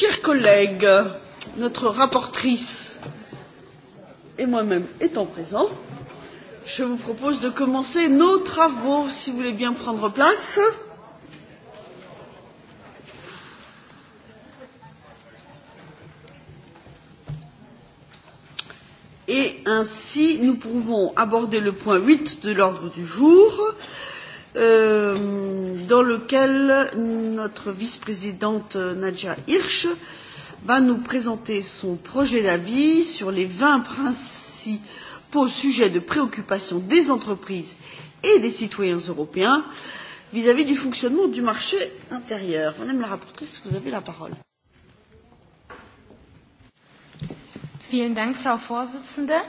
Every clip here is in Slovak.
Chers collègues, notre rapportrice et moi-même étant présents, je vous propose de commencer nos travaux, si vous voulez bien prendre place. Et ainsi, nous pouvons aborder le point 8 de l'ordre du jour. Euh, dans lequel notre vice-présidente euh, Nadja Hirsch va nous présenter son projet d'avis sur les 20 principaux sujets de préoccupation des entreprises et des citoyens européens vis-à-vis -vis du fonctionnement du marché intérieur. Madame la rapporteure, vous avez la parole. Vielen Dank, Frau Vorsitzende.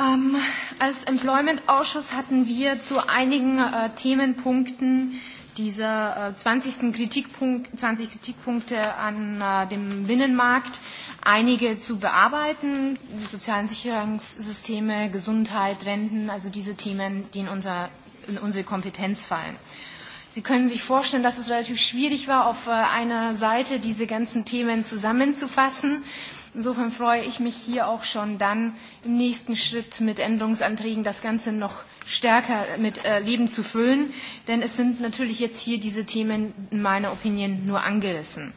Ähm, als Employment-Ausschuss hatten wir zu einigen äh, Themenpunkten dieser äh, 20. Kritikpunkt, 20 Kritikpunkte an äh, dem Binnenmarkt einige zu bearbeiten. Die sozialen Sicherungssysteme, Gesundheit, Renten, also diese Themen, die in, unser, in unsere Kompetenz fallen. Sie können sich vorstellen, dass es relativ schwierig war, auf äh, einer Seite diese ganzen Themen zusammenzufassen. Insofern freue ich mich hier auch schon dann im nächsten Schritt mit Änderungsanträgen das Ganze noch stärker mit äh, Leben zu füllen, denn es sind natürlich jetzt hier diese Themen in meiner Opinion nur angerissen.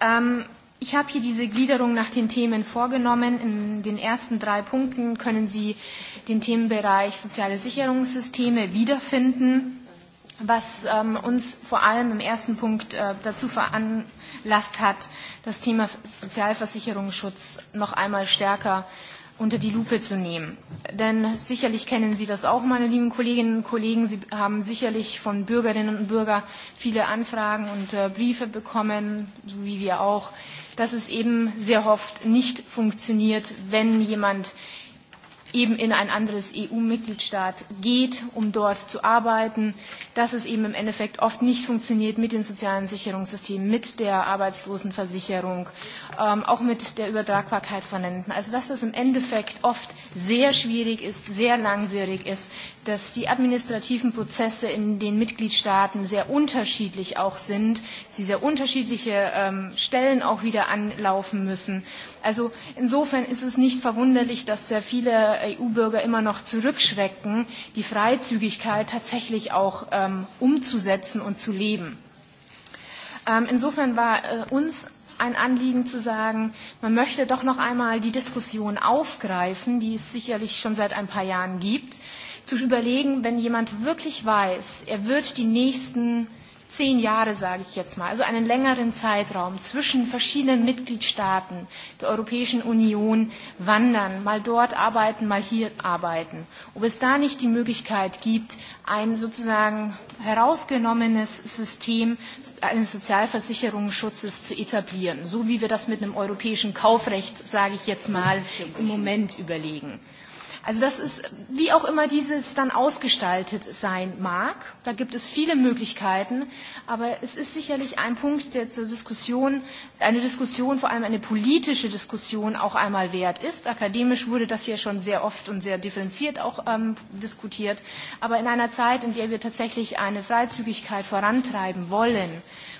Ähm, ich habe hier diese Gliederung nach den Themen vorgenommen. In den ersten drei Punkten können Sie den Themenbereich soziale Sicherungssysteme wiederfinden, was ähm, uns vor allem im ersten Punkt äh, dazu veranlasst, Last hat, das Thema Sozialversicherungsschutz noch einmal stärker unter die Lupe zu nehmen. Denn sicherlich kennen Sie das auch, meine lieben Kolleginnen und Kollegen. Sie haben sicherlich von Bürgerinnen und Bürgern viele Anfragen und äh, Briefe bekommen, so wie wir auch, dass es eben sehr oft nicht funktioniert, wenn jemand eben in ein anderes EU-Mitgliedstaat geht, um dort zu arbeiten, dass es eben im Endeffekt oft nicht funktioniert mit den sozialen Sicherungssystemen, mit der Arbeitslosenversicherung, ähm, auch mit der Übertragbarkeit von Renten. Also dass das im Endeffekt oft sehr schwierig ist, sehr langwierig ist, dass die administrativen Prozesse in den Mitgliedstaaten sehr unterschiedlich auch sind, sie sehr unterschiedliche ähm, Stellen auch wieder anlaufen müssen Also insofern ist es nicht verwunderlich, dass sehr viele äh, EU-Bürger immer noch zurückschrecken, die Freizügigkeit tatsächlich auch ähm, umzusetzen und zu leben. Ähm, insofern war äh, uns ein Anliegen zu sagen, man möchte doch noch einmal die Diskussion aufgreifen, die es sicherlich schon seit ein paar Jahren gibt, zu überlegen, wenn jemand wirklich weiß, er wird die nächsten zehn Jahre, sage ich jetzt mal, also einen längeren Zeitraum zwischen verschiedenen Mitgliedstaaten der Europäischen Union wandern, mal dort arbeiten, mal hier arbeiten, ob es da nicht die Möglichkeit gibt, ein sozusagen herausgenommenes System eines Sozialversicherungsschutzes zu etablieren, so wie wir das mit einem europäischen Kaufrecht, sage ich jetzt mal, im Moment überlegen. Also das ist, wie auch immer dieses dann ausgestaltet sein mag, da gibt es viele Möglichkeiten, aber es ist sicherlich ein Punkt, der zur Diskussion, eine Diskussion, vor allem eine politische Diskussion auch einmal wert ist. Akademisch wurde das hier schon sehr oft und sehr differenziert auch ähm, diskutiert, aber in einer Zeit, in der wir tatsächlich eine Freizügigkeit vorantreiben wollen,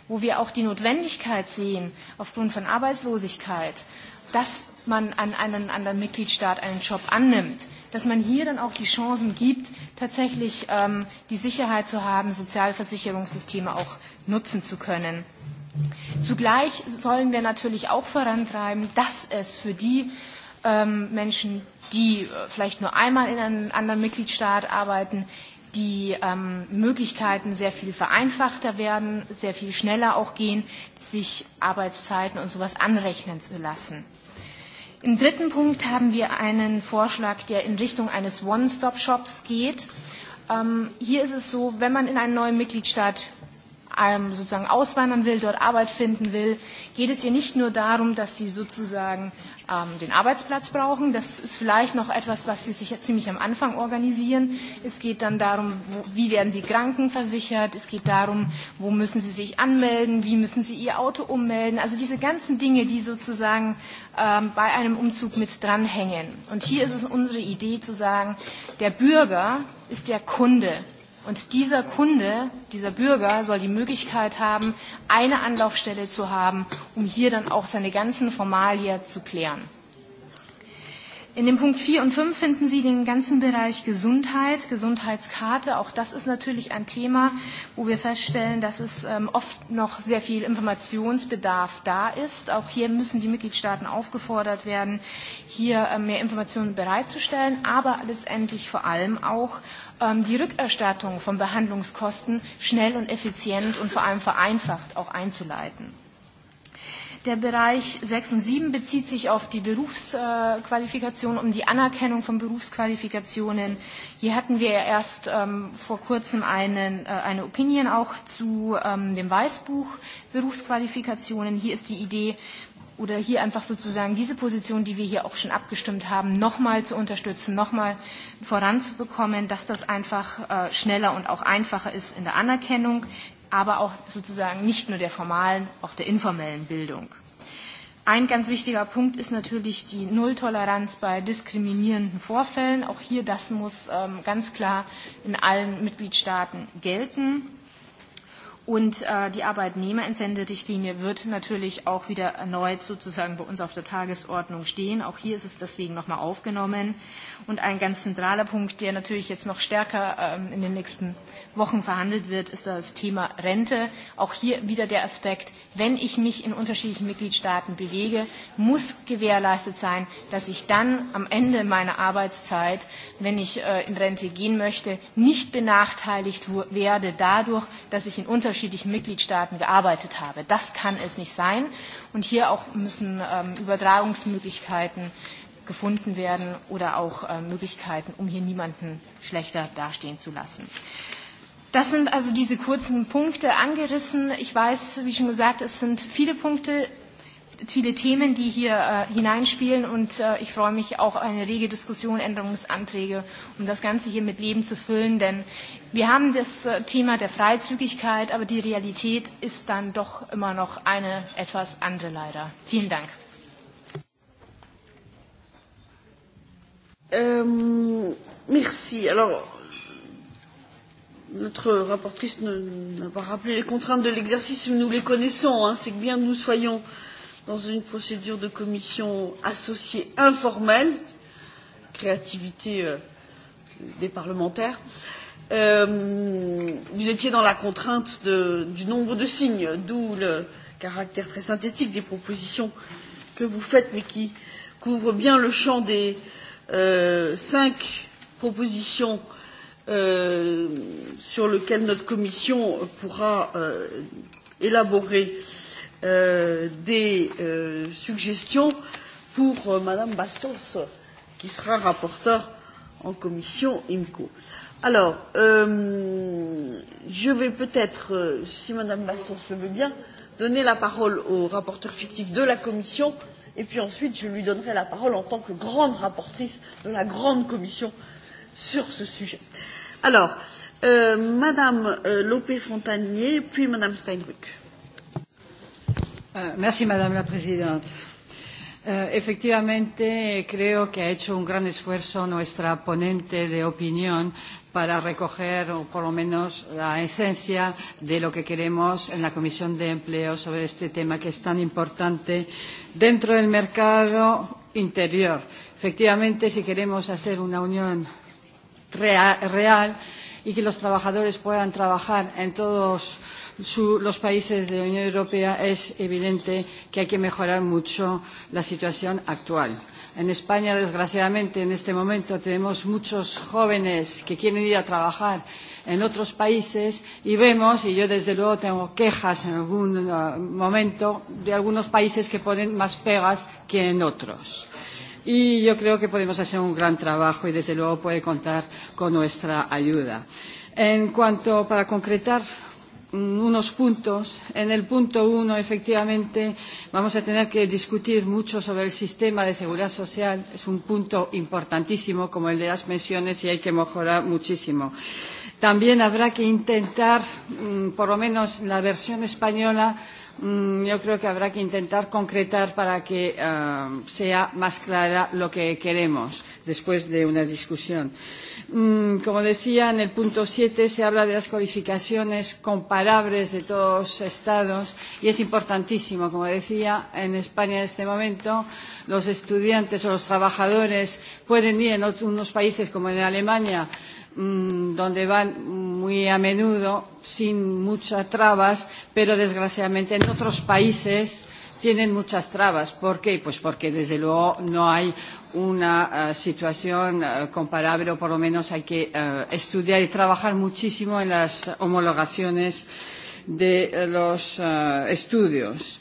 wo wir auch die Notwendigkeit sehen, aufgrund von Arbeitslosigkeit, dass man an einen anderen Mitgliedstaat einen Job annimmt, dass man hier dann auch die Chancen gibt, tatsächlich ähm, die Sicherheit zu haben, Sozialversicherungssysteme auch nutzen zu können. Zugleich sollen wir natürlich auch vorantreiben, dass es für die ähm, Menschen, die äh, vielleicht nur einmal in einem anderen Mitgliedstaat arbeiten, die ähm, Möglichkeiten sehr viel vereinfachter werden, sehr viel schneller auch gehen, sich Arbeitszeiten und sowas anrechnen zu lassen. Im dritten Punkt haben wir einen Vorschlag, der in Richtung eines One-Stop-Shops geht. Ähm, hier ist es so, wenn man in einen neuen Mitgliedstaat ähm, sozusagen auswandern will, dort Arbeit finden will, geht es hier nicht nur darum, dass sie sozusagen ähm, den Arbeitsplatz brauchen. Das ist vielleicht noch etwas, was Sie sich ja ziemlich am Anfang organisieren. Es geht dann darum, wo, wie werden Sie krankenversichert? Es geht darum, wo müssen Sie sich anmelden? Wie müssen Sie Ihr Auto ummelden? Also diese ganzen Dinge, die sozusagen ähm, bei einem Umzug mit dranhängen. Und hier ist es unsere Idee zu sagen, der Bürger ist der Kunde Und dieser Kunde, dieser Bürger soll die Möglichkeit haben, eine Anlaufstelle zu haben, um hier dann auch seine ganzen Formalia zu klären. In dem Punkt 4 und 5 finden Sie den ganzen Bereich Gesundheit, Gesundheitskarte. Auch das ist natürlich ein Thema, wo wir feststellen, dass es ähm, oft noch sehr viel Informationsbedarf da ist. Auch hier müssen die Mitgliedstaaten aufgefordert werden, hier ähm, mehr Informationen bereitzustellen, aber letztendlich vor allem auch Ähm, die Rückerstattung von Behandlungskosten schnell und effizient und vor allem vereinfacht auch einzuleiten. Der Bereich 6 und 7 bezieht sich auf die Berufsqualifikation, äh, um die Anerkennung von Berufsqualifikationen. Hier hatten wir erst ähm, vor kurzem einen, äh, eine Opinion auch zu ähm, dem Weißbuch Berufsqualifikationen. Hier ist die Idee, oder hier einfach sozusagen diese Position, die wir hier auch schon abgestimmt haben, nochmal zu unterstützen, nochmal voranzubekommen, dass das einfach äh, schneller und auch einfacher ist in der Anerkennung, aber auch sozusagen nicht nur der formalen, auch der informellen Bildung. Ein ganz wichtiger Punkt ist natürlich die Nulltoleranz bei diskriminierenden Vorfällen. Auch hier, das muss ähm, ganz klar in allen Mitgliedstaaten gelten. Und äh, die Arbeitnehmerentsenderichtlinie wird natürlich auch wieder erneut sozusagen bei uns auf der Tagesordnung stehen. Auch hier ist es deswegen nochmal aufgenommen. Und ein ganz zentraler Punkt, der natürlich jetzt noch stärker ähm, in den nächsten Wochen verhandelt wird, ist das Thema Rente. Auch hier wieder der Aspekt, wenn ich mich in unterschiedlichen Mitgliedstaaten bewege, muss gewährleistet sein, dass ich dann am Ende meiner Arbeitszeit, wenn ich äh, in Rente gehen möchte, nicht benachteiligt werde dadurch, dass ich in unterschiedlichen Mitgliedstaaten gearbeitet habe. Das kann es nicht sein. Und hier auch müssen ähm, Übertragungsmöglichkeiten gefunden werden oder auch äh, Möglichkeiten, um hier niemanden schlechter dastehen zu lassen. Das sind also diese kurzen Punkte angerissen. Ich weiß, wie schon gesagt, es sind viele Punkte, viele Themen, die hier äh, hineinspielen und äh, ich freue mich auch auf eine rege Diskussion, Änderungsanträge, um das Ganze hier mit Leben zu füllen, denn wir haben das äh, Thema der Freizügigkeit, aber die Realität ist dann doch immer noch eine etwas andere leider. Vielen Dank. Ähm, merci. Alors, notre rapportrice n'a pas rappelé les contraintes de l'exercice, mais nous les connaissons. Hein. C'est que bien que nous soyons dans une procédure de commission associée informelle, créativité euh, des parlementaires, euh, vous étiez dans la contrainte de, du nombre de signes, d'où le caractère très synthétique des propositions que vous faites, mais qui couvrent bien le champ des euh, cinq propositions Euh, sur lequel notre commission pourra euh, élaborer euh, des euh, suggestions pour euh, Madame Bastos, qui sera rapporteure en commission IMCO. Alors, euh, je vais peut-être, euh, si Madame Bastos le veut bien, donner la parole au rapporteur fictif de la commission et puis ensuite je lui donnerai la parole en tant que grande rapporteure de la grande commission sur ce sujet. Euh, Alors, euh, Madame euh, Lopé-Fontanier, puis Madame Steinruck. Euh, merci, Madame la Présidente. Uh, efectivamente, creo que ha hecho un gran esfuerzo nuestra ponente de opinión para recoger, o por lo menos, la esencia de lo que queremos en la Comisión de Empleo sobre este tema que es tan importante dentro del mercado interior. Efectivamente, si queremos hacer una unión real y que los trabajadores puedan trabajar en todos su, los países de la Unión Europea, es evidente que hay que mejorar mucho la situación actual. En España, desgraciadamente, en este momento tenemos muchos jóvenes que quieren ir a trabajar en otros países y vemos, y yo desde luego tengo quejas en algún uh, momento, de algunos países que ponen más pegas que en otros y yo creo que podemos hacer un gran trabajo y desde luego puede contar con nuestra ayuda. En cuanto para concretar mm, unos puntos. En el punto uno, efectivamente, vamos a tener que discutir mucho sobre el sistema de seguridad social. Es un punto importantísimo, como el de las pensiones, y hay que mejorar muchísimo. También habrá que intentar, mm, por lo menos la versión española, Mm, yo creo que habrá que intentar concretar para que uh, sea más clara lo que queremos después de una discusión. Um, como decía, en el punto 7 se habla de las cualificaciones comparables de todos los estados y es importantísimo. Como decía, en España en este momento los estudiantes o los trabajadores pueden ir en otros, unos países como en Alemania mmm, donde van muy a menudo sin muchas trabas, pero desgraciadamente en otros países tienen muchas trabas. ¿Por qué? Pues porque desde luego no hay una uh, situación uh, comparable o por lo menos hay que uh, estudiar y trabajar muchísimo en las homologaciones de los uh, estudios.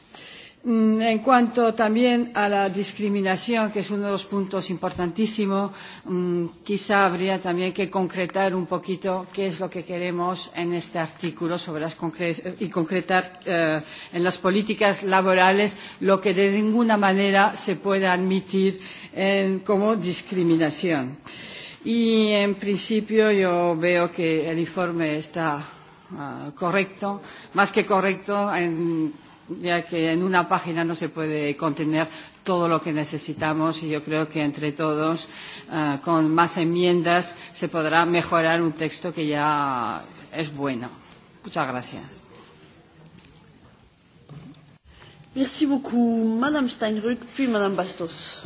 Mm, en cuanto también a la discriminación, que es uno de los puntos importantísimos, mm, quizá habría también que concretar un poquito qué es lo que queremos en este artículo sobre las concre y concretar eh, en las políticas laborales lo que de ninguna manera se puede admitir en, como discriminación. Y en principio yo veo que el informe está ah, correcto, más que correcto en ya que en una página no se puede contener todo lo que necesitamos y yo creo que entre todos, uh, con más enmiendas, se podrá mejorar un texto que ya es bueno. Muchas gracias. Merci beaucoup, Madame Steinrück, puis Madame Bastos.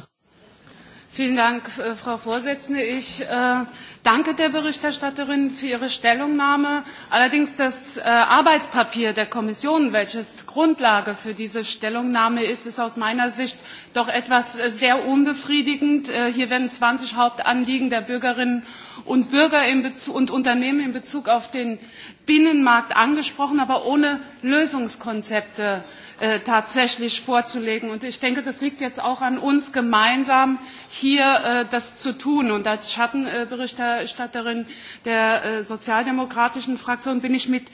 Vielen Dank, äh, Frau Vorsitzende. Ich äh, uh danke der Berichterstatterin für ihre Stellungnahme. Allerdings das äh, Arbeitspapier der Kommission, welches Grundlage für diese Stellungnahme ist, ist aus meiner Sicht doch etwas äh, sehr unbefriedigend. Äh, hier werden 20 Hauptanliegen der Bürgerinnen und Bürger und Unternehmen in Bezug auf den Binnenmarkt angesprochen, aber ohne Lösungskonzepte Äh, tatsächlich vorzulegen. Und ich denke, das liegt jetzt auch an uns gemeinsam, hier äh, das zu tun. Und als Schattenberichterstatterin der äh, sozialdemokratischen Fraktion bin ich mit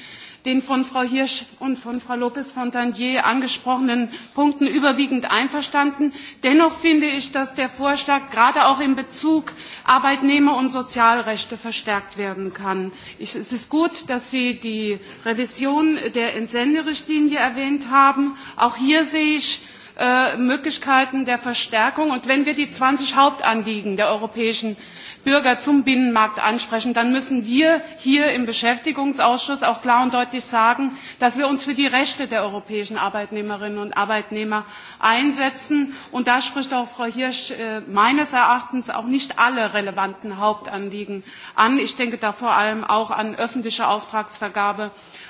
den von Frau Hirsch und von Frau Lopez Fontanier angesprochenen Punkten überwiegend einverstanden. Dennoch finde ich, dass der Vorschlag gerade auch in Bezug Arbeitnehmer und Sozialrechte verstärkt werden kann. Ich, es ist gut, dass Sie die Revision der Entsenderichtlinie erwähnt haben. Auch hier sehe ich Äh, Möglichkeiten der Verstärkung. Und wenn wir die 20 Hauptanliegen der europäischen Bürger zum Binnenmarkt ansprechen, dann müssen wir hier im Beschäftigungsausschuss auch klar und deutlich sagen, dass wir uns für die Rechte der europäischen Arbeitnehmerinnen und Arbeitnehmer einsetzen. Und da spricht auch Frau Hirsch äh, meines Erachtens auch nicht alle relevanten Hauptanliegen an. Ich denke da vor allem auch an öffentliche Auftragsvergabe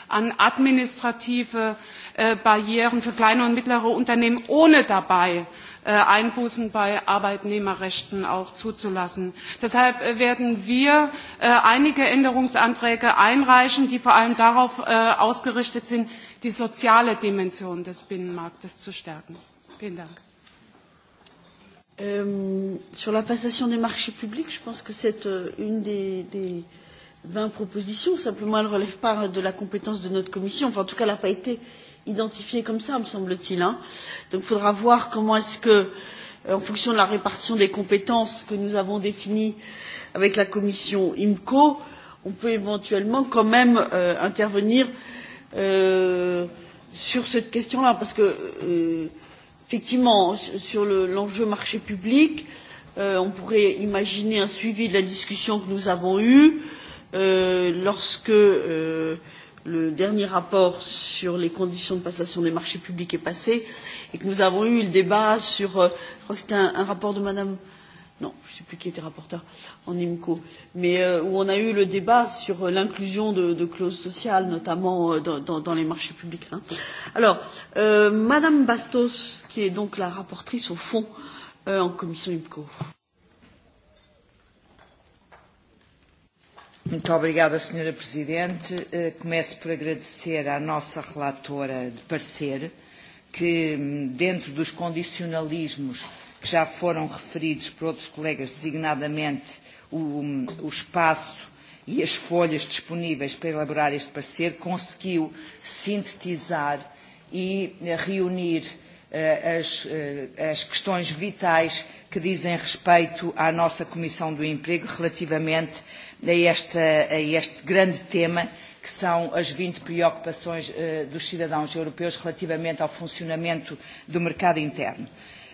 an administrative äh, Barrieren für kleine und mittlere Unternehmen, ohne dabei äh, Einbußen bei Arbeitnehmerrechten auch zuzulassen. Deshalb äh, werden wir einige Änderungsanträge einreichen, die vor allem darauf ausgerichtet sind, die soziale Dimension des Binnenmarktes zu stärken. Vielen Dank. Euh, sur la passation des marchés publics, je pense que c'est euh, une des, des vingt propositions. Simplement, elle ne relève pas de la compétence de notre commission. Enfin, en tout cas, elle n'a pas été identifiée comme cela, me semble-t-il. Donc, il faudra voir comment est-ce que, euh, en fonction de la répartition des compétences que nous avons définies avec la commission IMCO, on peut éventuellement quand même euh, intervenir euh, sur cette question-là, parce que euh, effectivement, sur l'enjeu le, marché public, euh, on pourrait imaginer un suivi de la discussion que nous avons eue, Euh, lorsque euh, le dernier rapport sur les conditions de passation des marchés publics est passé et que nous avons eu le débat sur, euh, je crois que c'était un, un rapport de Madame, non, je ne sais plus qui était rapporteur en IMCO, mais euh, où on a eu le débat sur euh, l'inclusion de, de clauses sociales, notamment euh, dans, dans, dans les marchés publics. Hein. Alors, euh, Madame Bastos, qui est donc la rapporteure au fond euh, en commission IMCO, Muito obrigada, Sra. Presidente. Eh, começo por agradecer à nossa relatora de parecer que, dentro dos condicionalismos que já foram referidos por outros colegas, designadamente o, o espaço e as folhas disponíveis para elaborar este parecer, conseguiu sintetizar e eh, reunir uh, as, uh, as questões vitais que dizem respeito à nossa Comissão do Emprego relativamente a este, a este grande tema que são as 20 preocupações eh, dos cidadãos europeus relativamente ao funcionamento do mercado interno.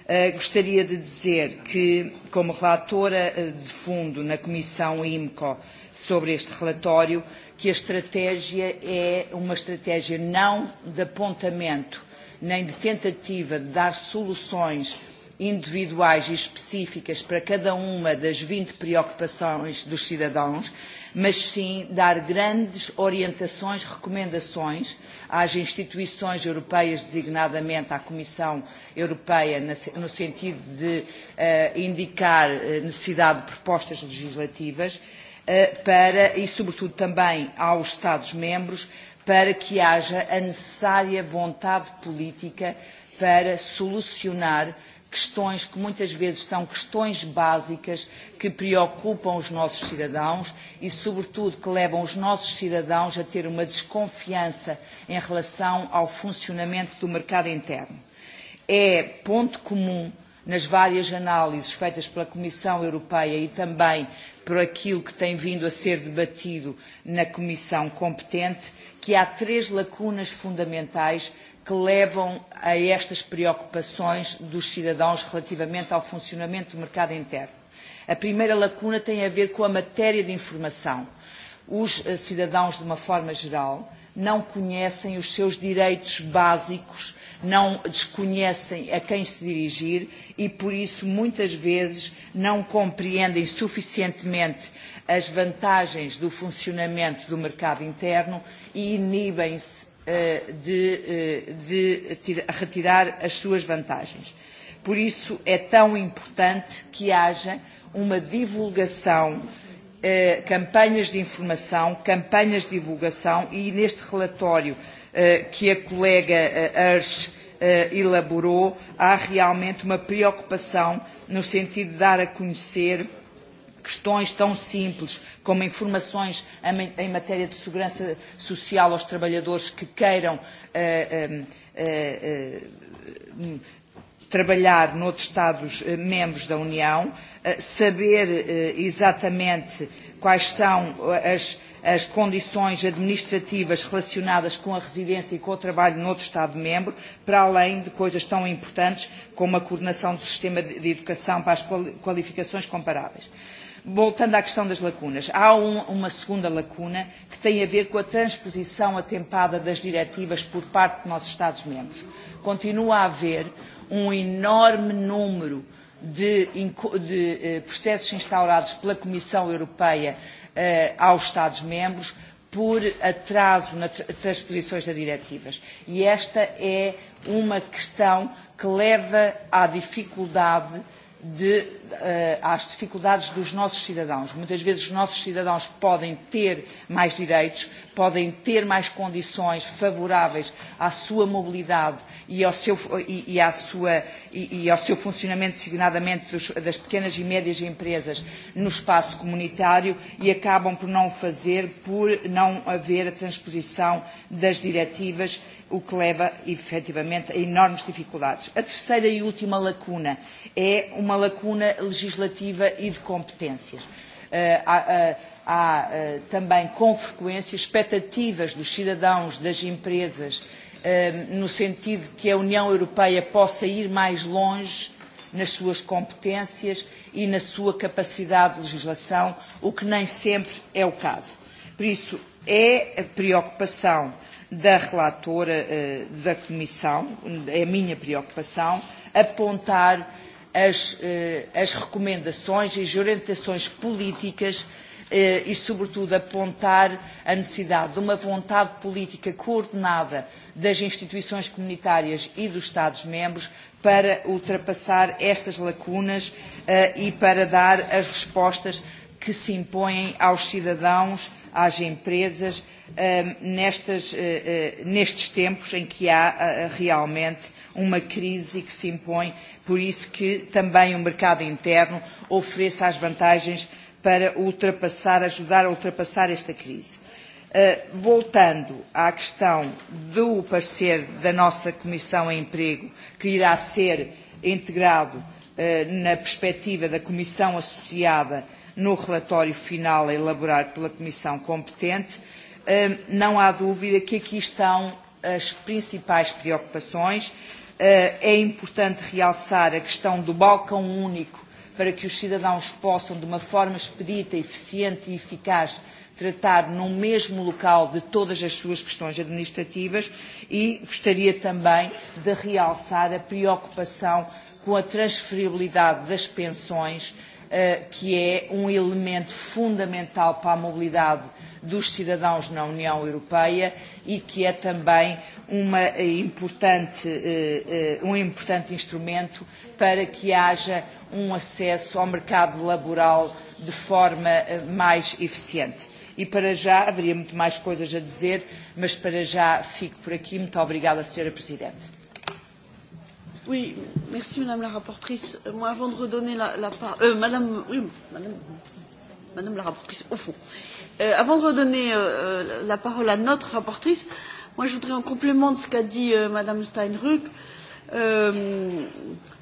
Eh, gostaria de dizer que, como relatora eh, de fundo na Comissão IMCO sobre este relatório, que a estratégia é uma estratégia não de apontamento nem de tentativa de dar soluções individuais e específicas para cada uma das 20 preocupações dos cidadãos, mas sim dar grandes orientações, recomendações às instituições europeias, designadamente à Comissão Europeia, no sentido de uh, indicar eh, necessidade de propostas legislativas, uh, para, e sobretudo também aos Estados-membros, para que haja a necessária vontade política para solucionar questões que muitas vezes são questões básicas que preocupam os nossos cidadãos e, sobretudo, que levam os nossos cidadãos a ter uma desconfiança em relação ao funcionamento do mercado interno. É ponto comum nas várias análises feitas pela Comissão Europeia e também por aquilo que tem vindo a ser debatido na Comissão competente, que há três lacunas fundamentais que levam a estas preocupações dos cidadãos relativamente ao funcionamento do mercado interno. A primeira lacuna tem a ver com a matéria de informação. Os eh, cidadãos, de uma forma geral, não conhecem os seus direitos básicos, não desconhecem a quem se dirigir e, por isso, muitas vezes não compreendem suficientemente as vantagens do funcionamento do mercado interno e inibem-se Eh, de, eh, de retirar as suas vantagens. Por isso é tão importante que haja uma divulgação, eh, campanhas de informação, campanhas de divulgação e neste relatório que a colega Ars elaborou, há realmente uma preocupação no sentido de dar a conhecer questões tão simples como informações em matéria de segurança social aos trabalhadores que queiram uh, uh, uh, trabalhar noutros Estados-membros eh, da União, eh, saber eh, exatamente quais são as, as condições administrativas relacionadas com a residência e com o trabalho noutro Estado-membro, para além de coisas tão importantes como a coordenação do sistema de educação para as qualificações comparáveis voltando à questão das lacunas, há um, uma segunda lacuna que tem a ver com a transposição atempada das diretivas por parte de nossos Estados-membros. Continua a haver um enorme número de, de eh, processos instaurados pela Comissão Europeia eh, aos Estados-membros por atraso nas transposições das diretivas. E esta é uma questão que leva à dificuldade de Eh, às dificuldades dos nossos cidadãos. Muitas vezes os nossos cidadãos podem ter mais direitos, podem ter mais condições favoráveis à sua mobilidade e ao seu, e, e à sua, e, e ao seu funcionamento designadamente dos, das pequenas e médias empresas no espaço comunitário e acabam por não o fazer por não haver a transposição das diretivas o que leva efetivamente a enormes dificuldades. A terceira e última lacuna é uma lacuna legislativa e de competências. Eh, há, eh, há eh, também, com frequência, expectativas dos cidadãos, das empresas, no sentido que a União Europeia possa ir mais longe nas suas competências e na sua capacidade de legislação, o que nem sempre é o caso. Por isso, é a preocupação da relatora da Comissão, é a minha preocupação, apontar as, eh, as recomendações e as orientações políticas eh, e, sobretudo, apontar a necessidade de uma vontade política coordenada das instituições comunitárias e dos Estados-membros para ultrapassar estas lacunas eh, e para dar as respostas que se impõem aos cidadãos, às empresas, nestas, nestes tempos em que há realmente uma crise que se impõe por isso que também o mercado interno ofereça as vantagens para ultrapassar, ajudar a ultrapassar esta crise. Uh, voltando à questão do parecer da nossa Comissão em Emprego, que irá ser integrado uh, na perspectiva da Comissão associada no relatório final elaborado pela Comissão competente, uh, não há dúvida que aqui estão as principais preocupações Eh, é importante realçar a questão do balcão único para que os cidadãos possam, de uma forma expedita, eficiente e eficaz, tratar no mesmo local de todas as suas questões administrativas e gostaria também de realçar a preocupação com a transferibilidade das pensões, eh, que é um elemento fundamental para a mobilidade dos cidadãos na União Europeia e que é também uma eh, importante, eh, eh, um importante instrumento para que haja um acesso ao mercado laboral de forma mais eficiente. E para já, haveria muito mais coisas a dizer, mas para já fico por aqui. Muito obrigada, Sra. Presidente. Oui, merci Madame la rapporteure. Moi, avant de redonner la, la parole, euh, Madame, oui, Madame, Madame la rapporteure, au fond, euh, avant de redonner euh, euh la parole à notre rapporteure, Moi, je voudrais, en complément de ce qu'a dit euh, Mme Steinruck, euh,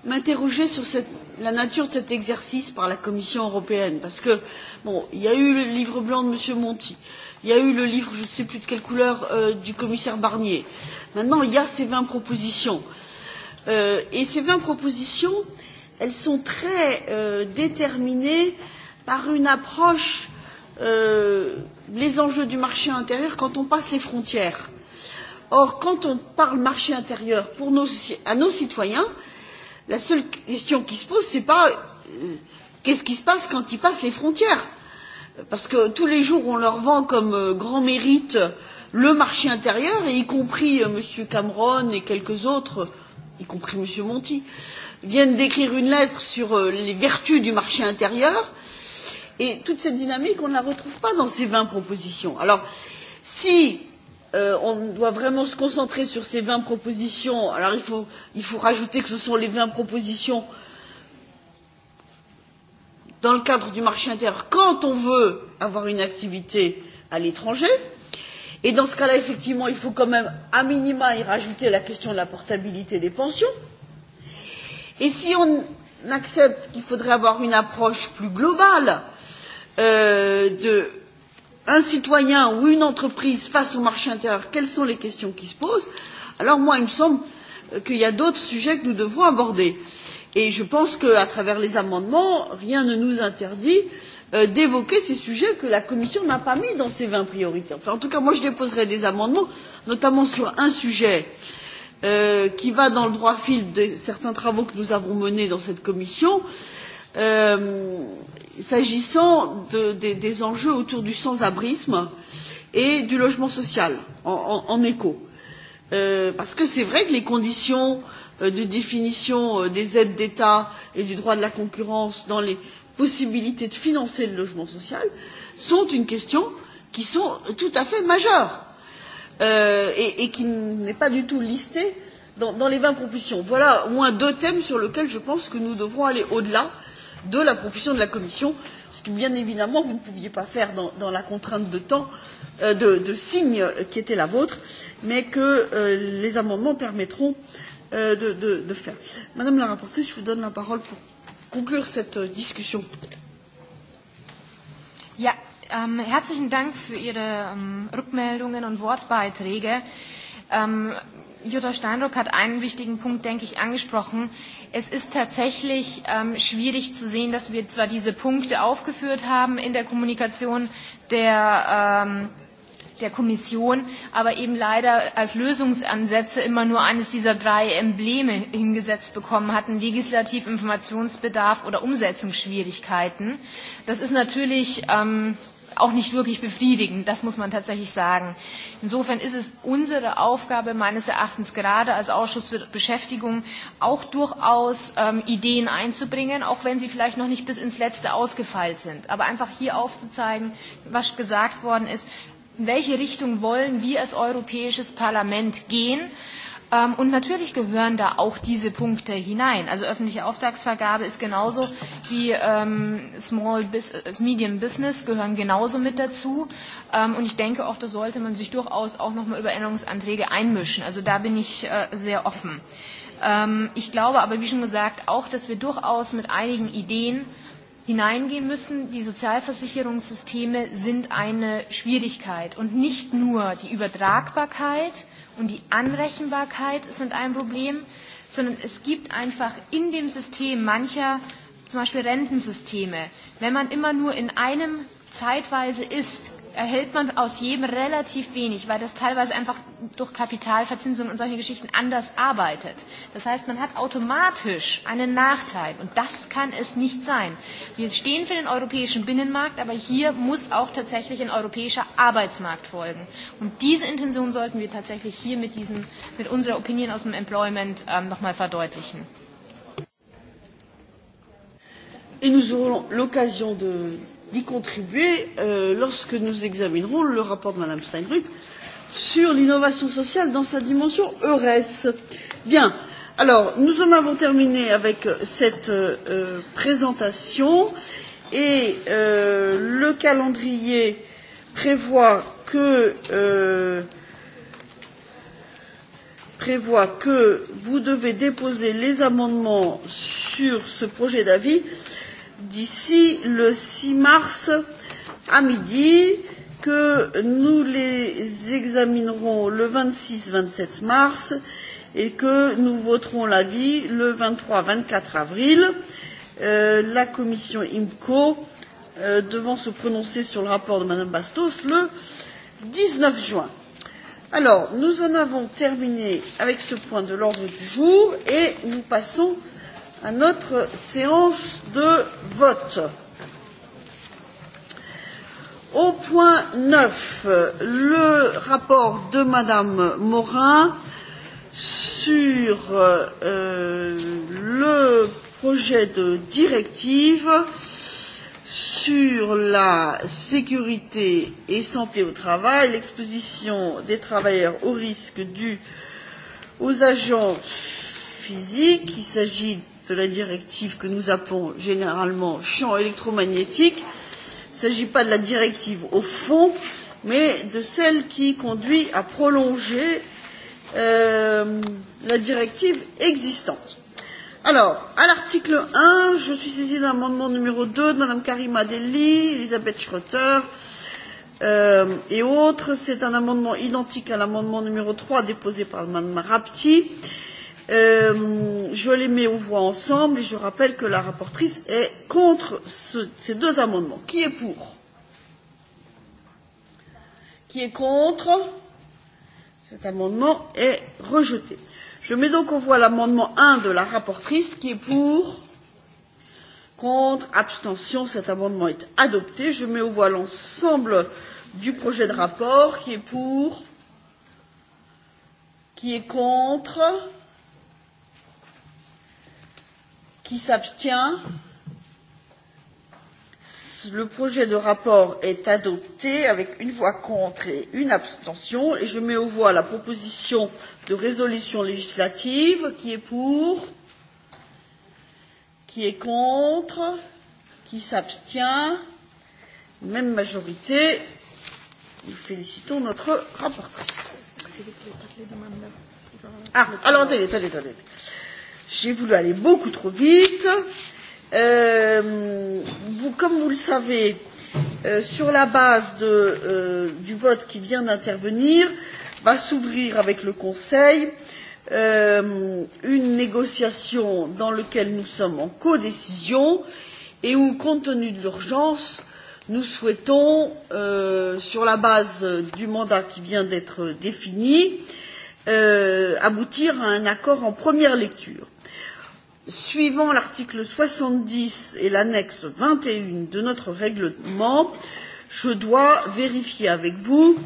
m'interroger sur cette, la nature de cet exercice par la Commission européenne. Parce que, bon, il y a eu le livre blanc de M. Monti, il y a eu le livre, je ne sais plus de quelle couleur, euh, du commissaire Barnier. Maintenant, il y a ces vingt propositions. Euh, et ces vingt propositions, elles sont très euh, déterminées par une approche euh, les enjeux du marché intérieur quand on passe les frontières Or, quand on parle marché intérieur pour nos, à nos citoyens, la seule question qui se pose, c'est pas euh, qu'est-ce qui se passe quand ils passent les frontières. Parce que tous les jours, on leur vend comme euh, grand mérite euh, le marché intérieur, et y compris euh, M. Cameron et quelques autres, euh, y compris M. Monti, viennent d'écrire une lettre sur euh, les vertus du marché intérieur. Et toute cette dynamique, on ne la retrouve pas dans ces vingt propositions. Alors, si Euh, on doit vraiment se concentrer sur ces vingt propositions. Alors il faut, il faut rajouter que ce sont les vingt propositions dans le cadre du marché intérieur quand on veut avoir une activité à l'étranger. Et dans ce cas-là, effectivement, il faut quand même, à minima, y rajouter la question de la portabilité des pensions. Et si on accepte qu'il faudrait avoir une approche plus globale euh, de un citoyen ou une entreprise face au marché intérieur, quelles sont les questions qui se posent, alors moi, il me semble euh, qu'il y a d'autres sujets que nous devons aborder. Et je pense qu'à travers les amendements, rien ne nous interdit euh, d'évoquer ces sujets que la Commission n'a pas mis dans ses vingt priorités. Enfin, en tout cas, moi, je déposerai des amendements, notamment sur un sujet euh, qui va dans le droit fil de certains travaux que nous avons menés dans cette Commission. Euh, s'agissant de, de, des enjeux autour du sans-abrisme et du logement social en, en, en écho. Euh, parce que c'est vrai que les conditions euh, de définition euh, des aides d'État et du droit de la concurrence dans les possibilités de financer le logement social sont une question qui sont tout à fait majeures euh, et, et qui n'est pas du tout listée dans, dans les vingt propositions. Voilà au moins deux thèmes sur lesquels je pense que nous devrons aller au delà euh, de la proposition de la Commission, ce que bien évidemment vous ne pouviez pas faire dans, dans la contrainte de temps, euh, de, de signe qui était la vôtre, mais que euh, les amendements permettront euh, de, de, de faire. Madame la rapporteure, je vous donne la parole pour conclure cette euh, discussion. Ja, ähm, herzlichen Dank für Ihre ähm, Rückmeldungen und Wortbeiträge. Ähm, Jutta Steinruck hat einen wichtigen Punkt, denke ich, angesprochen. Es ist tatsächlich ähm, schwierig zu sehen, dass wir zwar diese Punkte aufgeführt haben in der Kommunikation der, ähm, der Kommission, aber eben leider als Lösungsansätze immer nur eines dieser drei Embleme hingesetzt bekommen hatten, Legislativ, Informationsbedarf oder Umsetzungsschwierigkeiten. Das ist natürlich... Ähm, auch nicht wirklich befriedigen. Das muss man tatsächlich sagen. Insofern ist es unsere Aufgabe, meines Erachtens gerade als Ausschuss für Beschäftigung, auch durchaus ähm, Ideen einzubringen, auch wenn sie vielleicht noch nicht bis ins Letzte ausgefeilt sind. Aber einfach hier aufzuzeigen, was gesagt worden ist, in welche Richtung wollen wir als Europäisches Parlament gehen Ähm, und natürlich gehören da auch diese Punkte hinein. Also öffentliche Auftragsvergabe ist genauso wie ähm, Small Business, äh, Medium Business gehören genauso mit dazu. Ähm, und ich denke auch, da sollte man sich durchaus auch nochmal über Änderungsanträge einmischen. Also da bin ich äh, sehr offen. Ähm, ich glaube aber, wie schon gesagt, auch, dass wir durchaus mit einigen Ideen hineingehen müssen. Die Sozialversicherungssysteme sind eine Schwierigkeit und nicht nur die Übertragbarkeit, und die Anrechenbarkeit sind ein Problem, sondern es gibt einfach in dem System mancher, zum Beispiel Rentensysteme, wenn man immer nur in einem zeitweise ist, erhält man aus jedem relativ wenig, weil das teilweise einfach durch Kapitalverzinsung und solche Geschichten anders arbeitet. Das heißt, man hat automatisch einen Nachteil und das kann es nicht sein. Wir stehen für den europäischen Binnenmarkt, aber hier muss auch tatsächlich ein europäischer Arbeitsmarkt folgen. Und diese Intention sollten wir tatsächlich hier mit, diesem, mit unserer Opinion aus dem Employment ähm, nochmal verdeutlichen et nous aurons l'occasion de d'y contribuer euh, lorsque nous examinerons le rapport de Mme Steinruck sur l'innovation sociale dans sa dimension EURES. Bien, alors nous en avons terminé avec euh, cette euh, euh, présentation et euh, le calendrier prévoit que euh, prévoit que vous devez déposer les amendements sur ce projet d'avis d'ici le 6 mars à midi, que nous les examinerons le 26-27 mars et que nous voterons l'avis le 23-24 avril. Euh, la commission IMCO euh, devant se prononcer sur le rapport de Mme Bastos le 19 juin. Alors, nous en avons terminé avec ce point de l'ordre du jour et nous passons à notre séance de vote. Au point 9, le rapport de Madame Morin sur euh, le projet de directive sur la sécurité et santé au travail, l'exposition des travailleurs aux risques dus aux agents physiques. Il s'agit de la directive que nous appelons généralement champ électromagnétique. Il ne s'agit pas de la directive au fond, mais de celle qui conduit à prolonger euh, la directive existante. Alors, à l'article 1, je suis saisie d'un amendement numéro 2 de Mme Karima Deli, Elisabeth Schroeter euh, et autres. C'est un amendement identique à l'amendement numéro 3 déposé par Mme Rapti. Euh, Euh, je les mets aux voix ensemble et je rappelle que la rapporteure est contre ce, ces deux amendements. Qui est pour Qui est contre Cet amendement est rejeté. Je mets donc aux voix l'amendement 1 de la rapporteure qui est pour Contre, abstention, cet amendement est adopté. Je mets aux voix l'ensemble du projet de rapport qui est pour, qui est contre, Qui s'abstient Le projet de rapport est adopté avec une voix contre et une abstention. Et je mets aux voix la proposition de résolution législative. Qui est pour Qui est contre Qui s'abstient Même majorité. Nous félicitons notre rapporteur. Ah, alors attendez, attendez, attendez. J'ai voulu aller beaucoup trop vite. Euh, vous, comme vous le savez, euh, sur la base de, euh, du vote qui vient d'intervenir, va s'ouvrir avec le Conseil euh, une négociation dans laquelle nous sommes en codécision et où, compte tenu de l'urgence, nous souhaitons, euh, sur la base du mandat qui vient d'être défini, euh, aboutir à un accord en première lecture suivant l'article soixante dix et l'annexe vingt et un de notre règlement je dois vérifier avec vous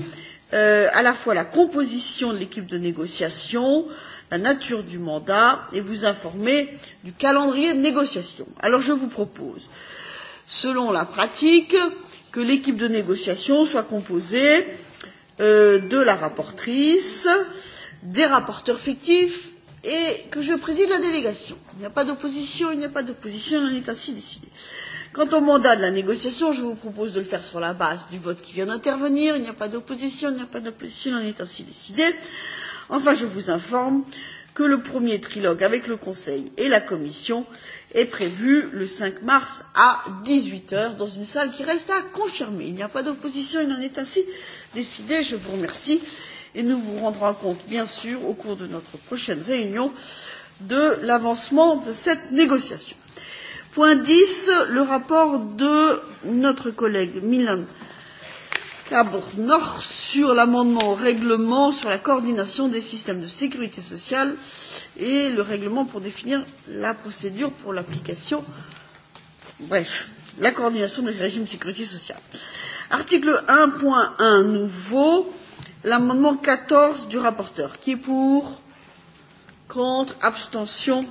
euh, à la fois la composition de l'équipe de négociation la nature du mandat et vous informer du calendrier de négociation. alors je vous propose selon la pratique que l'équipe de négociation soit composée euh, de la rapporteure des rapporteurs fictifs et que je préside la délégation. Il n'y a pas d'opposition, il n'y a pas d'opposition, on est ainsi décidé. Quant au mandat de la négociation, je vous propose de le faire sur la base du vote qui vient d'intervenir. Il n'y a pas d'opposition, il n'y a pas d'opposition, on est ainsi décidé. Enfin, je vous informe que le premier trilogue avec le Conseil et la Commission est prévu le cinq mars à dix huit heures dans une salle qui reste à confirmer. Il n'y a pas d'opposition, il en est ainsi décidé. Je vous remercie et nous vous rendrons compte bien sûr au cours de notre prochaine réunion de l'avancement de cette négociation. Point dix, le rapport de notre collègue Milan Cabrnoch sur l'amendement au règlement sur la coordination des systèmes de sécurité sociale et le règlement pour définir la procédure pour l'application, bref, la coordination des régimes de sécurité sociale. Article un, nouveau L'amendement 14 du rapporteur, qui est pour Contre, abstention,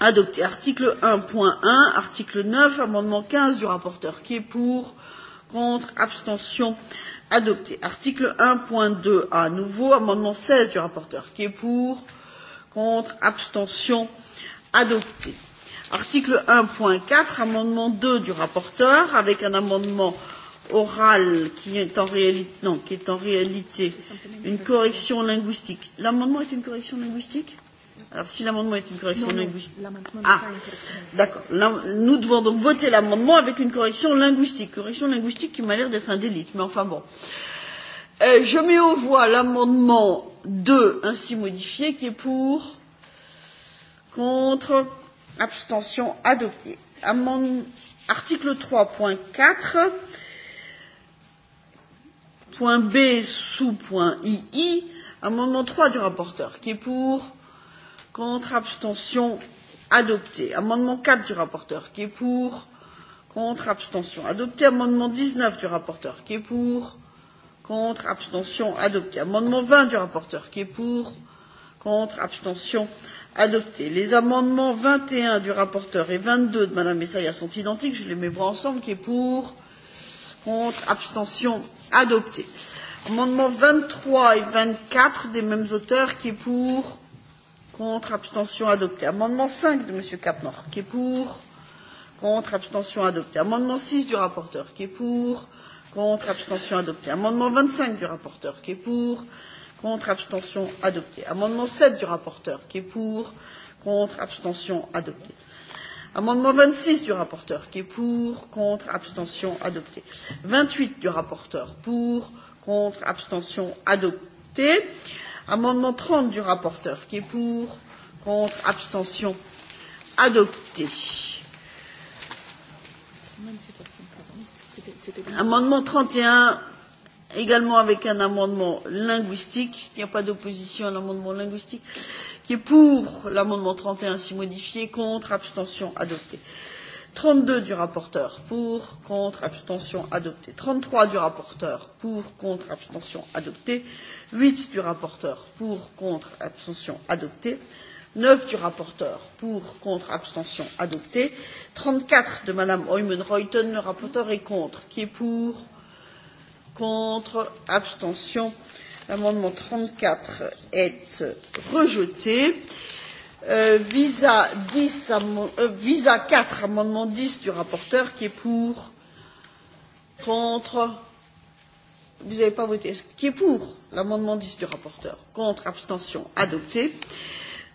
adopté. Article 1.1, article 9, amendement 15 du rapporteur, qui est pour Contre, abstention, adopté. Article 1.2 à nouveau, amendement 16 du rapporteur, qui est pour Contre, abstention, adopté. Article 1.4, amendement 2 du rapporteur, avec un amendement orale qui est en réalité, non, qui est en réalité une correction linguistique. L'amendement est une correction linguistique Alors si l'amendement est une correction non, linguistique. Non, ah, d'accord. Nous devons donc voter l'amendement avec une correction linguistique. Correction linguistique qui m'a l'air d'être un délit, mais enfin bon. Euh, je mets aux voix l'amendement 2 ainsi modifié qui est pour, contre, abstention adoptée. Amend... Article 3.4 point B sous point II, amendement 3 du rapporteur, qui est pour, contre, abstention, adopté. Amendement 4 du rapporteur, qui est pour, contre, abstention, adopté. Amendement 19 du rapporteur, qui est pour, contre, abstention, adopté. Amendement 20 du rapporteur, qui est pour, contre, abstention, adopté. Les amendements 21 du rapporteur et 22 de Madame Messalia sont identiques. Je les mets ensemble. Qui est pour Contre Abstention adopté. Amendements 23 et 24 des mêmes auteurs qui est pour contre abstention adopté. Amendement 5 de M. Capnor qui est pour contre abstention adopté. Amendement 6 du rapporteur qui est pour contre abstention adopté. Amendement 25 du rapporteur qui est pour contre abstention adopté. Amendement 7 du rapporteur qui est pour contre abstention adopté. Amendement 26 du rapporteur qui est pour, contre, abstention adopté. 28 du rapporteur pour, contre, abstention adopté. Amendement 30 du rapporteur qui est pour, contre, abstention adopté. Amendement 31 également avec un amendement linguistique. Il n'y a pas d'opposition à l'amendement linguistique. Euh, qui est pour l'amendement 31 ainsi modifié, contre, abstention adopté. 32 du rapporteur pour, contre, abstention adopté. 33 du rapporteur pour, contre, abstention adopté. 8 du rapporteur pour, contre, abstention adopté. 9 du rapporteur pour, contre, abstention adopté. 34 de Madame Oymen Reuten, le rapporteur est contre. Qui est pour Contre, abstention adopté l'amendement 34 est rejeté. Euh, visa, 10, euh, visa 4, amendement 10 du rapporteur qui est pour, contre, vous n'avez pas voté, qui est pour l'amendement 10 du rapporteur, contre, abstention, adopté.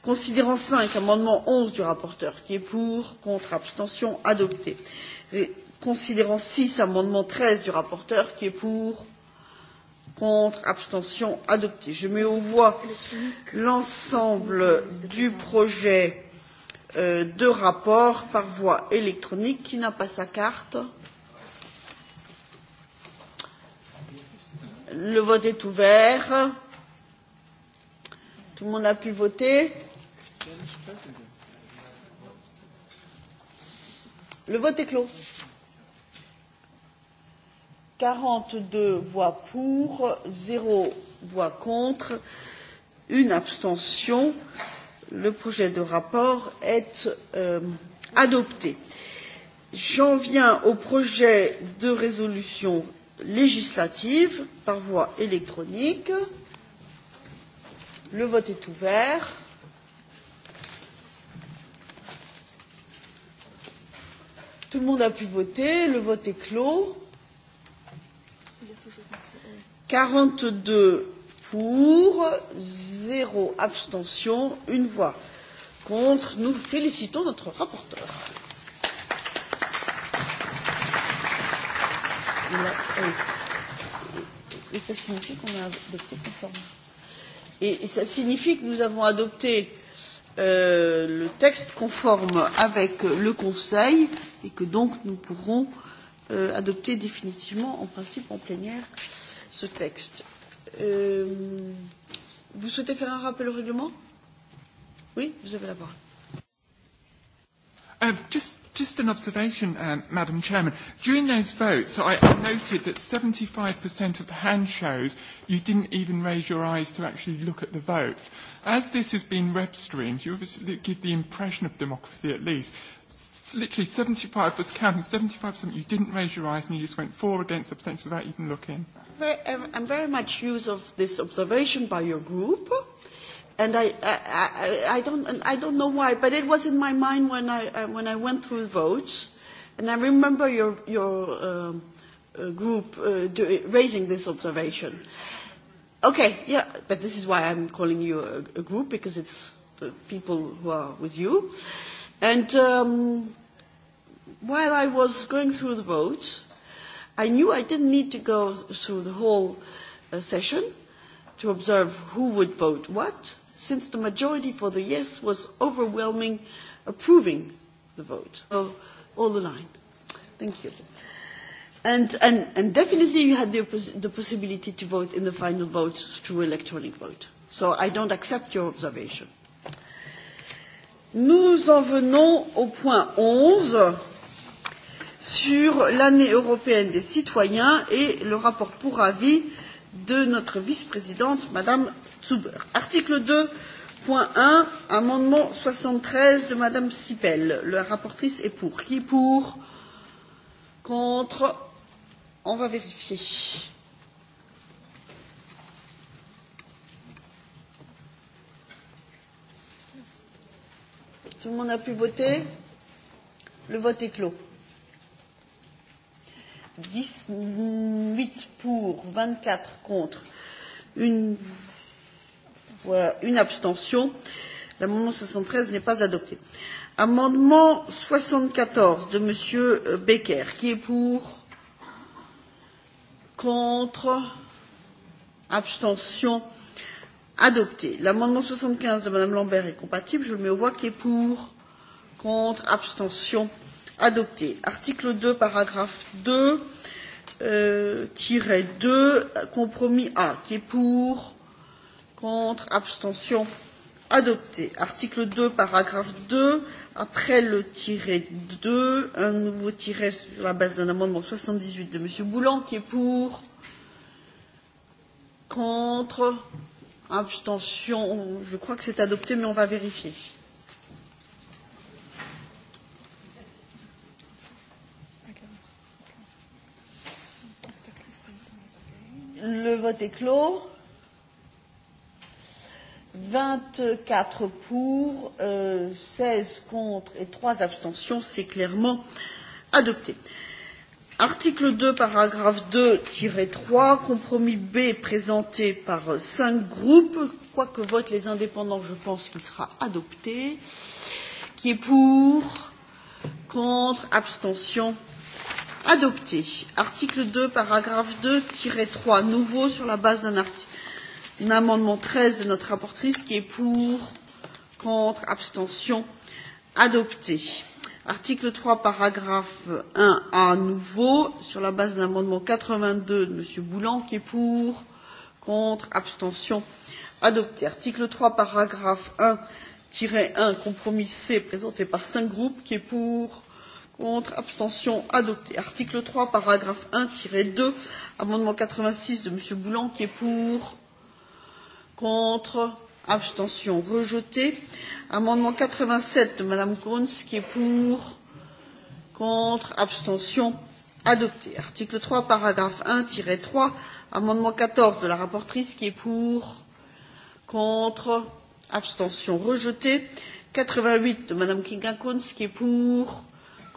Considérant 5, amendement 11 du rapporteur qui est pour, contre, abstention, adopté. considérant 6, amendement 13 du rapporteur qui est pour, contre, abstention adoptée. Je mets aux voix l'ensemble du projet euh, de rapport par voie électronique. Qui n'a pas sa carte Le vote est ouvert. Tout le monde a pu voter Le vote est clos quarante deux voix pour zéro voix contre une abstention le projet de rapport est euh, adopté. j'en viens au projet de résolution législative par voie électronique. le vote est ouvert. tout le monde a pu voter. le vote est clos. 42 pour, zéro abstention, une voix contre. Nous félicitons notre rapporteur. Euh, et ça signifie qu'on a adopté conforme. et ça signifie que nous avons adopté euh, le texte conforme avec le Conseil et que donc nous pourrons euh, adopter définitivement en principe en plénière euh, ce texte. Euh, vous souhaitez faire un rappel au règlement Oui, vous avez la parole. Um, just, just an observation, um, Madam Chairman. During those votes, I, I noted that 75% of the hand shows you didn't even raise your eyes to actually look at the votes. As this has been web streamed, you obviously give the impression of democracy at least. It's literally 75 was counting, 75% you didn't raise your eyes and you just went for against the potential without even looking very, I'm very much use of this observation by your group. And I, I, I, I, don't, I don't know why, but it was in my mind when I, uh, when I went through the votes. And I remember your, your um, uh, group uh, do, raising this observation. Okay, yeah, but this is why I'm calling you a, a group, because it's the people who are with you. And um, while I was going through the votes, i knew I didn't need to go through the whole uh, session to observe who would vote what, since the majority for the yes was overwhelming approving the vote. So, all the line. Thank you. And, and, and definitely you had the, the possibility to vote in the final vote through electronic vote. So I don't accept your observation. Nous en venons au point 11 sur l'année européenne des citoyens et le rapport pour avis de notre vice-présidente, Madame Zuber. Article 2.1, point amendement 73 de Madame Sipel. La rapporteure est pour. Qui est pour Contre On va vérifier. Tout le monde a pu voter Le vote est clos dix huit pour vingt quatre contre une voix une abstention l'amendement soixante treize n'est pas adopté. amendement soixante quatorze de m. Euh, becker qui est pour contre abstention adopté. l'amendement soixante quinze de madame lambert est compatible je le mets aux voix qui est pour contre abstention adopté adopté. Article 2, paragraphe 2, euh, tiret 2, compromis A, qui est pour, contre, abstention, adopté. Article 2, paragraphe 2, après le tiret 2, un nouveau tiret sur la base d'un amendement 78 de M. Boulan, qui est pour, contre, abstention, je crois que c'est adopté, mais on va vérifier. Le vote est clos. 24 pour, euh, 16 contre et 3 abstentions, c'est clairement adopté. Article 2, paragraphe 2-3, compromis B présenté par cinq groupes. Quoi que votent les indépendants, je pense qu'il sera adopté. Qui est pour Contre Abstention Adopté. Article 2, paragraphe 2-3, nouveau sur la base d'un amendement 13 de notre rapportrice qui est pour, contre, abstention. Adopté. Article 3, paragraphe 1A, nouveau sur la base d'un amendement 82 de M. Boulan qui est pour, contre, abstention. Adopté. Article 3, paragraphe 1-1, compromis C, présenté par cinq groupes qui est pour, Contre, abstention adoptée. Article 3, paragraphe 1, tiré 2, amendement 86 de M. Boulan, qui est pour. Contre, abstention rejetée. Amendement 87 de Mme Grunz, qui est pour. Contre, abstention adoptée. Article 3, paragraphe 1, tiré 3, amendement 14 de la rapportrice, qui est pour. Contre, abstention rejetée. 88 de Mme Kinga Kunz, qui est pour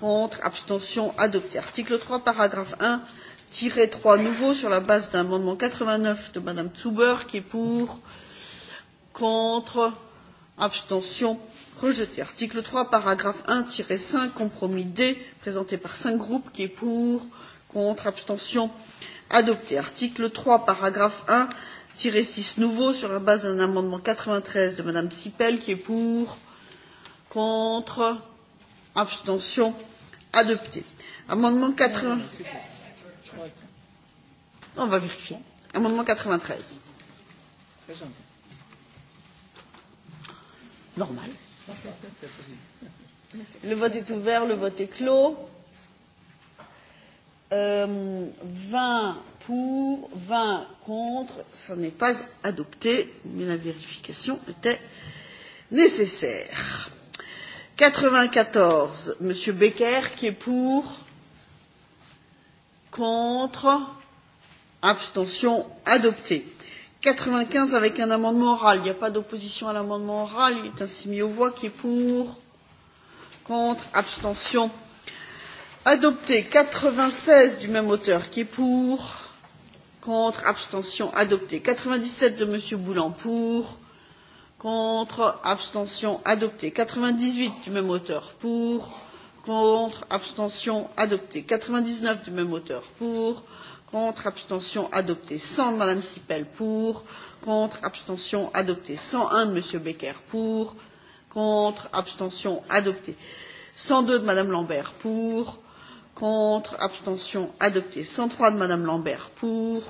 contre, abstention adopté. Article 3, paragraphe 1, tiré 3 nouveau sur la base d'un amendement 89 de Madame Zuber qui est pour, contre, abstention rejeté. Article 3, paragraphe 1, tiré 5, compromis D, présenté par cinq groupes qui est pour, contre, abstention adopté. Article 3, paragraphe 1, tiré 6 nouveau sur la base d'un amendement 93 de Madame Sipel qui est pour, contre, abstention adopté Adopté. Amendement 80. On va vérifier. Amendement 93. Normal. Le vote est ouvert, le vote est clos. Euh, 20 pour, 20 contre, ce n'est pas adopté, mais la vérification était nécessaire. 94, Monsieur Becker, qui est pour, contre, abstention adopté. 95 avec un amendement oral. Il n'y a pas d'opposition à l'amendement oral. Il est ainsi mis aux voix qui est pour, contre, abstention adopté. 96 du même auteur qui est pour, contre, abstention adopté. 97 de Monsieur Boulan pour, contre, abstention adopté. 98 du même auteur pour, contre, abstention adopté. 99 du même auteur pour, contre, abstention adopté. 100 de Madame Sipel pour, contre, abstention adopté. 101 de Monsieur Becker pour, contre, abstention adopté. 102 de Madame Lambert pour, contre, abstention adopté. 103 de Madame Lambert pour,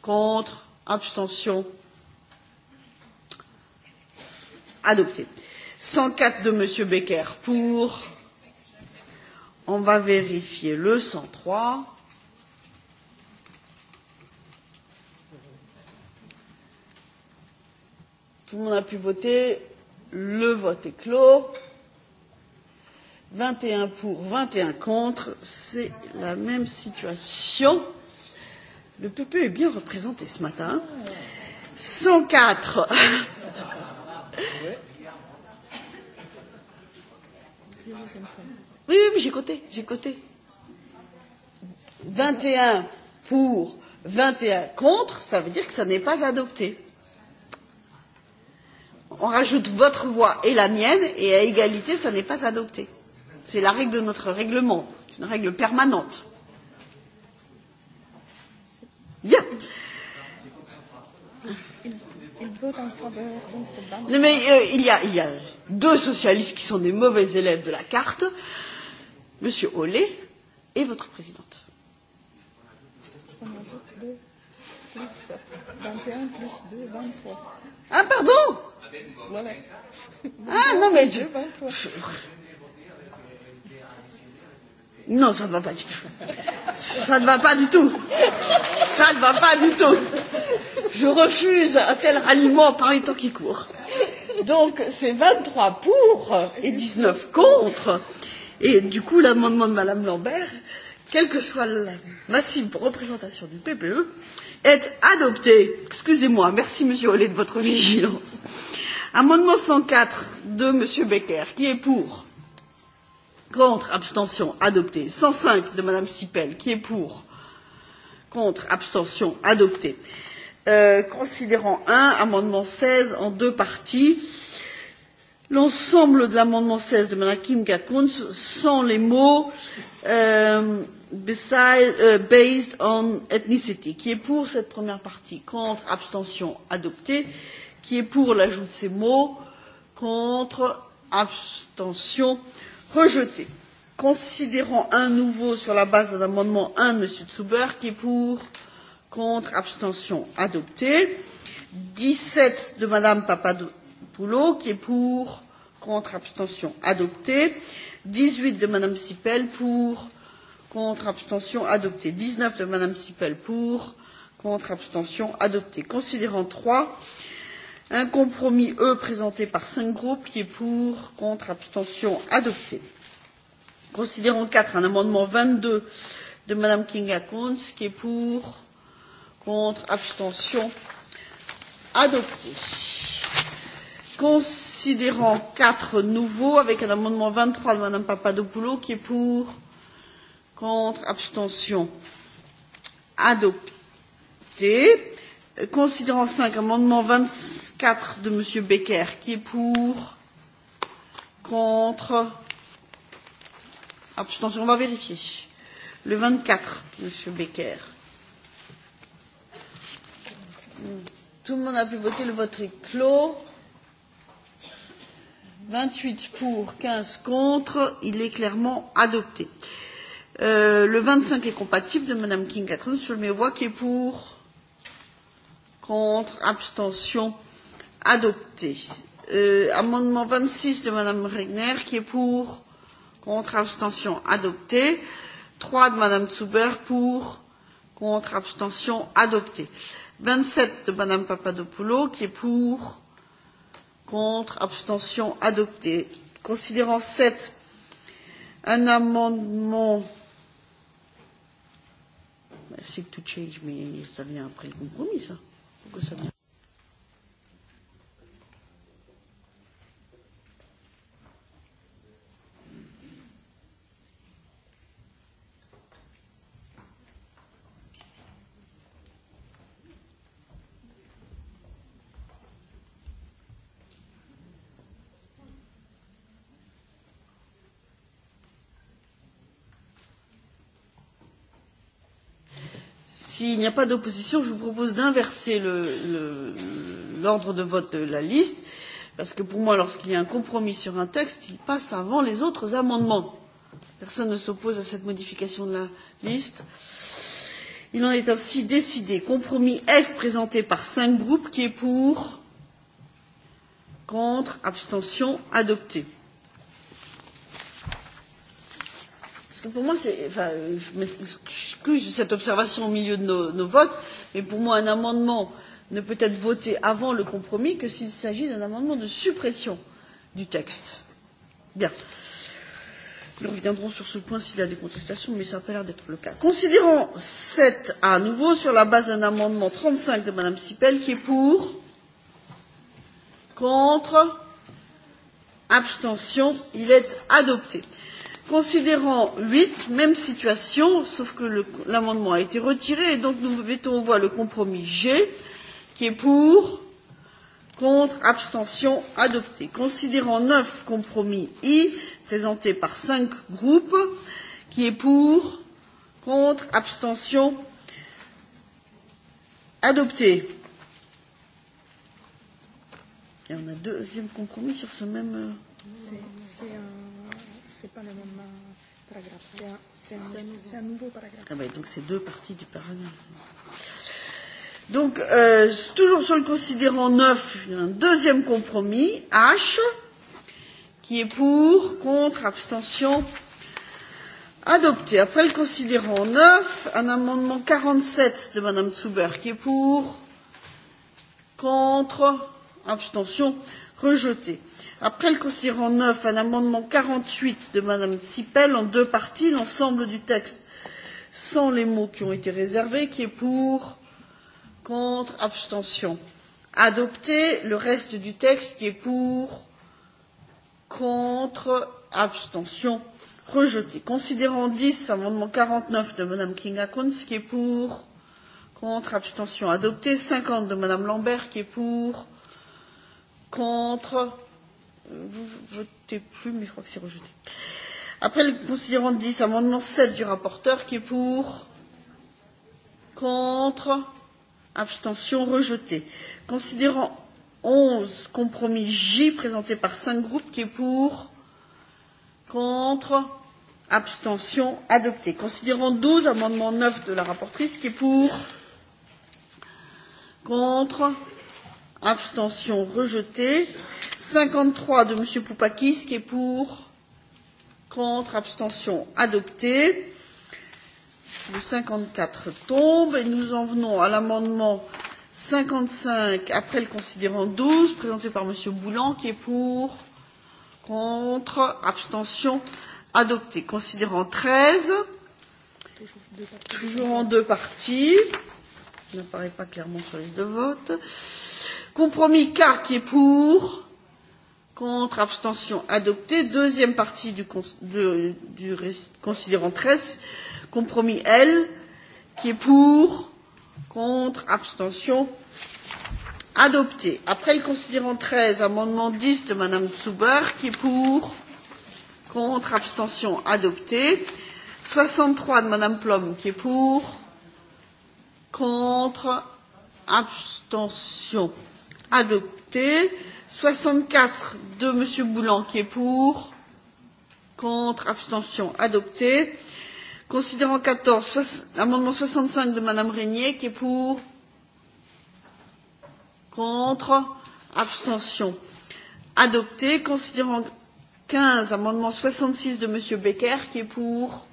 contre, abstention adopté adopté. 104 de Monsieur Becker pour. On va vérifier le 103. Tout le monde a pu voter. Le vote est clos. 21 pour, 21 contre. C'est la même situation. Le PP est bien représenté ce matin. 104 Oui, oui, oui, j'ai coté, j'ai coté. 21 pour, 21 contre, ça veut dire que ça n'est pas adopté. On rajoute votre voix et la mienne, et à égalité, ça n'est pas adopté. C'est la règle de notre règlement, une règle permanente. Bien. Non, mais euh, il, y a, il y a deux socialistes qui sont des mauvais élèves de la carte, Monsieur Ollet et votre présidente. Ah, pardon Ah, non, mais... Je... Non, ça ne va pas du tout. Ça ne va pas du tout. Ça ne va pas du tout. Je refuse un tel ralliement par les temps qui courent. Donc, c'est 23 pour et 19 contre. Et du coup, l'amendement de Madame Lambert, quelle que soit la massive représentation du PPE, est adopté. Excusez-moi, merci Monsieur Hollet de votre vigilance. Amendement 104 de Monsieur Becker, qui est pour Contre, abstention, adopté. 105 de Madame Sipel, qui est pour Contre, abstention, adopté. Euh, considérant 1, amendement 16 en deux parties. L'ensemble de l'amendement 16 de Madame Kim Kakuns sans les mots euh, beside, euh, based on ethnicity, qui est pour cette première partie. Contre, abstention, adopté. Qui est pour l'ajout de ces mots Contre, abstention, adopté rejeté. Considérant un nouveau sur la base d'un amendement 1 de M. Zuber, qui est pour, contre, abstention, adopté. 17 de Mme Papadopoulou, qui est pour, contre, abstention, adopté. 18 de Mme Sipel, pour, contre, abstention, adopté. 19 de Mme Sipel, pour, contre, abstention, adopté. Considérant 3, un compromis e présenté par cinq groupes qui est pour contre abstention adopté. considérant quatre un amendement vingt deux de mme kinga Kunz, qui est pour contre abstention adopté. considérant quatre nouveaux avec un amendement vingt trois de mme papadopoulou qui est pour contre abstention adopté. considérant cinq amendement vingt 25 4 de M. Becker, qui est pour, contre, abstention, on va vérifier. Le 24, M. Becker. Tout le monde a pu voter, le vote est clos. 28 pour, 15 contre, il est clairement adopté. Euh, le 25 est compatible de Mme King Catherine, je le mets aux voix qui est pour, contre, abstention, Adopté. Euh, amendement 26 de Madame Regner, qui est pour, contre, abstention, adopté. 3 de Madame Zuber, pour, contre, abstention, adopté. 27 de Madame Papadopoulou, qui est pour, contre, abstention, adopté. Considérant 7, un amendement Seek to change, mais ça vient après le compromis, ça. Pourquoi ça vient S'il n'y a pas d'opposition, je vous propose d'inverser l'ordre de vote de la liste, parce que pour moi, lorsqu'il y a un compromis sur un texte, il passe avant les autres amendements. Personne ne s'oppose à cette modification de la liste. Il en est ainsi décidé. Compromis F présenté par cinq groupes qui est pour, contre, abstention, adopté. Parce que pour moi, c'est, enfin, je m'excuse cette observation au milieu de nos, nos votes, mais pour moi, un amendement ne peut être voté avant le compromis que s'il s'agit d'un amendement de suppression du texte. Bien. Nous reviendrons sur ce point s'il y a des contestations, mais ça n'a pas l'air d'être le cas. Considérons 7 à nouveau sur la base d'un amendement 35 de Mme Sipel qui est pour, contre, abstention, il est adopté. Considérant huit, même situation, sauf que l'amendement a été retiré, et donc nous mettons au voie le compromis G, qui est pour, contre, abstention, adopté. Considérant neuf compromis I, présenté par cinq groupes, qui est pour, contre, abstention, adopté. Et on a deuxième compromis sur ce même. Euh, c'est un c'est pas le même euh, paragraphe. C'est un, un, un nouveau paragraphe. Ah ouais, donc c'est deux parties du paragraphe. Donc, euh, toujours sur le considérant 9, un deuxième compromis, H, qui est pour, contre, abstention, adopté. Après le considérant 9, un amendement 47 de Madame Zuber, qui est pour, contre, abstention, rejeté après le considérant neuf un amendement quarante huit de mme sippel en deux parties l'ensemble du texte sans les mots qui ont été réservés qui est pour contre abstention adopté le reste du texte qui est pour contre abstention rejeté considérant dix amendement quarante neuf de mme kinga gncz qui est pour contre abstention adopté cinquante de mme lambert qui est pour contre vous votez plus, mais je crois que c'est rejeté. Après le considérant 10, amendement 7 du rapporteur qui est pour, contre, abstention rejeté. Considérant 11, compromis J présenté par cinq groupes qui est pour, contre, abstention adopté. Considérant 12, amendement 9 de la rapportrice qui est pour, contre, abstention rejeté. 53 de M. Poupakis qui est pour, contre, abstention adopté. Le 54 tombe et nous en venons à l'amendement 55 après le considérant 12 présenté par M. Boulan qui est pour, contre, abstention adopté. Considérant 13, toujours en deux parties n'apparaît pas clairement sur les deux votes. Compromis K qui est pour, contre, abstention adoptée. Deuxième partie du, cons de, du considérant 13, compromis L, qui est pour, contre, abstention adopté. Après le considérant 13, amendement 10 de Madame Zuber, qui est pour, contre, abstention adopté. 63 de Madame Plom, qui est pour, contre, abstention adopté soixante quatre de m. Boulan qui est pour contre abstention adopté considérant quatorze amendement soixante cinq de mme régnier qui est pour contre abstention adopté considérant quinze amendement soixante six de m. becker qui est pour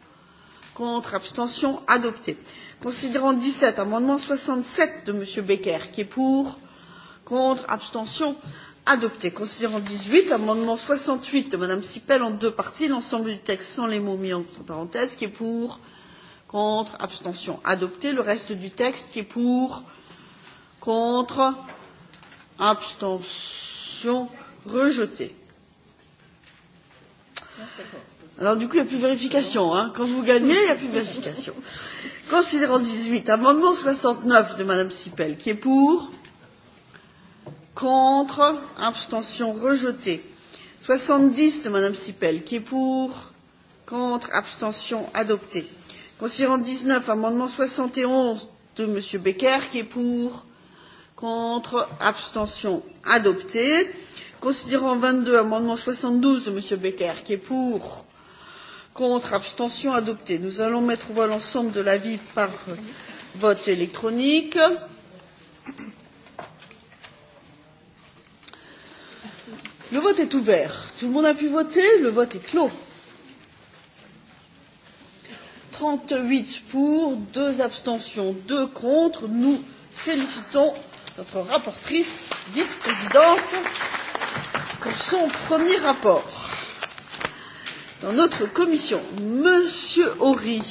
contre abstention adopté considérant dix sept amendement soixante sept de m. becker qui est pour contre abstention adopté adopté. Considérant dix huit, amendement soixante huit de Madame Sipel en deux parties, l'ensemble du texte sans les mots mis entre parenthèses, qui est pour, contre, abstention adopté, le reste du texte qui est pour, contre, abstention rejeté. Alors du coup, il n'y a plus de vérification. Hein. Quand vous gagnez, il n'y a plus de vérification. Considérant dix huit, amendement soixante neuf de Madame Sipel, qui est pour, Contre, abstention rejeté. 70 de Madame Sipel, qui est pour, contre, abstention adoptée. Considérant 19, amendement 71 de M. Becker, qui est pour, contre, abstention adopté. Considérant 22, amendement 72 de Monsieur Becker, qui est pour, contre, abstention adopté. Nous allons mettre au voie l'ensemble de l'avis par vote électronique. Le vote est ouvert. Tout le monde a pu voter. Le vote est clos. 38 pour, 2 abstentions, 2 contre. Nous félicitons notre rapportrice, vice-présidente, pour son premier rapport dans notre commission. Monsieur Horry.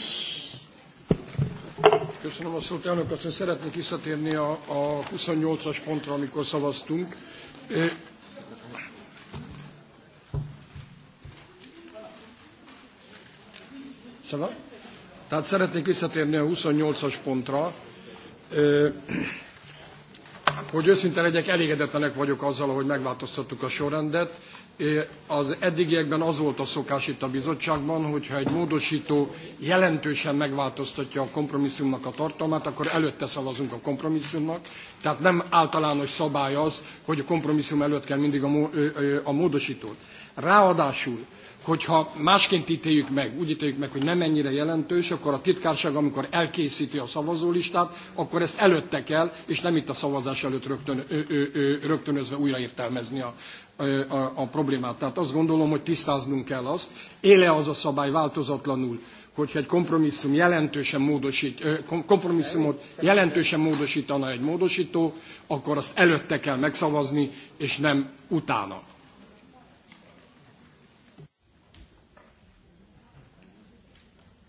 Köszönöm a szót, elnök asszony. Szeretnék visszatérni a, a 28-as pontra, amikor szavaztunk. Szóval? Tehát szeretnék visszatérni a 28-as pontra, hogy őszinte legyek, elégedetlenek vagyok azzal, hogy megváltoztattuk a sorrendet. Az eddigiekben az volt a szokás itt a bizottságban, hogyha egy módosító jelentősen megváltoztatja a kompromisszumnak a tartalmát, akkor előtte szavazunk a kompromisszumnak. Tehát nem általános szabály az, hogy a kompromisszum előtt kell mindig a módosítót. Ráadásul hogyha másként ítéljük meg, úgy ítéljük meg, hogy nem ennyire jelentős, akkor a titkárság, amikor elkészíti a szavazólistát, akkor ezt előtte kell, és nem itt a szavazás előtt rögtön, ö, ö, ö, rögtönözve újraértelmezni a, a, a problémát. Tehát azt gondolom, hogy tisztáznunk kell azt, éle az a szabály változatlanul, hogyha egy kompromisszum jelentősen módosít, kompromisszumot jelentősen módosítana egy módosító, akkor azt előtte kell megszavazni, és nem utána.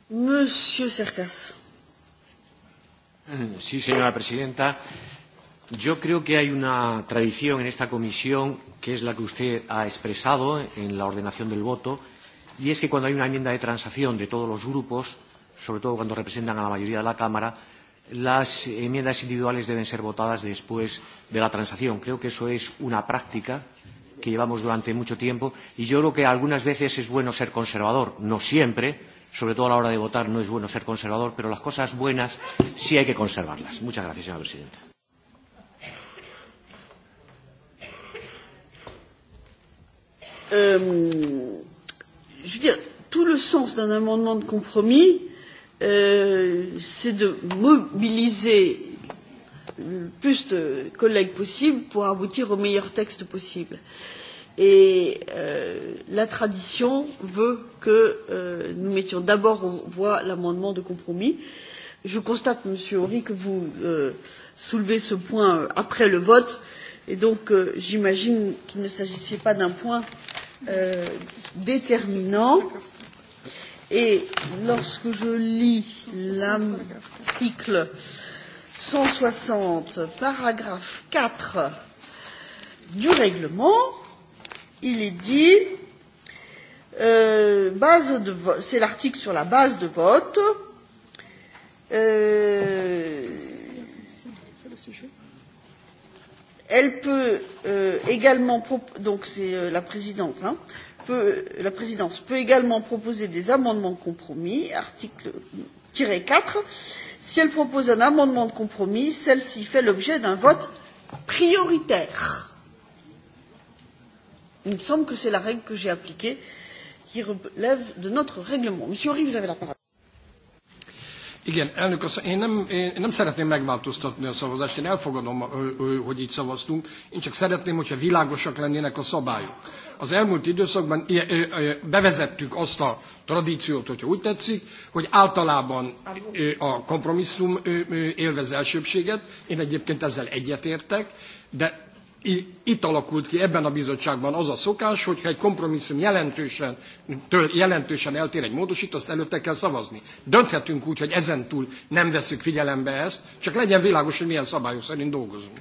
Monsieur Cercas. Eh, sí, señora presidenta. Yo creo que hay una tradición en esta comisión que es la que usted ha expresado en la ordenación del voto, y es que cuando hay una enmienda de transacción de todos los grupos, sobre todo cuando representan a la mayoría de la Cámara, las enmiendas individuales deben ser votadas después de la transacción. Creo que eso es una práctica que llevamos durante mucho tiempo y yo creo que algunas veces es bueno ser conservador, no siempre, sobre todo a la hora de votar, no es bueno ser conservador, pero las cosas buenas sí hay que conservarlas. Muchas gracias, señora presidenta. Euh, je veux dire, tout le sens d'un amendement de compromis, euh, c'est de mobiliser le plus de collègues possible pour aboutir au meilleur texte possible. Euh, Et euh, la tradition veut que euh, nous mettions d'abord aux voix l'amendement de compromis. Je constate, Monsieur Horry, que vous euh, soulevez ce point euh, après le vote, et donc euh, j'imagine qu'il ne s'agissait pas d'un point euh, déterminant. Et lorsque je lis l'article cent soixante, paragraphe quatre du règlement, il est dit euh, base de c'est l'article sur la base de vote. Euh, elle peut euh, également donc c'est euh, la présidente hein, peut, la présidence peut également proposer des amendements de compromis article quatre si elle propose un amendement de compromis celle ci fait l'objet d'un vote prioritaire il me semble que c'est la règle que j'ai appliquée qui relève de notre règlement. Monsieur Henry, vous avez la parole. Igen, elnök asszony, én nem, én nem szeretném megváltoztatni a szavazást, én elfogadom, hogy így szavaztunk, én csak szeretném, hogyha világosak lennének a szabályok. Az elmúlt időszakban bevezettük azt a tradíciót, hogyha úgy tetszik, hogy általában a kompromisszum élvez elsőbséget, én egyébként ezzel egyetértek, de itt alakult ki ebben a bizottságban az a szokás, hogyha egy kompromisszum jelentősen, től jelentősen eltér egy módosít, azt előtte kell szavazni. Dönthetünk úgy, hogy ezentúl nem veszük figyelembe ezt, csak legyen világos, hogy milyen szabályok szerint dolgozunk.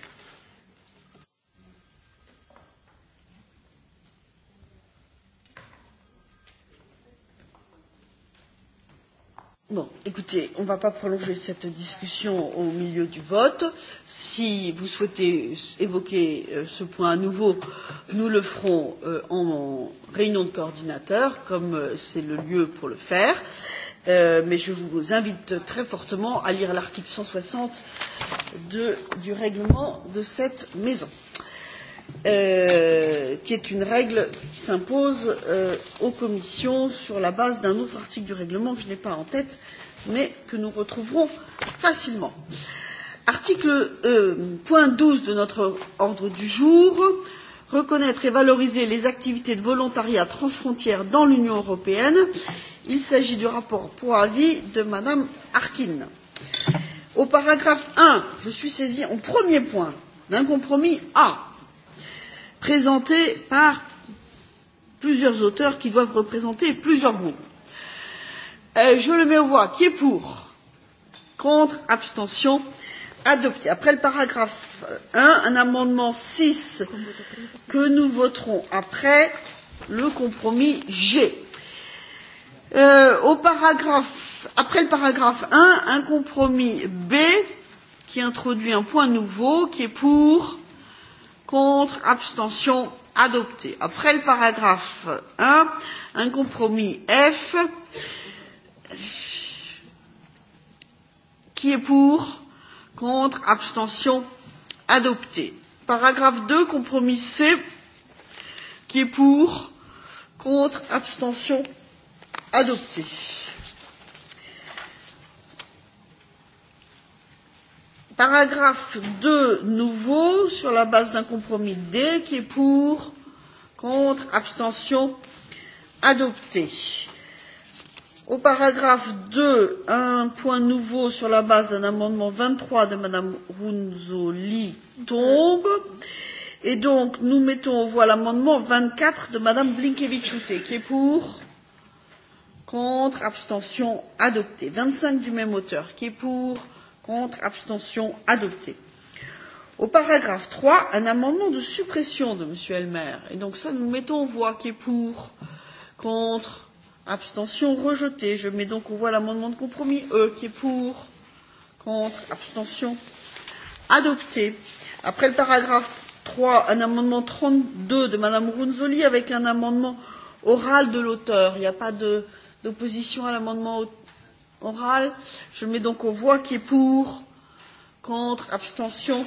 Bon, écoutez, on ne va pas prolonger cette discussion au milieu du vote. Si vous souhaitez évoquer euh, ce point à nouveau, nous le ferons euh, en réunion de coordinateurs, comme euh, c'est le lieu pour le faire. Euh, mais je vous invite très fortement à lire l'article 160 de, du règlement de cette maison. Euh, qui est une règle qui s'impose euh, aux commissions sur la base d'un autre article du règlement que je n'ai pas en tête, mais que nous retrouverons facilement. Article euh, point 12 de notre ordre du jour reconnaître et valoriser les activités de volontariat transfrontières dans l'Union européenne. Il s'agit du rapport pour avis de Madame Harkin. Au paragraphe 1, je suis saisie en premier point d'un compromis A présenté par plusieurs auteurs qui doivent représenter plusieurs groupes. Euh, je le mets aux voix. Qui est pour Contre Abstention Adopté. Après le paragraphe 1, un amendement 6 que nous voterons après le compromis G. Euh, au paragraphe, après le paragraphe 1, un compromis B qui introduit un point nouveau qui est pour contre, abstention adopté. Après le paragraphe 1, un compromis F. Qui est pour Contre, abstention adopté. Paragraphe 2, compromis C. Qui est pour Contre, abstention adopté. Paragraphe 2 nouveau sur la base d'un compromis D qui est pour, contre, abstention adopté. Au paragraphe 2, un point nouveau sur la base d'un amendement 23 de Madame Runzoli tombe. Et donc, nous mettons aux voix l'amendement 24 de Madame Blinkevich-Houté, qui est pour, contre, abstention, adopté. 25 du même auteur, qui est pour, contre abstention adopté. au paragraphe trois un amendement de suppression de m. Elmer. et donc ça nous mettons en voix qui est pour contre abstention rejeté. je mets donc en voix l'amendement de compromis e qui est pour contre abstention adopté. après le paragraphe trois un amendement trente deux de mme Runzoli avec un amendement oral de l'auteur. il n'y a pas d'opposition à l'amendement orale. Je mets donc aux voix qui est pour, contre, abstention,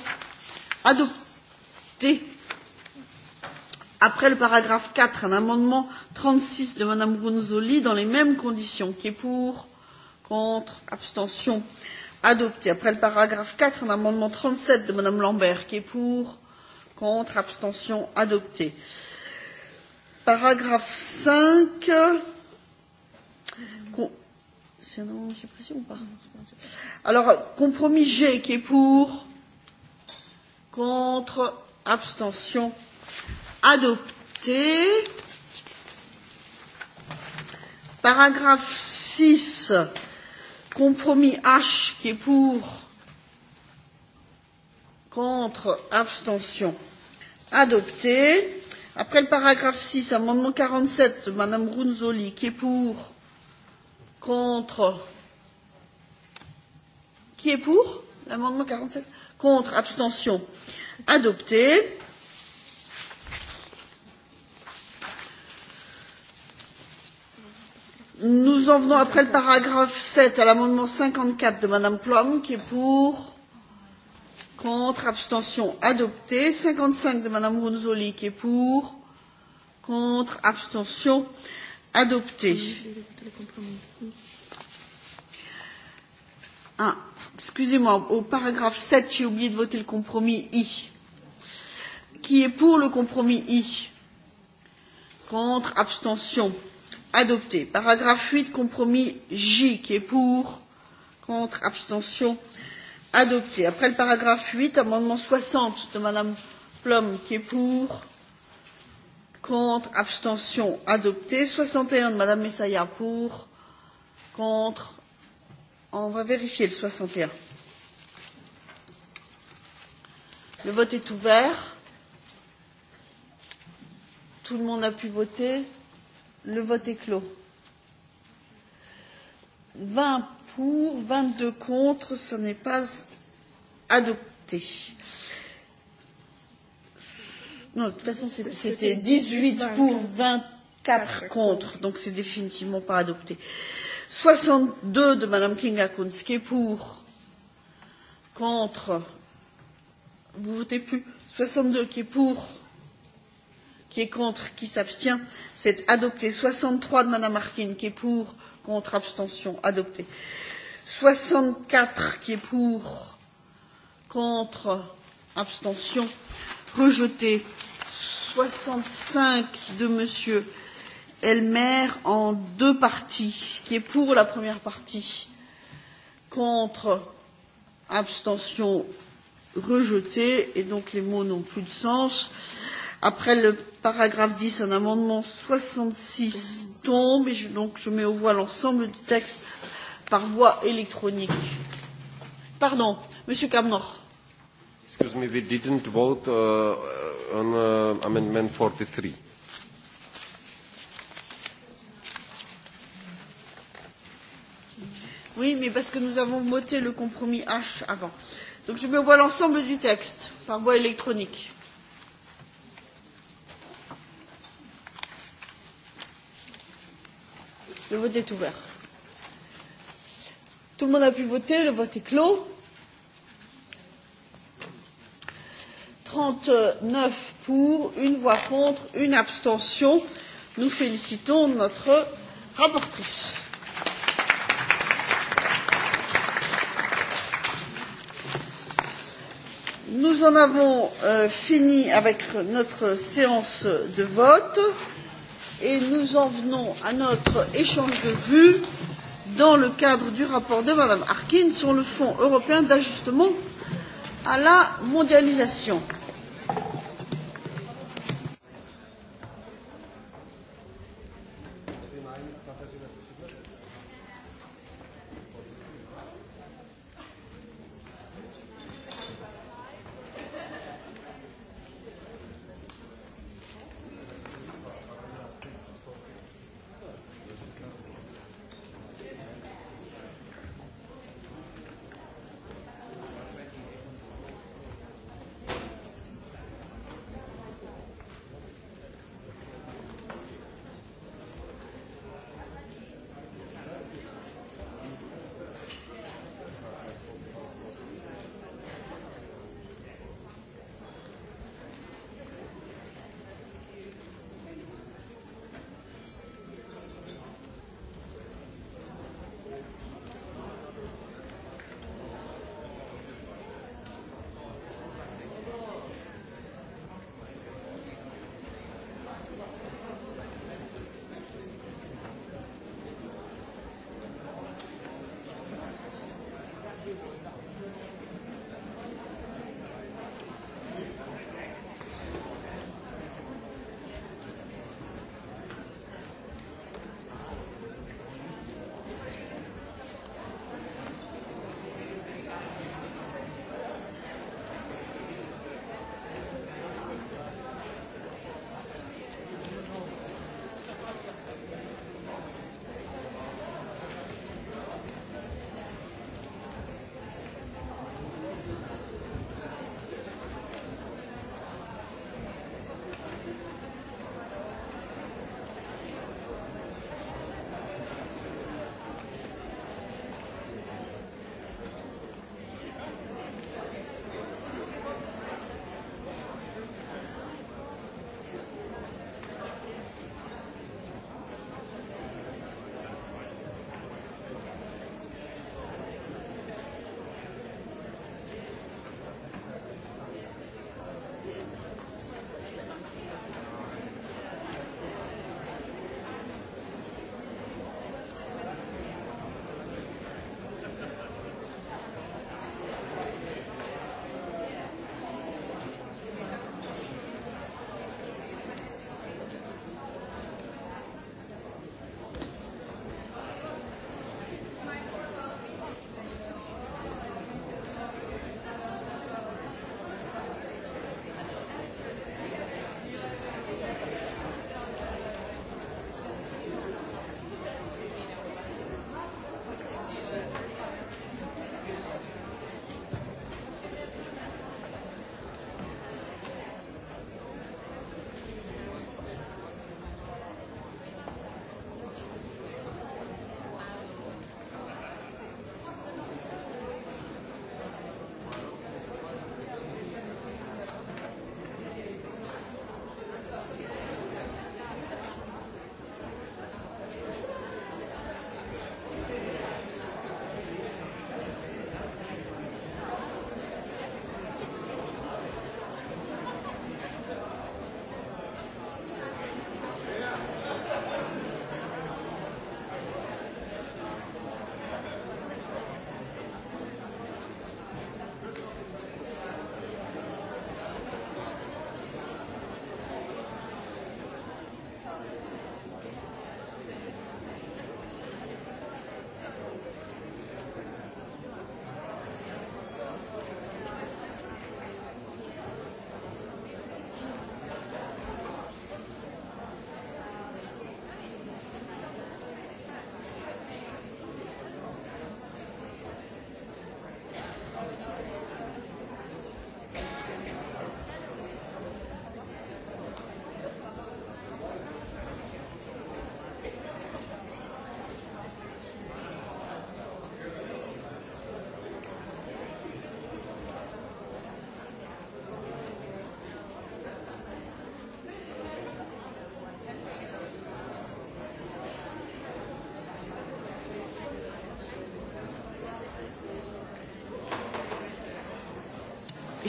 adopté. Après le paragraphe 4, un amendement 36 de Madame Brunzoli dans les mêmes conditions, qui est pour, contre, abstention, adopté. Après le paragraphe 4, un amendement 37 de Madame Lambert, qui est pour, contre, abstention, adopté. Paragraphe 5, C'est un amendement de ou pas Alors, compromis G qui est pour, contre, abstention, adopté. Paragraphe 6, compromis H qui est pour, contre, abstention, adopté. Après le paragraphe 6, amendement 47 de Madame Runzoli qui est pour, Contre. Qui est pour L'amendement 47. Contre. Abstention. Adopté. Nous en venons après le paragraphe 7 à l'amendement 54 de Madame Plum qui est pour, contre, abstention adopté. 55 de Madame Ronzoli qui est pour, contre, abstention adopté Adopté. Ah, excusez-moi, au paragraphe 7, j'ai oublié de voter le compromis I. Qui est pour le compromis I Contre, abstention. Adopté. Paragraphe 8, compromis J. Qui est pour Contre, abstention. Adopté. Après le paragraphe 8, amendement 60 de Madame Plum. Qui est pour Contre, abstention, adopté. 61 de Madame Messaya pour. Contre. On va vérifier le 61. Le vote est ouvert. Tout le monde a pu voter. Le vote est clos. 20 pour, 22 contre, ce n'est pas adopté. Non, de toute façon, c'était 18 pour 24 contre, donc c'est définitivement pas adopté. 62 de Madame Kinga Kunske pour, contre, vous votez plus, 62 qui est pour, qui est contre, qui s'abstient, c'est adopté. 63 de Madame Harkin qui est pour, contre, abstention, adopté. 64 qui est pour, contre, abstention, rejeté. 65 de Monsieur Elmer en deux parties, qui est pour la première partie, contre, abstention rejeté, et donc les mots n'ont plus de sens. Après le paragraphe 10, un amendement 66 tombe, et je, donc je mets aux voix l'ensemble du texte par voie électronique. Pardon, Monsieur Camnor. Excuse me, we didn't vote uh, uh on uh, amendment 43. Oui, mais parce que nous avons voté le compromis H avant. Donc je me vois l'ensemble du texte par voie électronique. Le vote est ouvert. Tout le monde a pu voter, le vote est clos. quarante neuf pour une voix contre une abstention nous félicitons notre rapporteure. nous en avons euh, fini avec notre séance de vote et nous en venons à notre échange de vues dans le cadre du rapport de madame harkin sur le fonds européen d'ajustement à la mondialisation.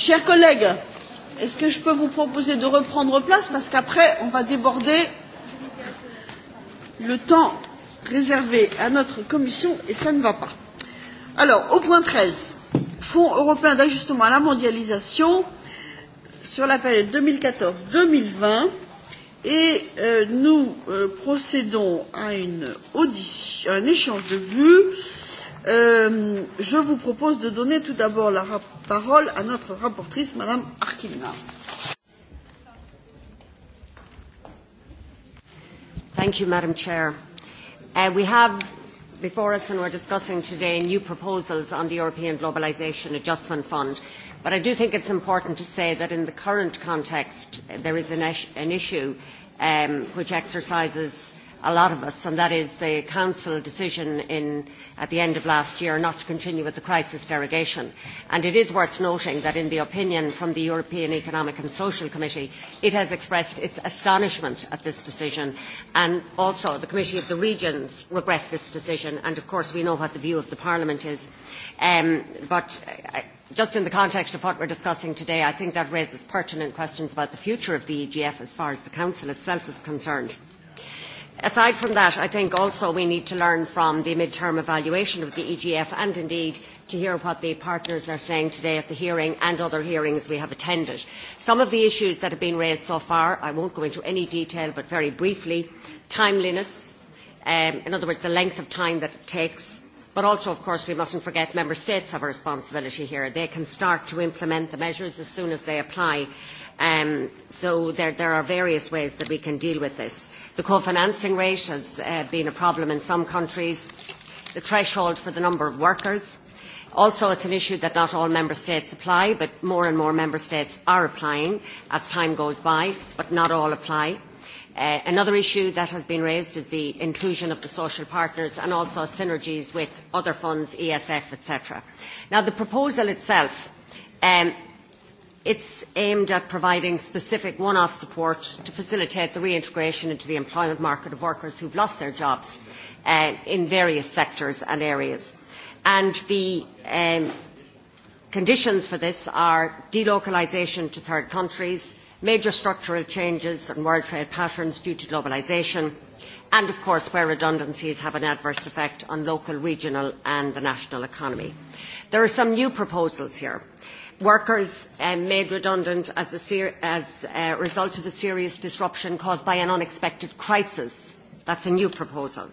Chers collègues, est-ce que je peux vous proposer de reprendre place parce qu'après, on va déborder le temps réservé à notre commission et ça ne va pas. Alors, au point 13, Fonds européen d'ajustement à la mondialisation sur la période 2014-2020 et euh, nous euh, procédons à une audition, à un échange de vues. Euh, je vous propose de donner tout d'abord la, parole à notre rapporteure, Madame Arkina. Thank you, Madam Chair. Uh, we have before us and we're discussing today new proposals on the European Globalisation Adjustment Fund. But I do think it's important to say that in the current context, there is an, an issue um, which exercises a lot of us, and that is the Council decision in, at the end of last year not to continue with the crisis derogation. And it is worth noting that in the opinion from the European Economic and Social Committee, it has expressed its astonishment at this decision, and also the Committee of the Regions regret this decision, and of course we know what the view of the Parliament is. Um, but uh, just in the context of what we are discussing today, I think that raises pertinent questions about the future of the EGF as far as the Council itself is concerned. Aside from that, I think also we need to learn from the mid-term evaluation of the EGF and indeed to hear what the partners are saying today at the hearing and other hearings we have attended. Some of the issues that have been raised so far, I won't go into any detail, but very briefly, timeliness, um, in other words, the length of time that it takes, But also, of course, we must not forget member states have a responsibility here. They can start to implement the measures as soon as they apply. Um, so there, there are various ways that we can deal with this. The co-financing rate has uh, been a problem in some countries. The threshold for the number of workers. Also, it's an issue that not all member states apply, but more and more member states are applying as time goes by, but not all apply. Uh, another issue that has been raised is the inclusion of the social partners and also synergies with other funds, ESF, etc. Now, the proposal itself um, It's aimed at providing specific one-off support to facilitate the reintegration into the employment market of workers who've lost their jobs uh, in various sectors and areas. And the um, conditions for this are delocalisation to third countries, major structural changes and world trade patterns due to globalisation, and of course where redundancies have an adverse effect on local, regional and the national economy. There are some new proposals here workers um, made redundant as a, ser- as a result of a serious disruption caused by an unexpected crisis. That's a new proposal.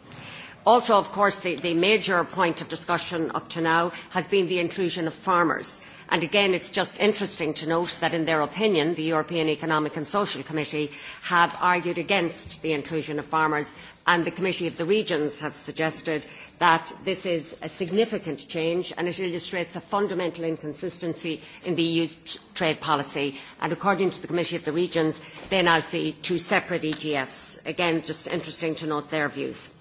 Also, of course, the, the major point of discussion up to now has been the inclusion of farmers. And again, it's just interesting to note that in their opinion, the European Economic and Social Committee have argued against the inclusion of farmers, and the Committee of the Regions have suggested that this is a significant change and it illustrates a fundamental inconsistency in the EU's trade policy. And according to the Committee of the Regions, they now see two separate EGFs. Again, just interesting to note their views.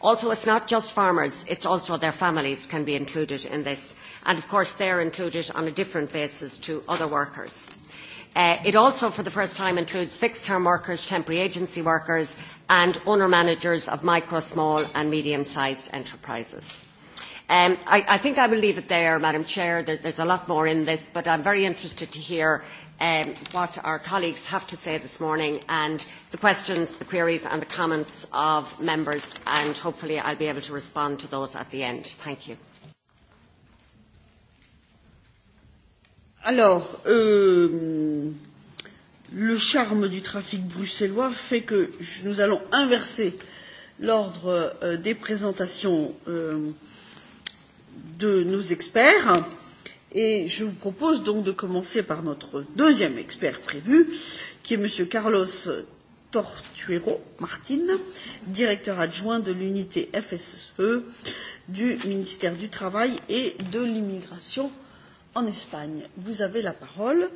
Also, it's not just farmers, it's also their families can be included in this. And of course, they're included on a different basis to other workers. Uh, it also, for the first time, includes fixed-term workers, temporary agency workers and owner-managers of micro, small and medium-sized enterprises. Um, I, think I will leave it there, Madam Chair. There, there's a lot more in this, but I'm very interested to hear um, what our colleagues have to say this morning and the questions, the queries and the comments of members, and hopefully I'll be able to respond to those at the end. Thank you. Alors, euh, le charme du trafic bruxellois fait que nous allons inverser l'ordre euh, des présentations euh, de nos experts. Et je vous propose donc de commencer par notre deuxième expert prévu, qui est M. Carlos Tortuero Martin, directeur adjoint de l'unité FSE du ministère du Travail et de l'Immigration en Espagne. Vous avez la parole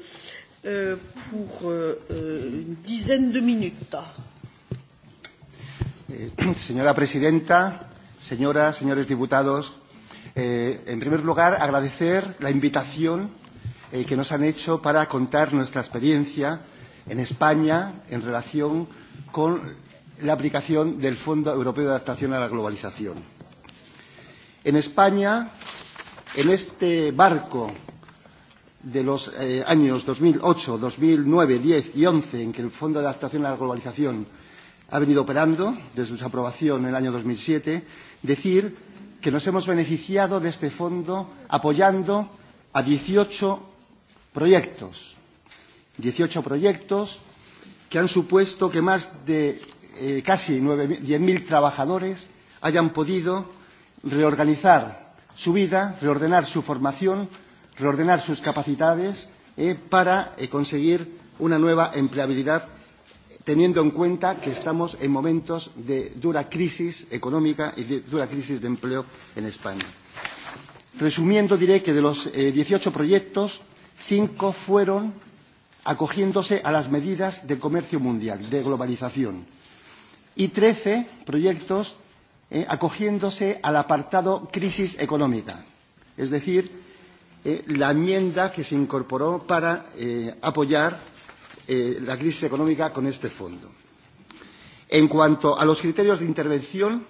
euh, pour euh, euh une dizaine de minutes. Eh, señora presidenta, señoras, señores diputados, eh, en primer lugar agradecer la invitación eh, que nos han hecho para contar nuestra experiencia en España en relación con la aplicación del Fondo Europeo de Adaptación a la Globalización. En España, en este barco de los eh, años 2008, 2009, 10 y 11, en que el Fondo de Adaptación a la Globalización ha venido operando desde su aprobación en el año 2007, decir que nos hemos beneficiado de este fondo apoyando a 18 proyectos. 18 proyectos que han supuesto que más de eh, casi 10.000 trabajadores hayan podido reorganizar su vida, reordenar su formación reordenar sus capacidades eh, para eh, conseguir una nueva empleabilidad teniendo en cuenta que estamos en momentos de dura crisis económica y de dura crisis de empleo en España. Resumiendo, diré que de los eh, 18 proyectos, cinco fueron acogiéndose a las medidas de comercio mundial, de globalización, y 13 proyectos eh, acogiéndose al apartado crisis económica, es decir, eh, la enmienda que se incorporó para eh, apoyar eh, la crisis económica con este fondo. En cuanto a los criterios de intervención,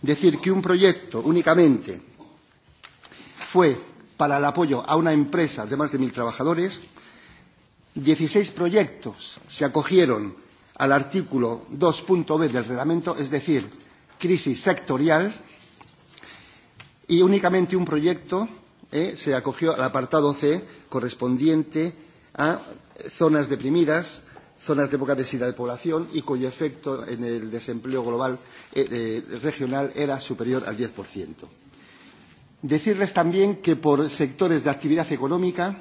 decir que un proyecto únicamente fue para el apoyo a una empresa de más de mil trabajadores, 16 proyectos se acogieron al artículo 2.b del reglamento, es decir, crisis sectorial, y únicamente un proyecto eh, se acogió al apartado C correspondiente a zonas deprimidas, zonas de poca densidad de población y cuyo efecto en el desempleo global eh, eh, regional era superior al 10%. Decirles también que por sectores de actividad económica,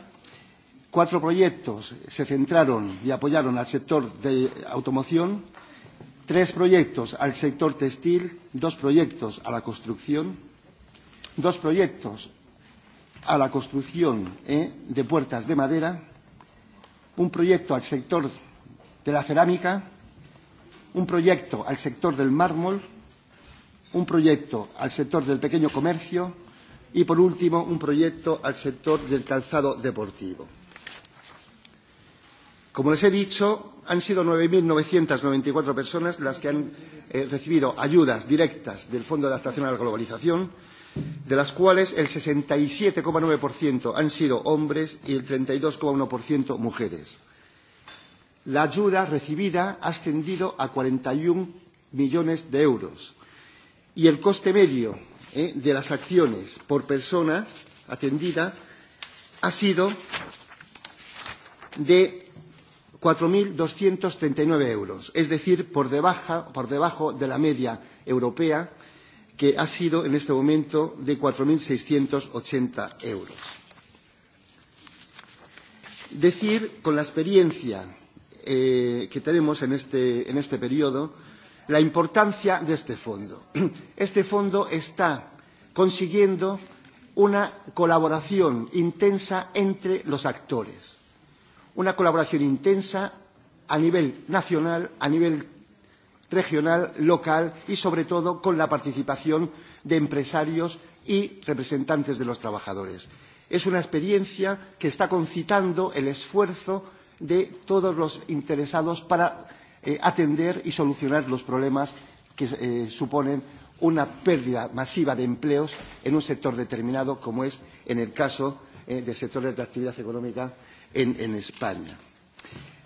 cuatro proyectos se centraron y apoyaron al sector de automoción, tres proyectos al sector textil, dos proyectos a la construcción, dos proyectos a la construcción ¿eh? de puertas de madera, un proyecto al sector de la cerámica, un proyecto al sector del mármol, un proyecto al sector del pequeño comercio y, por último, un proyecto al sector del calzado deportivo. Como les he dicho, han sido 9.994 personas las que han eh, recibido ayudas directas del Fondo de Adaptación a la Globalización, de las cuales el 67,9% han sido hombres y el 32,1% mujeres. La ayuda recibida ha ascendido a 41 millones de euros y el coste medio eh, de las acciones por persona atendida ha sido de 4.239 euros, es decir, por, debaja, por debajo de la media europea que ha sido en este momento de 4.680 euros. Decir, con la experiencia eh, que tenemos en este, en este periodo, la importancia de este fondo. Este fondo está consiguiendo una colaboración intensa entre los actores, una colaboración intensa a nivel nacional, a nivel regional, local y, sobre todo, con la participación de empresarios y representantes de los trabajadores. Es una experiencia que está concitando el esfuerzo de todos los interesados para eh, atender y solucionar los problemas que eh, suponen una pérdida masiva de empleos en un sector determinado, como es en el caso eh, de sectores de actividad económica en, en España.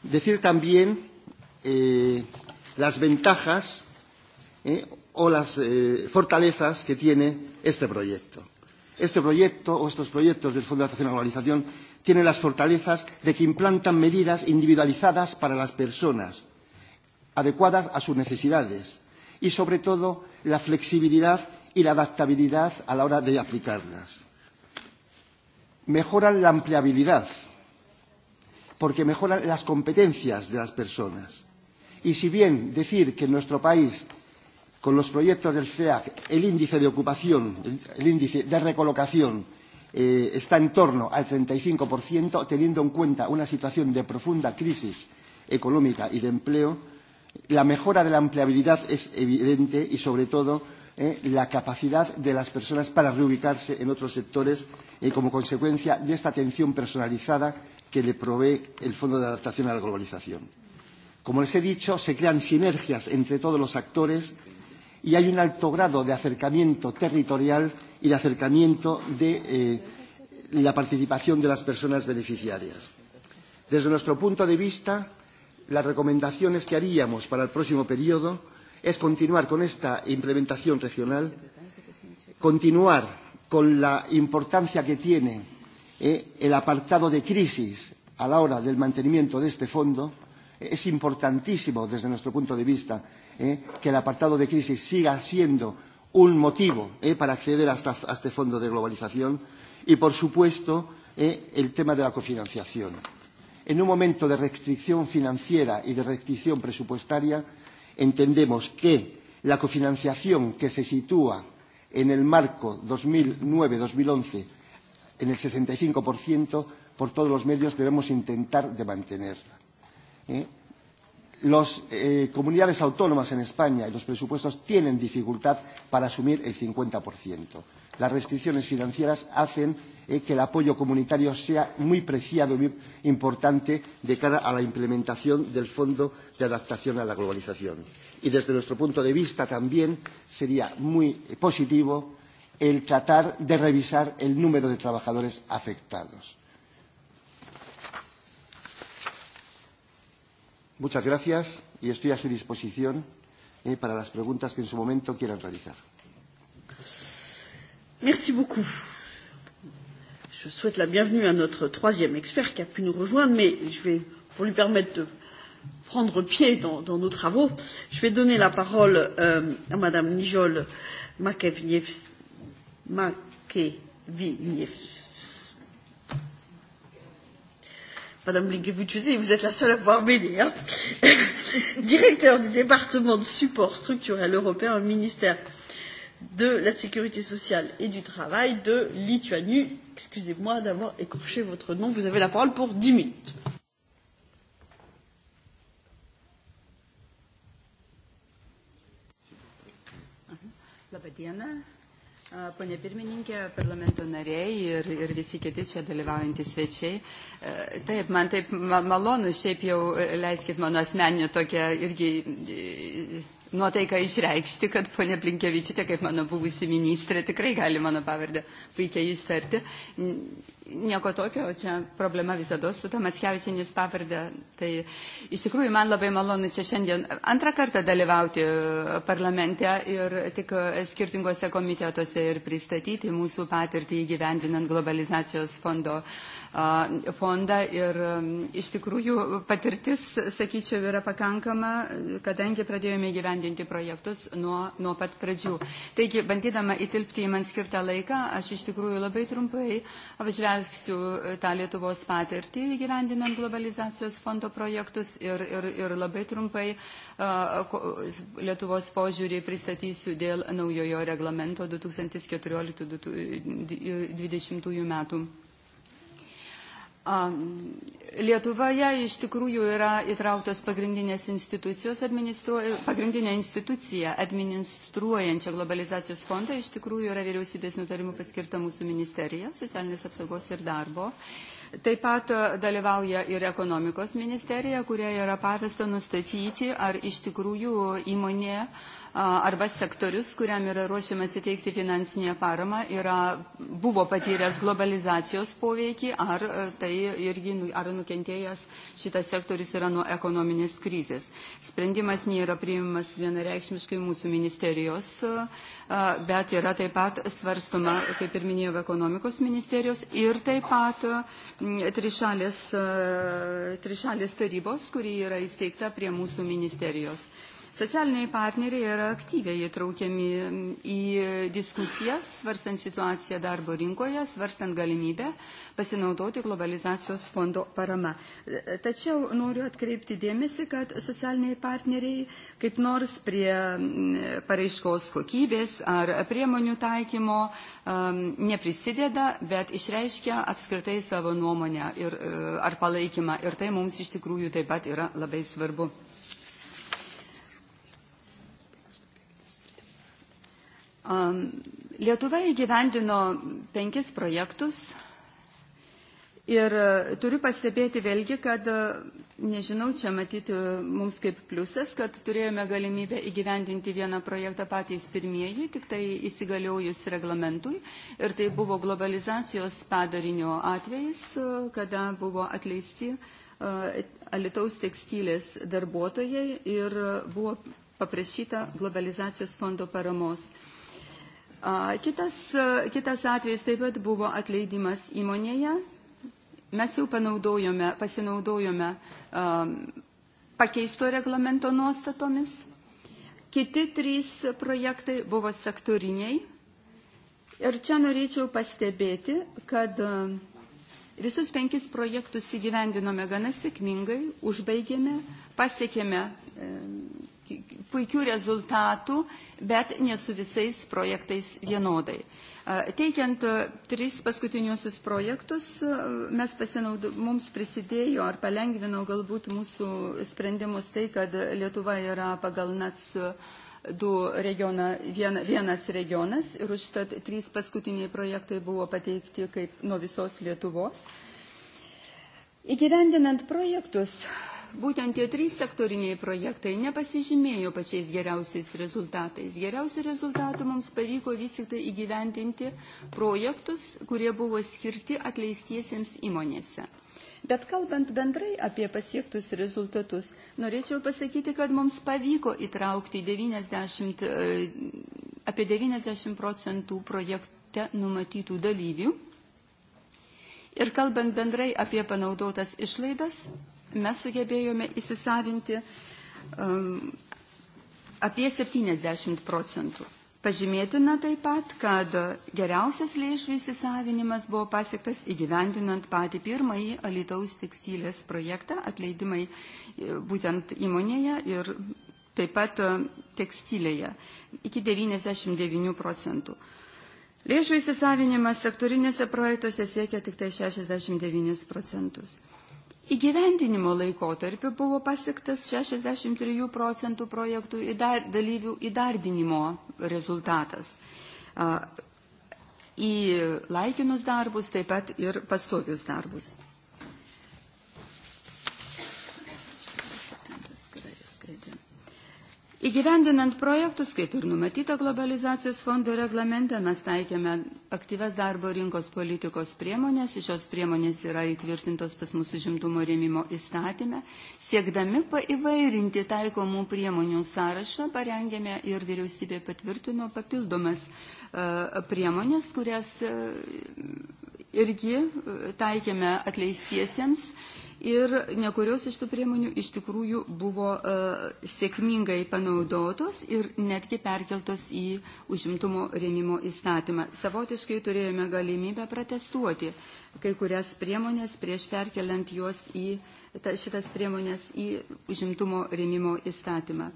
Decir también eh, las ventajas eh, o las eh, fortalezas que tiene este proyecto. Este proyecto o estos proyectos del Fondo de Adaptación a la Globalización tienen las fortalezas de que implantan medidas individualizadas para las personas, adecuadas a sus necesidades y, sobre todo, la flexibilidad y la adaptabilidad a la hora de aplicarlas. Mejoran la ampliabilidad, porque mejoran las competencias de las personas Y si bien decir que en nuestro país, con los proyectos del FEAC, el índice de ocupación, el, el índice de recolocación eh, está en torno al 35%, teniendo en cuenta una situación de profunda crisis económica y de empleo, la mejora de la empleabilidad es evidente y, sobre todo, eh, la capacidad de las personas para reubicarse en otros sectores eh, como consecuencia de esta atención personalizada que le provee el Fondo de Adaptación a la Globalización. Como les he dicho, se crean sinergias entre todos los actores y hay un alto grado de acercamiento territorial y de acercamiento de eh, la participación de las personas beneficiarias. Desde nuestro punto de vista, las recomendaciones que haríamos para el próximo periodo es continuar con esta implementación regional, continuar con la importancia que tiene eh, el apartado de crisis a la hora del mantenimiento de este fondo Es importantísimo, desde nuestro punto de vista, eh, que el apartado de crisis siga siendo un motivo eh, para acceder hasta, a este fondo de globalización y, por supuesto, eh, el tema de la cofinanciación. En un momento de restricción financiera y de restricción presupuestaria, entendemos que la cofinanciación que se sitúa en el marco 2009-2011 en el 65%, por todos los medios debemos intentar de mantenerla ¿eh? las eh, comunidades autónomas en España y los presupuestos tienen dificultad para asumir el 50%. Las restricciones financieras hacen eh, que el apoyo comunitario sea muy preciado y muy importante de cara a la implementación del Fondo de Adaptación a la Globalización. Y desde nuestro punto de vista también sería muy eh, positivo el tratar de revisar el número de trabajadores afectados Muchas gracias y estoy a su disposición eh, para las preguntas que en su momento quieran realizar. Merci beaucoup. Je souhaite la bienvenue à notre troisième expert qui a pu nous rejoindre, mais je vais, pour lui permettre de prendre pied dans, dans nos travaux, je vais donner la parole euh, à Madame Nijol Makevnievski. Makeviniev Madame Blinkevichutée, vous êtes la seule à pouvoir m'aider. Hein Directeur du département de support structurel européen au ministère de la Sécurité sociale et du Travail de Lituanie. Excusez-moi d'avoir écorché votre nom. Vous avez la parole pour dix minutes. Labą Pone pirmininkė, parlamento nariai ir, ir visi kiti čia dalyvaujantys svečiai. E, taip, man taip malonu, šiaip jau e, leiskit mano asmeninę tokią irgi nuotaiką išreikšti, kad ponia Blinkevičiūtė, kaip mano buvusi ministrė, tikrai gali mano pavardę puikiai ištarti. Nieko tokio, čia problema visada su tam Matskevičinės pavardė. Tai iš tikrųjų man labai malonu čia šiandien antrą kartą dalyvauti e, parlamente ir tik e, skirtingose komitetuose ir pristatyti mūsų patirtį įgyvendinant globalizacijos fondo uh, fondą ir um, iš tikrųjų patirtis, sakyčiau, yra pakankama, kadangi pradėjome gyvendinti projektus nuo, nuo pat pradžių. Taigi, bandydama įtilpti į man skirtą laiką, aš iš tikrųjų labai trumpai apžvelgsiu uh, tą Lietuvos patirtį gyvendinant globalizacijos fondo projektus ir, ir, ir labai trumpai uh, Lietuvos požiūrį pristatysiu dėl naujojo reglamento 2014-2020 metų Lietuvoje iš tikrųjų yra įtrauktos pagrindinės institucijos, pagrindinė institucija administruojančia globalizacijos fondą iš tikrųjų yra vyriausybės nutarimų paskirta mūsų ministerija, socialinės apsaugos ir darbo. Taip pat e, dalyvauja ir ekonomikos ministerija, kurie yra pavesta nustatyti, ar iš tikrųjų įmonė uh, arba sektorius, kuriam yra ruošiamas įteikti finansinę paramą, yra, buvo patyręs globalizacijos poveikį, ar e, tai irgi ar nukentėjęs šitas sektorius yra nuo ekonominės krizės. Sprendimas nėra priimamas vienareikšmiškai mūsų ministerijos, e, bet yra taip pat svarstoma, kaip ir minėjau, ekonomikos ministerijos ir taip pat trišalės, e, trišalės tarybos, kuri yra įsteigta prie mūsų ministerijos. Socialiniai partneriai yra aktyviai įtraukiami į diskusijas, svarstant situaciją darbo rinkoje, svarstant galimybę pasinaudoti globalizacijos fondo parama. Tačiau noriu atkreipti dėmesį, kad socialiniai partneriai kaip nors prie mm, pareiškos kokybės ar priemonių taikymo ehm, neprisideda, bet išreiškia apskritai savo nuomonę ir, e, ar palaikymą. Ir tai mums iš tikrųjų taip pat yra labai svarbu. Lietuva įgyvendino penkis projektus ir e, turiu pastebėti vėlgi, kad e, nežinau, čia matyti e, mums kaip pliusas, kad turėjome galimybę įgyvendinti vieną projektą patys pirmieji, tik tai įsigaliojus reglamentui. Ir tai buvo globalizacijos padarinio atvejais, kada buvo atleisti Alitaus tekstilės darbuotojai ir buvo paprašyta globalizacijos fondo paramos. Kitas, kitas atvejis taip pat buvo atleidimas įmonėje. Mes jau panaudojome, pasinaudojome um, pakeisto reglamento nuostatomis. Kiti trys projektai buvo sektoriniai. Ir čia norėčiau pastebėti, kad um, visus penkis projektus įgyvendinome gana sėkmingai, užbaigėme, pasiekėme um, puikių rezultatų, bet ne su visais projektais vienodai. Teikiant tris paskutiniusius projektus, mes pasinaudu, mums prisidėjo ar palengvino galbūt mūsų sprendimus tai, kad Lietuva yra pagal NATS du regiona, vien, vienas regionas ir užtat trys paskutiniai projektai buvo pateikti kaip nuo visos Lietuvos. Įgyvendinant projektus, Būtent tie trys sektoriniai projektai nepasižymėjo pačiais geriausiais rezultatais. Geriausių rezultatų mums pavyko vis tik tai įgyventinti projektus, kurie buvo skirti atleistiesiems įmonėse. Bet kalbant bendrai apie pasiektus rezultatus, norėčiau pasakyti, kad mums pavyko įtraukti 90, e, apie 90 procentų projekte numatytų dalyvių. Ir kalbant bendrai apie panaudotas išlaidas, mes sugebėjome įsisavinti um, apie 70 procentų. Pažymėtina taip pat, kad geriausias lėšų įsisavinimas buvo pasiektas įgyvendinant patį pirmąjį Alitaus tekstilės projektą, atleidimai e, būtent įmonėje ir taip pat e, tekstilėje iki 99 procentų. Lėšų įsisavinimas sektorinėse projektuose siekia tik tai 69 procentus. Įgyvendinimo laikotarpiu buvo pasiektas 63 procentų projektų įdar, dalyvių įdarbinimo rezultatas. Į laikinus darbus, taip pat ir pastovius darbus. Įgyvendinant projektus, kaip ir numatyta globalizacijos fondo reglamente, mes taikėme aktyves darbo rinkos politikos priemonės, šios priemonės yra įtvirtintos pas mūsų žimtumo rėmimo įstatymę, siekdami paivairinti taikomų priemonių sąrašą, parengėme ir vyriausybė patvirtino papildomas e, priemonės, kurias e, irgi e, taikėme atleistiesiems ir nekurios iš tų priemonių iš tikrųjų buvo e, sėkmingai panaudotos ir netgi perkeltos į užimtumo rėmimo įstatymą. Savotiškai turėjome galimybę protestuoti kai kurias priemonės prieš perkeliant juos į šitas priemonės į užimtumo rėmimo įstatymą.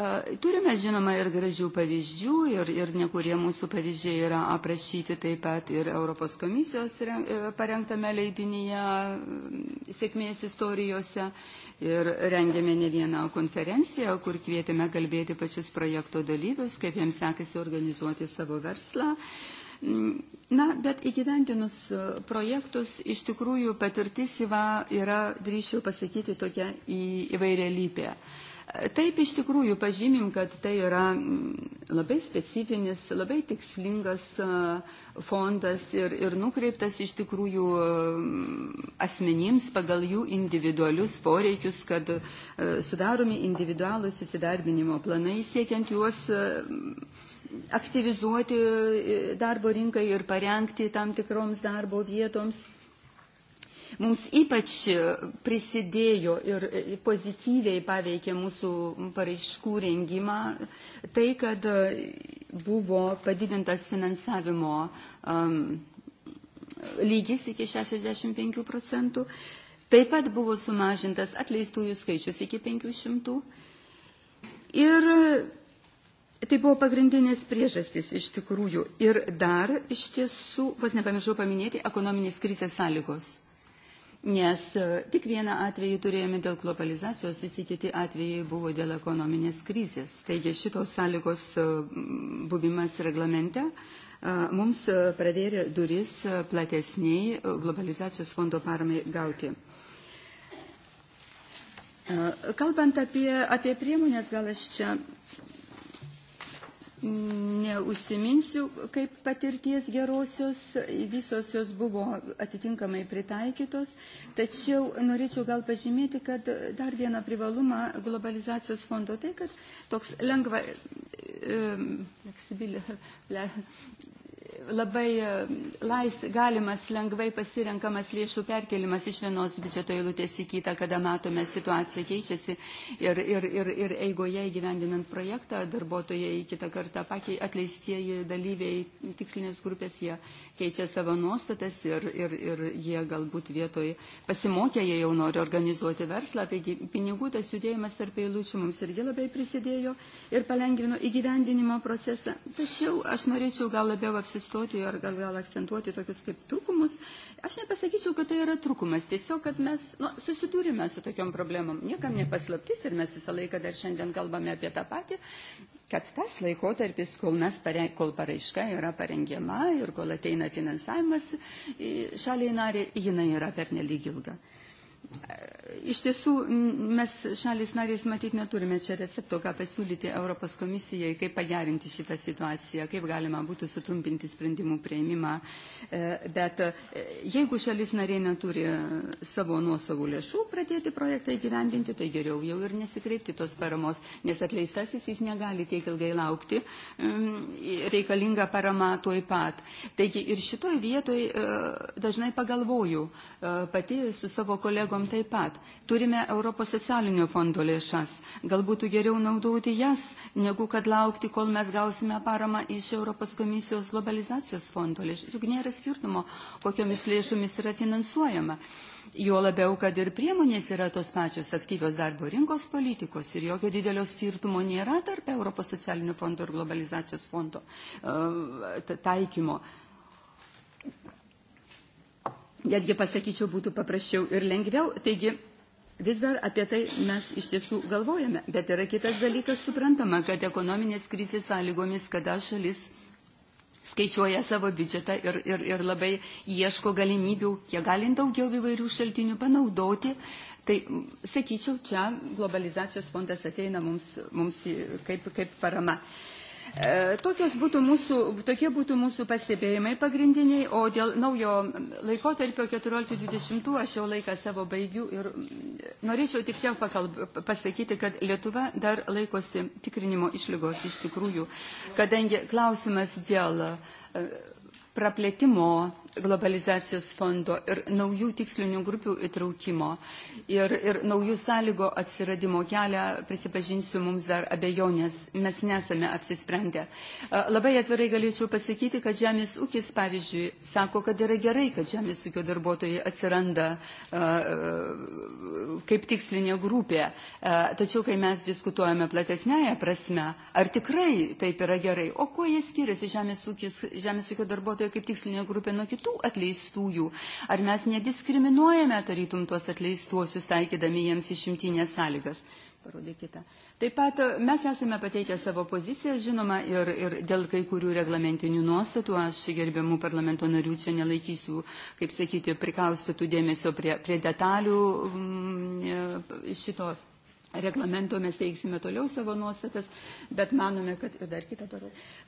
E, turime, žinoma, ir gražių pavyzdžių, ir, ir nekurie mūsų pavyzdžiai yra aprašyti taip pat ir Europos komisijos e, parengtame leidinyje sėkmės istorijose. Ir rengėme ne vieną konferenciją, kur kvietėme kalbėti pačius projekto dalyvius, kaip jiems sekasi organizuoti savo verslą. Na, bet įgyventinus e, projektus, iš tikrųjų patirtis yra, drįšiau pasakyti, tokia įvairialypė. lypė. Taip iš tikrųjų pažymim, kad tai yra mm, labai specifinis, labai tikslingas fondas ir, ir nukreiptas iš tikrųjų mm, asmenims pagal jų individualius poreikius, kad sudaromi individualus įsidarbinimo planai siekiant juos aktyvizuoti e, darbo rinkai ir parengti tam tikroms darbo vietoms. Mums ypač e, prisidėjo ir e, pozityviai paveikė mūsų paraiškų rengimą tai, kad e, buvo padidintas finansavimo um, lygis iki 65 procentų, taip pat buvo sumažintas atleistųjų skaičius iki 500 ir Tai buvo pagrindinės priežastys iš tikrųjų. Ir dar iš tiesų, vos nepamiršau paminėti, ekonominės krizės sąlygos nes e, tik vieną atvejį turėjome dėl globalizacijos, visi kiti atvejai buvo dėl ekonominės krizės. Taigi šitos sąlygos e, buvimas reglamente e, mums pradėjo duris platesniai globalizacijos fondo paramai gauti. Kalbant apie, apie priemonės, gal aš čia neužsiminsiu kaip patirties gerosios, visos jos buvo atitinkamai pritaikytos, tačiau norėčiau gal pažymėti, kad dar vieną privalumą globalizacijos fondo tai, kad toks lengva, labai e, lais, galimas lengvai pasirenkamas lėšų perkelimas iš vienos biudžeto eilutės į kitą, kada matome situaciją keičiasi ir, ir, ir, ir eigoje įgyvendinant projektą darbuotojai kitą kartą pakei, atleistieji dalyviai tikslinės grupės jie keičia savo nuostatas ir, ir, ir jie galbūt vietoj pasimokę, jie jau nori organizuoti verslą, taigi pinigų tas judėjimas tarp eilučių mums irgi labai prisidėjo ir palengvino įgyvendinimo procesą. Tačiau aš norėčiau gal labiau apsistoti ir gal, gal akcentuoti tokius kaip trūkumus, Aš nepasakyčiau, kad tai yra trūkumas, tiesiog, kad mes nu, susidūrime su tokiom problemom. Niekam nepaslaptis ir mes visą laiką dar šiandien kalbame apie tą patį, kad tas laikotarpis, kol, mes, kol paraiška yra parengiama ir kol ateina finansavimas šaliai narė, jinai yra per nelyg Iš tiesų, mes šalis narės matyti neturime čia recepto, ką pasiūlyti Europos komisijai, kaip pagerinti šitą situaciją, kaip galima būtų sutrumpinti sprendimų prieimimą. E, bet e, jeigu šalis narė neturi savo nuosavų lėšų pradėti projektą įgyvendinti, tai geriau jau ir nesikreipti tos paramos, nes atleistasis jis negali tiek ilgai laukti, reikalingą paramą tuoj pat. Taigi ir šitoj vietoj e, dažnai pagalvoju, pati su savo kolegom taip pat, turime Europos socialinio fondo lėšas. Gal būtų geriau naudoti jas, negu kad laukti, kol mes gausime paramą iš Europos komisijos globalizacijos fondo lėšas. Juk nėra skirtumo, kokiomis lėšomis yra finansuojama. Jo labiau, kad ir priemonės yra tos pačios aktyvios darbo rinkos politikos ir jokio didelio skirtumo nėra tarp Europos socialinio fondo ir globalizacijos fondo uh, taikymo. Netgi pasakyčiau, būtų paprasčiau ir lengviau. Taigi, vis dar apie tai mes iš tiesų galvojame. Bet yra kitas dalykas, suprantama, kad ekonominės krizės sąlygomis, kada šalis skaičiuoja savo biudžetą ir, ir, ir labai ieško galimybių, kiek galint daugiau įvairių šaltinių panaudoti, Tai sakyčiau, čia globalizacijos fondas ateina mums, mums kaip, kaip parama. Tokios būtų mūsų, tokie būtų mūsų pastebėjimai pagrindiniai, o dėl naujo laikotarpio 14-20 aš jau laiką savo baigiu ir norėčiau tik tiek pasakyti, kad Lietuva dar laikosi tikrinimo išlygos iš tikrųjų, kadangi klausimas dėl praplėtimo globalizacijos fondo ir naujų tikslinių grupių įtraukimo ir, ir naujų sąlygo atsiradimo kelią, prisipažinsiu, mums dar abejonės, mes nesame apsisprendę. Labai atvirai galėčiau pasakyti, kad žemės ūkis, pavyzdžiui, sako, kad yra gerai, kad žemės ūkio darbuotojai atsiranda kaip tikslinė grupė. Tačiau, kai mes diskutuojame platesnėje prasme, ar tikrai taip yra gerai, o kuo jie skiriasi žemės, ūkis, žemės ūkio darbuotojai kaip tikslinė grupė nuo kitų, kitų atleistųjų? Ar mes nediskriminuojame tarytum tuos atleistuosius, taikydami jiems išimtinės sąlygas? Parodė Taip pat e, mes esame pateikę savo poziciją, žinoma, ir, ir dėl kai kurių reglamentinių nuostatų. Aš gerbiamų parlamento narių čia nelaikysiu, kaip sakyti, prikaustytų dėmesio prie, prie detalių e, šito reglamento mes teiksime toliau savo nuostatas, bet manome, kad ir dar kitą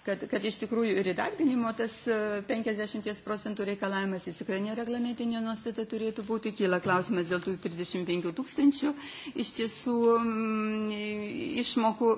kad, kad iš tikrųjų ir įdarbinimo tas 50 e, procentų reikalavimas, jis tikrai nereglamentinė nuostata turėtų būti, kyla klausimas dėl tų 35 tūkstančių iš tiesų mm, išmokų,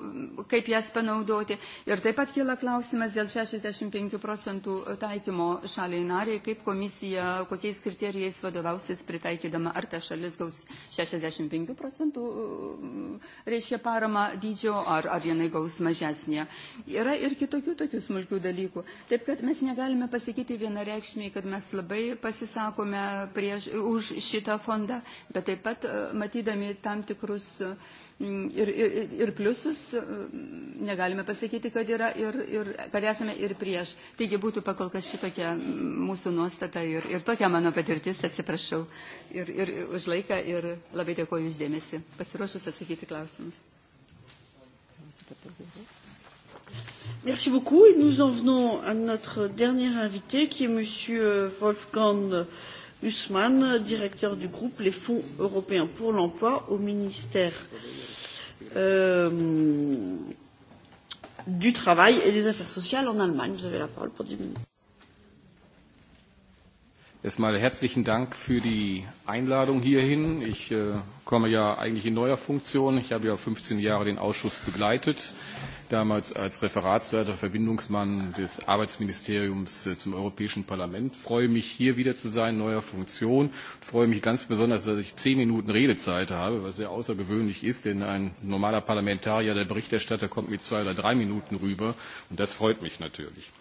kaip jas panaudoti. Ir taip pat kyla klausimas dėl 65 procentų taikymo šaliai nariai, kaip komisija, kokiais kriterijais vadovausis pritaikydama, ar ta šalis gaus 65 procentų mm, reiškia paramą dydžio, ar, ar jinai gaus mažesnė. Yra ir kitokių tokių smulkių dalykų. Taip kad mes negalime pasakyti vienareikšmiai, kad mes labai pasisakome prieš, už šitą fondą, bet taip pat e, matydami tam tikrus mm, ir, ir, ir pliusus, e, negalime pasakyti, kad, yra ir, ir, kad esame ir prieš. Taigi būtų pakol kas šitokia mūsų nuostata ir, ir tokia mano patirtis, atsiprašau, ir, ir už laiką ir labai dėkoju uždėmesi. Pasiruošus atsakyti klausimus. you. Merci beaucoup et nous en venons à notre dernier invité qui est Monsieur euh, Wolfgang Hussmann, directeur du groupe Les Fonds européens pour l'emploi au ministère euh, du Travail et des Affaires sociales en Allemagne. Vous avez la parole pour 10 minutes. Erstmal herzlichen Dank für die Einladung hierhin. Ich äh, komme ja eigentlich in neuer Funktion. Ich habe ja 15 Jahre den Ausschuss begleitet. Äh, damals als Referatsleiter, Verbindungsmann des Arbeitsministeriums äh, zum Europäischen Parlament. Ich freue mich, hier wieder zu sein, neuer Funktion. Ich freue mich ganz besonders, dass ich zehn Minuten Redezeit habe, was sehr außergewöhnlich ist, denn ein normaler Parlamentarier, der Berichterstatter, kommt mit zwei oder drei Minuten rüber. Und das freut mich natürlich.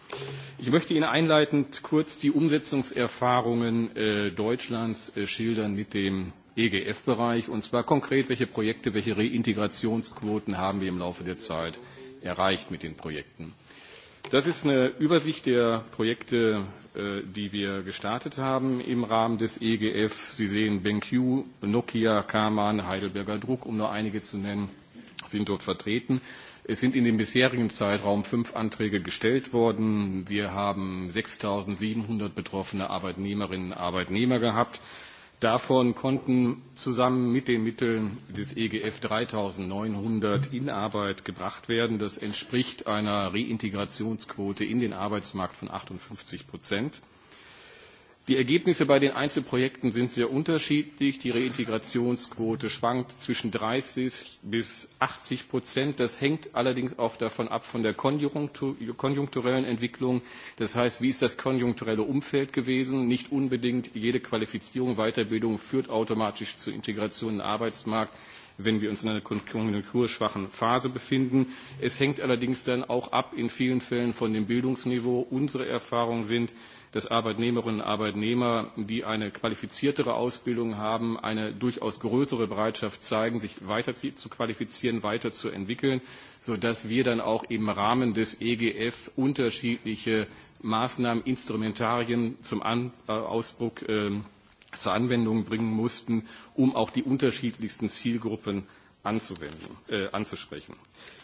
Ich möchte Ihnen einleitend kurz die Umsetzungserfahrungen äh, Deutschlands äh, schildern mit dem EGF-Bereich, und zwar konkret, welche Projekte, welche Reintegrationsquoten haben wir im Laufe der Zeit erreicht mit den Projekten. Das ist eine Übersicht der Projekte, äh, die wir gestartet haben im Rahmen des EGF. Sie sehen BenQ, Nokia, Kaman, Heidelberger Druck, um nur einige zu nennen, sind dort vertreten. Es sind in dem bisherigen Zeitraum fünf Anträge gestellt worden. Wir haben 6.700 betroffene Arbeitnehmerinnen und Arbeitnehmer gehabt. Davon konnten zusammen mit den Mitteln des EGF 3.900 in Arbeit gebracht werden. Das entspricht einer Reintegrationsquote in den Arbeitsmarkt von 58 Prozent. Die Ergebnisse bei den Einzelprojekten sind sehr unterschiedlich. Die Reintegrationsquote schwankt zwischen 30 bis 80 Prozent. Das hängt allerdings auch davon ab von der konjunkturellen Entwicklung. Das heißt, wie ist das konjunkturelle Umfeld gewesen? Nicht unbedingt jede Qualifizierung, Weiterbildung führt automatisch zur Integration in den Arbeitsmarkt wenn wir uns in einer konjunkturschwachen Phase befinden. Es hängt allerdings dann auch ab in vielen Fällen von dem Bildungsniveau. Unsere Erfahrungen sind, dass Arbeitnehmerinnen und Arbeitnehmer, die eine qualifiziertere Ausbildung haben, eine durchaus größere Bereitschaft zeigen, sich weiter zu qualifizieren, weiterzuentwickeln, sodass wir dann auch im Rahmen des EGF unterschiedliche Maßnahmen, Instrumentarien zum An äh, Ausdruck äh, zur Anwendung bringen mussten, um auch die unterschiedlichsten Zielgruppen anzuwenden, äh, anzusprechen.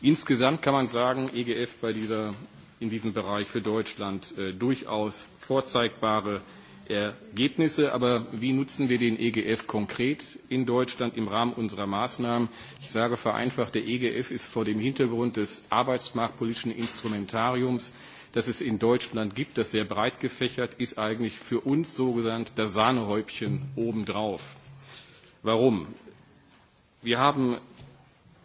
Insgesamt kann man sagen, EGF bei dieser, in diesem Bereich für Deutschland äh, durchaus vorzeigbare Ergebnisse. Aber wie nutzen wir den EGF konkret in Deutschland im Rahmen unserer Maßnahmen? Ich sage vereinfacht, der EGF ist vor dem Hintergrund des arbeitsmarktpolitischen Instrumentariums, das es in Deutschland gibt, das sehr breit gefächert ist, eigentlich für uns sogenannt das Sahnehäubchen obendrauf. Warum? Wir haben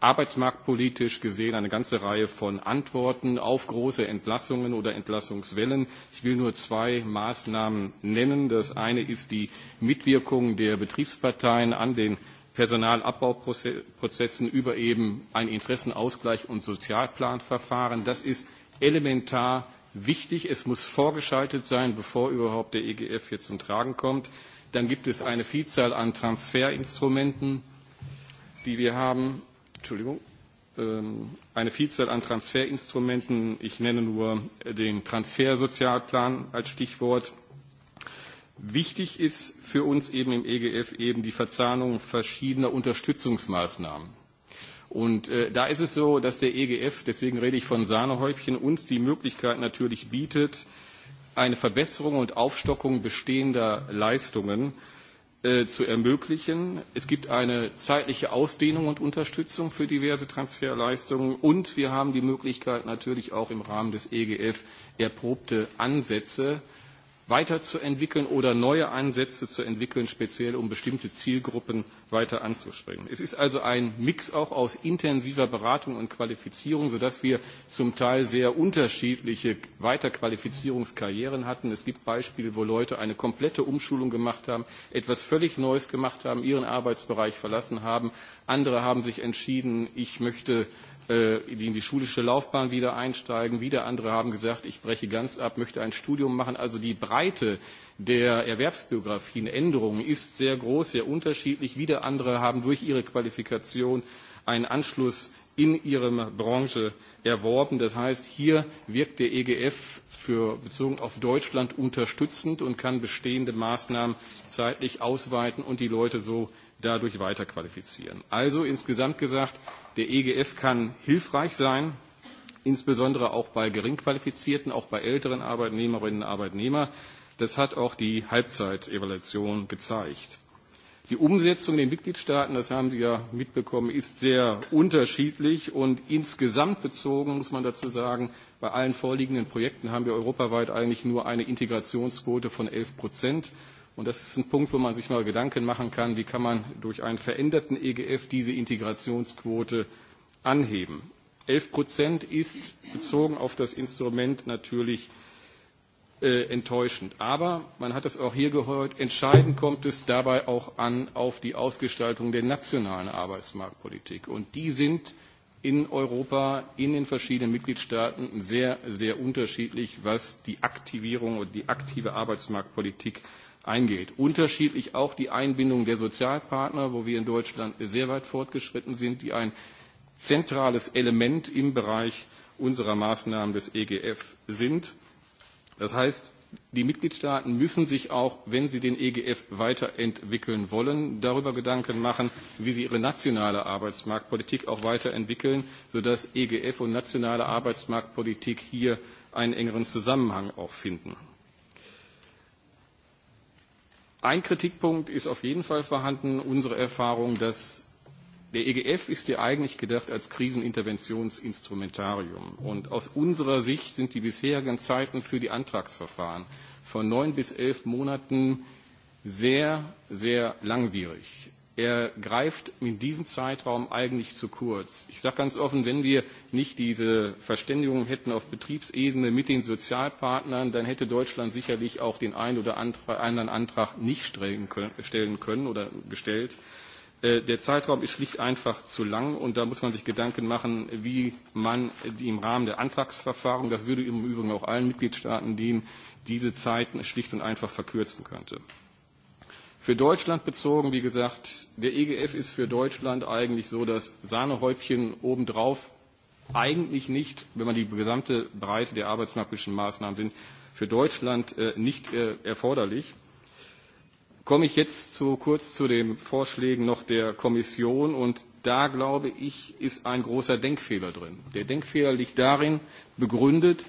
arbeitsmarktpolitisch gesehen eine ganze Reihe von Antworten auf große Entlassungen oder Entlassungswellen. Ich will nur zwei Maßnahmen nennen. Das eine ist die Mitwirkung der Betriebsparteien an den Personalabbauprozessen über eben ein Interessenausgleich und Sozialplanverfahren. Das ist elementar wichtig. Es muss vorgeschaltet sein, bevor überhaupt der EGF hier zum Tragen kommt. Dann gibt es eine Vielzahl an Transferinstrumenten, die wir haben Entschuldigung, ähm, eine Vielzahl an Transferinstrumenten. Ich nenne nur den Transfersozialplan als Stichwort. Wichtig ist für uns eben im EGF eben die Verzahnung verschiedener Unterstützungsmaßnahmen. Und äh, da ist es so, dass der EGF, deswegen rede ich von Sahnehäubchen, uns die Möglichkeit natürlich bietet, eine Verbesserung und Aufstockung bestehender Leistungen Äh, zu ermöglichen. Es gibt eine zeitliche Ausdehnung und Unterstützung für diverse Transferleistungen und wir haben die Möglichkeit, natürlich auch im Rahmen des EGF erprobte Ansätze weiterzuentwickeln oder neue Ansätze zu entwickeln, speziell um bestimmte Zielgruppen weiter anzusprechen. Es ist also ein Mix auch aus intensiver Beratung und Qualifizierung, sodass wir zum Teil sehr unterschiedliche Weiterqualifizierungskarrieren hatten. Es gibt Beispiele, wo Leute eine komplette Umschulung gemacht haben, etwas völlig Neues gemacht haben, ihren Arbeitsbereich verlassen haben. Andere haben sich entschieden, ich möchte Äh, die in die schulische Laufbahn wieder einsteigen. Wieder andere haben gesagt, ich breche ganz ab, möchte ein Studium machen. Also die Breite der Erwerbsbiografien, Änderungen ist sehr groß, sehr unterschiedlich. Wieder andere haben durch ihre Qualifikation einen Anschluss in ihrer Branche erworben. Das heißt, hier wirkt der EGF für, bezogen auf Deutschland unterstützend und kann bestehende Maßnahmen zeitlich ausweiten und die Leute so dadurch weiterqualifizieren. Also insgesamt gesagt, der EGF kann hilfreich sein, insbesondere auch bei geringqualifizierten, auch bei älteren Arbeitnehmerinnen und Arbeitnehmern. Das hat auch die Halbzeitevaluation gezeigt. Die Umsetzung in den Mitgliedstaaten, das haben Sie ja mitbekommen, ist sehr unterschiedlich und insgesamt bezogen muss man dazu sagen, bei allen vorliegenden Projekten haben wir europaweit eigentlich nur eine Integrationsquote von elf Prozent. Und das ist ein Punkt, wo man sich mal Gedanken machen kann, wie kann man durch einen veränderten EGF diese Integrationsquote anheben. 11 Prozent ist bezogen auf das Instrument natürlich äh, enttäuschend. Aber man hat es auch hier gehört, entscheidend kommt es dabei auch an auf die Ausgestaltung der nationalen Arbeitsmarktpolitik. Und die sind in Europa, in den verschiedenen Mitgliedstaaten sehr, sehr unterschiedlich, was die Aktivierung und die aktive Arbeitsmarktpolitik eingeht. Unterschiedlich auch die Einbindung der Sozialpartner, wo wir in Deutschland sehr weit fortgeschritten sind, die ein zentrales Element im Bereich unserer Maßnahmen des EGF sind. Das heißt, die Mitgliedstaaten müssen sich auch, wenn sie den EGF weiterentwickeln wollen, darüber Gedanken machen, wie sie ihre nationale Arbeitsmarktpolitik auch weiterentwickeln, sodass EGF und nationale Arbeitsmarktpolitik hier einen engeren Zusammenhang auch finden. Ein Kritikpunkt ist auf jeden Fall vorhanden, unsere Erfahrung, dass der EGF ist ja eigentlich gedacht als Kriseninterventionsinstrumentarium. Und aus unserer Sicht sind die bisherigen Zeiten für die Antragsverfahren von neun bis elf Monaten sehr, sehr langwierig er greift in diesem Zeitraum eigentlich zu kurz. Ich sage ganz offen, wenn wir nicht diese Verständigung hätten auf Betriebsebene mit den Sozialpartnern, dann hätte Deutschland sicherlich auch den einen oder anderen Antrag nicht stellen können oder gestellt. Äh, der Zeitraum ist schlicht einfach zu lang und da muss man sich Gedanken machen, wie man im Rahmen der Antragsverfahren, das würde im Übrigen auch allen Mitgliedstaaten dienen, diese Zeiten schlicht und einfach verkürzen könnte. Für Deutschland bezogen, wie gesagt, der EGF ist für Deutschland eigentlich so das Sahnehäubchen obendrauf. Eigentlich nicht, wenn man die gesamte Breite der arbeitsmarktischen Maßnahmen sind, für Deutschland äh, nicht äh, erforderlich. Komme ich jetzt zu, kurz zu den Vorschlägen noch der Kommission und da glaube ich, ist ein großer Denkfehler drin. Der Denkfehler liegt darin begründet,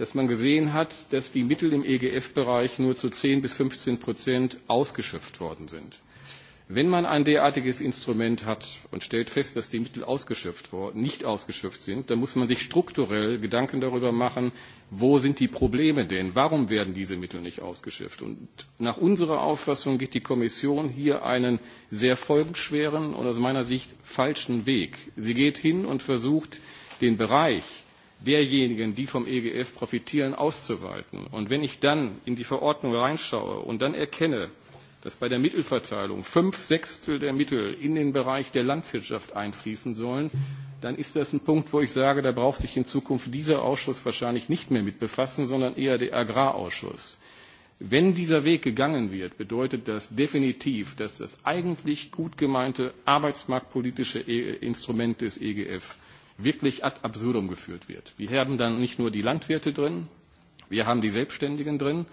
dass man gesehen hat, dass die Mittel im EGF-Bereich nur zu 10 bis 15 Prozent ausgeschöpft worden sind. Wenn man ein derartiges Instrument hat und stellt fest, dass die Mittel ausgeschöpft worden, nicht ausgeschöpft sind, dann muss man sich strukturell Gedanken darüber machen, wo sind die Probleme denn? Warum werden diese Mittel nicht ausgeschöpft? Und nach unserer Auffassung geht die Kommission hier einen sehr folgenschweren und aus meiner Sicht falschen Weg. Sie geht hin und versucht, den Bereich, derjenigen, die vom EGF profitieren, auszuweiten. Und wenn ich dann in die Verordnung reinschaue und dann erkenne, dass bei der Mittelverteilung fünf Sechstel der Mittel in den Bereich der Landwirtschaft einfließen sollen, dann ist das ein Punkt, wo ich sage, da braucht sich in Zukunft dieser Ausschuss wahrscheinlich nicht mehr mit befassen, sondern eher der Agrarausschuss. Wenn dieser Weg gegangen wird, bedeutet das definitiv, dass das eigentlich gut gemeinte arbeitsmarktpolitische e Instrument des EGF wirklich ad absurdum geführt wird. Wir haben dann nicht nur die Landwirte drin, wir haben die Selbstständigen drin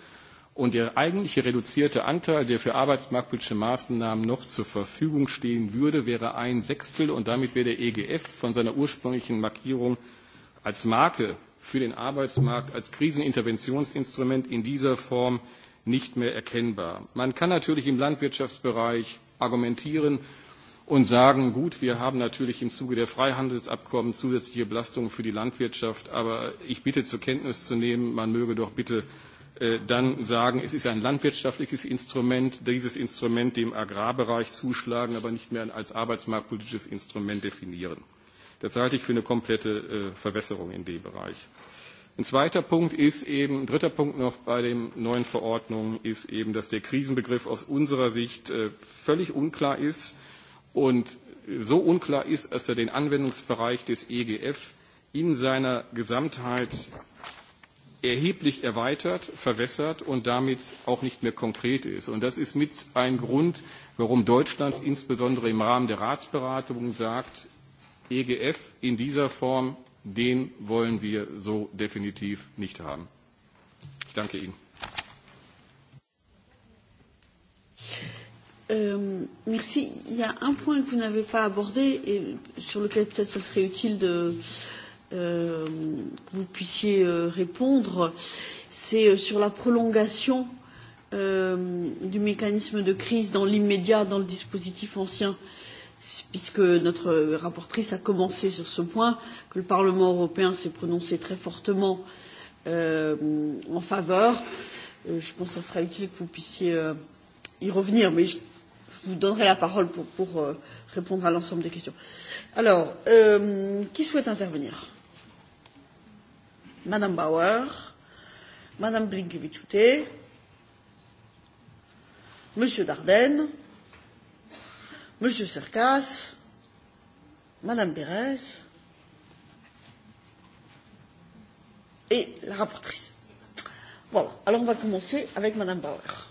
und der eigentliche reduzierte Anteil, der für arbeitsmarktpolitische Maßnahmen noch zur Verfügung stehen würde, wäre ein Sechstel und damit wäre der EGF von seiner ursprünglichen Markierung als Marke für den Arbeitsmarkt, als Kriseninterventionsinstrument in dieser Form nicht mehr erkennbar. Man kann natürlich im Landwirtschaftsbereich argumentieren, und sagen, gut, wir haben natürlich im Zuge der Freihandelsabkommen zusätzliche Belastungen für die Landwirtschaft, aber ich bitte zur Kenntnis zu nehmen, man möge doch bitte äh, dann sagen, es ist ein landwirtschaftliches Instrument, dieses Instrument dem Agrarbereich zuschlagen, aber nicht mehr als arbeitsmarktpolitisches Instrument definieren. Das halte ich für eine komplette äh, Verwässerung in dem Bereich. Ein zweiter Punkt ist eben, ein dritter Punkt noch bei den neuen Verordnungen ist eben, dass der Krisenbegriff aus unserer Sicht äh, völlig unklar ist und so unklar ist, dass er den Anwendungsbereich des EGF in seiner Gesamtheit erheblich erweitert, verwässert und damit auch nicht mehr konkret ist. Und das ist mit ein Grund, warum Deutschland insbesondere im Rahmen der Ratsberatungen sagt, EGF in dieser Form, den wollen wir so definitiv nicht haben. Ich danke Ihnen. Euh, merci. Il y a un point que vous n'avez pas abordé et sur lequel peut-être ce serait utile de, euh, que vous puissiez euh, répondre. C'est euh, sur la prolongation euh, du mécanisme de crise dans l'immédiat dans le dispositif ancien, puisque notre rapportrice a commencé sur ce point, que le Parlement européen s'est prononcé très fortement euh, en faveur. Euh, je pense que ce sera utile que vous puissiez euh, y revenir, mais je vous donnerai la parole pour, pour euh, répondre à l'ensemble des questions. Alors, euh, qui souhaite intervenir Madame Bauer, Madame Blinkevichouté, Monsieur Dardenne, Monsieur Serkas, Madame Pérez et la rapporteure. Voilà, alors on va commencer avec Madame Bauer.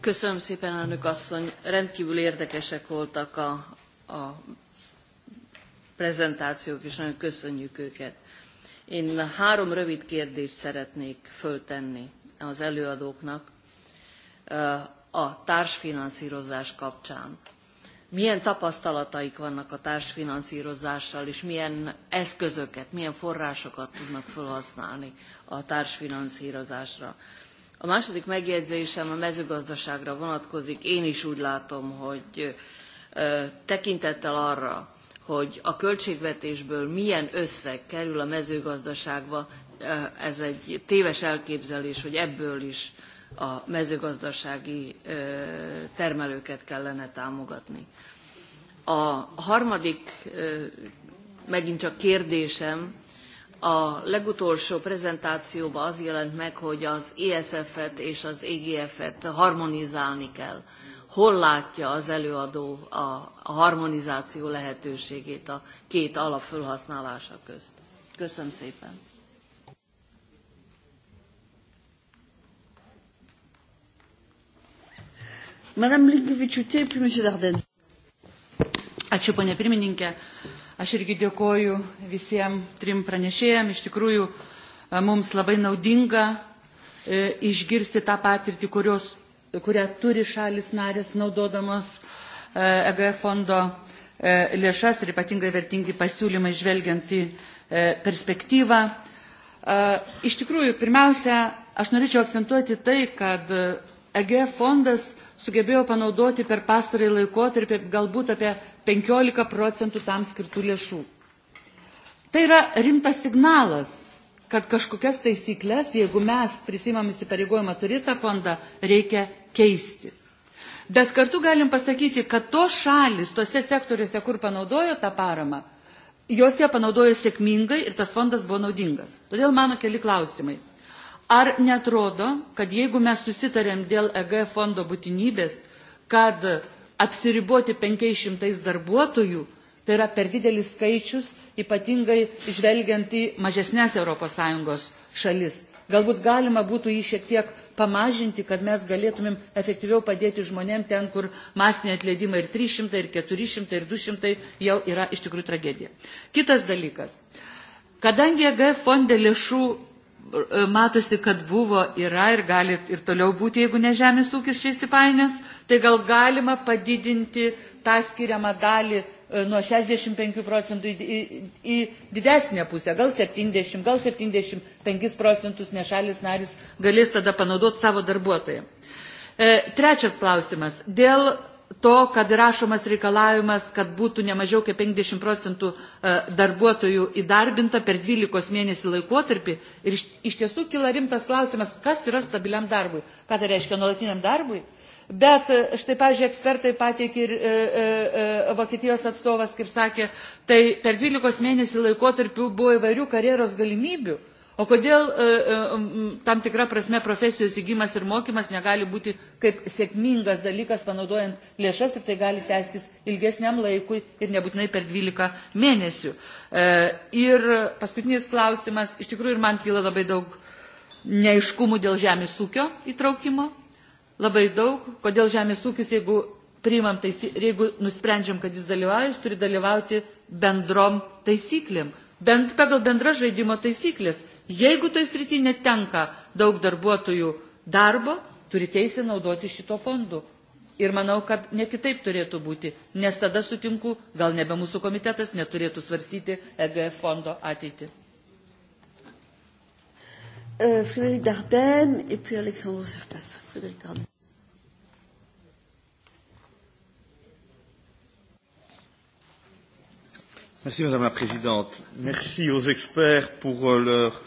Köszönöm szépen, elnök asszony. Rendkívül érdekesek voltak a, a prezentációk, és nagyon köszönjük őket. Én három rövid kérdést szeretnék föltenni az előadóknak a társfinanszírozás kapcsán. Milyen tapasztalataik vannak a társfinanszírozással, és milyen eszközöket, milyen forrásokat tudnak felhasználni a társfinanszírozásra? A második megjegyzésem a mezőgazdaságra vonatkozik. Én is úgy látom, hogy tekintettel arra, hogy a költségvetésből milyen összeg kerül a mezőgazdaságba, ez egy téves elképzelés, hogy ebből is a mezőgazdasági termelőket kellene támogatni. A harmadik, megint csak kérdésem, a legutolsó prezentációban az jelent meg, hogy az ESF-et és az EGF-et harmonizálni kell. Hol látja az előadó a, a harmonizáció lehetőségét a két alap felhasználása közt? Köszönöm szépen! Madame Linkevičiūtė, puis Monsieur Dardenne. Hát, ponė pirmininkė. Aš irgi dėkoju visiems trim pranešėjams. Iš tikrųjų, e, mums labai naudinga e, išgirsti tą patirtį, kurios, kurią turi šalis narės naudodamos EGF e fondo lėšas ir ypatingai vertingi pasiūlymai žvelgiant į perspektyvą. Iš tikrųjų, pirmiausia, aš norėčiau akcentuoti tai, kad EGF e fondas sugebėjo panaudoti per pastarąjį laikotarpį galbūt apie 15 procentų tam skirtų lėšų. Tai yra rimtas signalas, kad kažkokias taisyklės, jeigu mes prisimam įsipareigojimą turėti tą fondą, reikia keisti. Bet kartu galim pasakyti, kad tos šalis, tose sektoriuose, kur panaudojo tą paramą, jos ją panaudojo sėkmingai ir tas fondas buvo naudingas. Todėl mano keli klausimai. Ar netrodo, kad jeigu mes susitarėm dėl EG fondo būtinybės, kad apsiriboti 500 darbuotojų, tai yra per didelis skaičius, ypatingai žvelgiant į mažesnės ES šalis. Galbūt galima būtų jį šiek tiek pamažinti, kad mes galėtumėm efektyviau padėti žmonėm ten, kur masiniai atleidimai ir 300, ir 400, ir 200 jau yra iš tikrųjų tragedija. Kitas dalykas. Kadangi EGF fonde lėšų E, matosi, kad buvo, yra ir gali ir toliau būti, jeigu ne žemės ūkis čia įsipainės, tai gal galima padidinti tą skiriamą dalį e, nuo 65 procentų į, į, į didesnę pusę, gal 70, gal 75 procentus nešalis narys galės tada panaudoti savo darbuotojams. E, trečias klausimas. Dėl to, kad rašomas reikalavimas, kad būtų nemažiau kaip 50 procentų e, darbuotojų įdarbinta per 12 mėnesį laikotarpį. Ir iš tiesų kila rimtas klausimas, kas yra stabiliam darbui, ką tai reiškia nuolatiniam darbui. Bet e, štai, pažiūrėjau, ekspertai pateikė ir e, e, e, Vokietijos atstovas, kaip sakė, tai per 12 mėnesį laikotarpių buvo įvairių karjeros galimybių O kodėl e, e, tam tikra prasme profesijos įgymas ir mokymas negali būti kaip sėkmingas dalykas, panaudojant lėšas ir tai gali tęstis ilgesniam laikui ir nebūtinai per 12 mėnesių. E, ir paskutinis klausimas, iš tikrųjų ir man kyla labai daug neiškumų dėl žemės ūkio įtraukimo, labai daug, kodėl žemės ūkis, jeigu priimam taisy... jeigu nusprendžiam, kad jis dalyvauja, jis turi dalyvauti bendrom taisyklėm, bent pagal bendra žaidimo taisyklės Jeigu toj srity netenka daug darbuotojų darbo, turi teisę naudoti šito fondu. Ir manau, kad ne kitaip turėtų būti, nes tada sutinku, gal nebe mūsų komitetas neturėtų svarstyti EGF fondo ateitį. Euh, Frédéric Dardenne et puis Alexandre Sertas. Frédéric Dardenne. Merci Madame la Présidente. Merci aux experts pour euh, leur,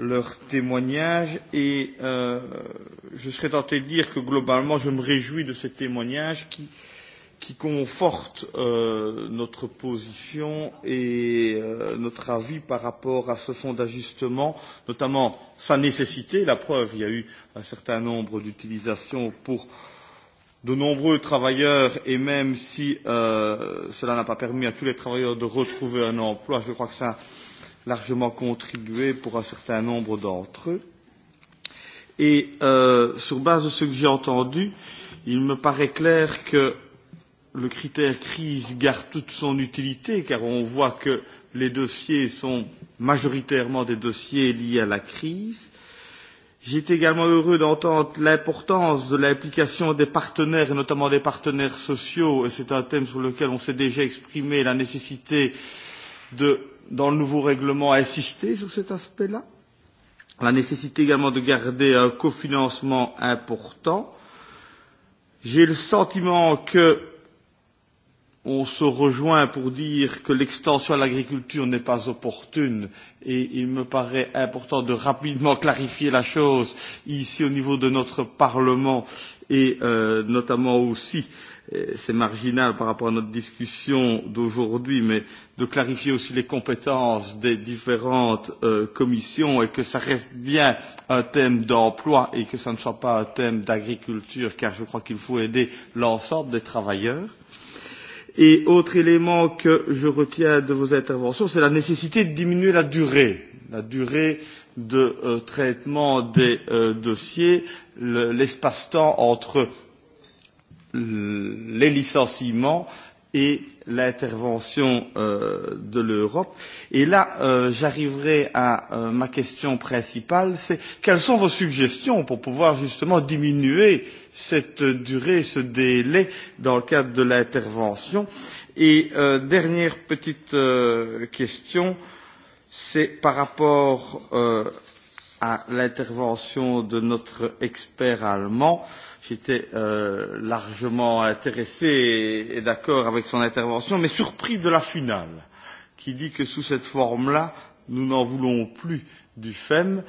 leur témoignage et euh, je serais tenté de dire que globalement je me réjouis de ces témoignages qui, qui confortent euh, notre position et euh, notre avis par rapport à ce fonds d'ajustement, notamment sa nécessité. La preuve, il y a eu un certain nombre d'utilisations pour euh, de nombreux travailleurs, et même si euh, cela n'a pas permis à tous les travailleurs de retrouver un emploi, je crois que ça a largement contribué pour un certain nombre d'entre eux. Et euh, sur base de ce que j'ai entendu, il me paraît clair que le critère crise garde toute son utilité, car on voit que les dossiers sont majoritairement des dossiers liés à la crise, J'étais également heureux d'entendre l'importance de l'implication des partenaires, et notamment des partenaires sociaux, et c'est un thème sur lequel on s'est déjà exprimé, la nécessité de, dans le nouveau règlement, insister sur cet aspect-là. La nécessité également de garder un cofinancement important. J'ai le sentiment que on se rejoint pour dire que l'extension à l'agriculture n'est pas opportune et il me paraît important de rapidement clarifier la chose ici au niveau de notre Parlement et euh, notamment aussi c'est marginal par rapport à notre discussion d'aujourd'hui, mais de clarifier aussi les compétences des différentes euh, commissions et que ça reste bien un thème d'emploi et que ça ne soit pas un thème d'agriculture, car je crois qu'il faut aider l'ensemble des travailleurs. Et autre élément que je retiens de vos interventions, c'est la nécessité de diminuer la durée, la durée de euh, traitement des euh, dossiers, l'espace-temps le, entre les licenciements et l'intervention euh, de l'Europe. Et là, euh, j'arriverai à euh, ma question principale, c'est quelles sont vos suggestions pour pouvoir justement diminuer euh, cette durée, ce délai dans le cadre de l'intervention. Et euh, dernière petite euh, question, c'est par rapport euh, à l'intervention de notre expert allemand. J'étais euh, largement intéressé et, et d'accord avec son intervention, mais surpris de la finale, qui dit que sous cette forme-là, nous n'en voulons plus du FEM.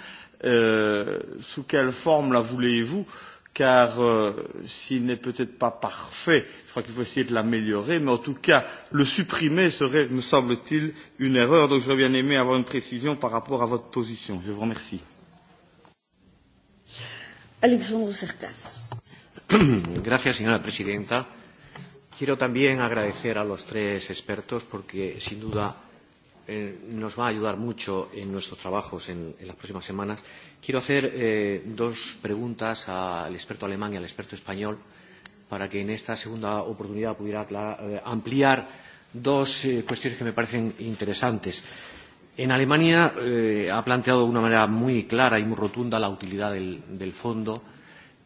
Euh, sous quelle forme la voulez-vous euh, car euh, s'il n'est peut-être pas parfait, je crois qu'il faut essayer de l'améliorer, mais en tout cas, le supprimer serait, me semble-t-il, une erreur. Donc j'aurais bien aimé avoir une précision par rapport à votre position. Je vous remercie. Alexandre Cercas. Gracias, señora presidenta. Quiero también agradecer a los tres expertos porque, sin duda, eh, nos va a ayudar mucho en nuestros trabajos en, en las próximas semanas. Quiero hacer eh, dos preguntas al experto alemán y al experto español para que en esta segunda oportunidad pudiera aclarar, eh, ampliar dos eh, cuestiones que me parecen interesantes. En Alemania eh, ha planteado de una manera muy clara y muy rotunda la utilidad del, del fondo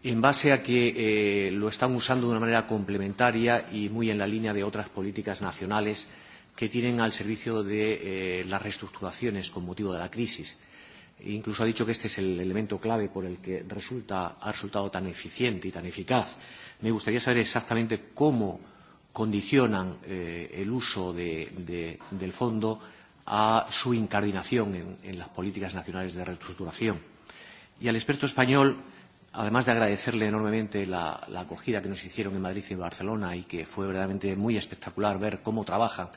en base a que eh, lo están usando de una manera complementaria y muy en la línea de otras políticas nacionales que tienen al servicio de eh, las reestructuraciones con motivo de la crisis. E incluso ha dicho que este es el elemento clave por el que resulta, ha resultado tan eficiente y tan eficaz. Me gustaría saber exactamente cómo condicionan eh, el uso de, de, del fondo a su incardinación en, en las políticas nacionales de reestructuración. Y al experto español, además de agradecerle enormemente la, la acogida que nos hicieron en Madrid y en Barcelona y que fue verdaderamente muy espectacular ver cómo trabajan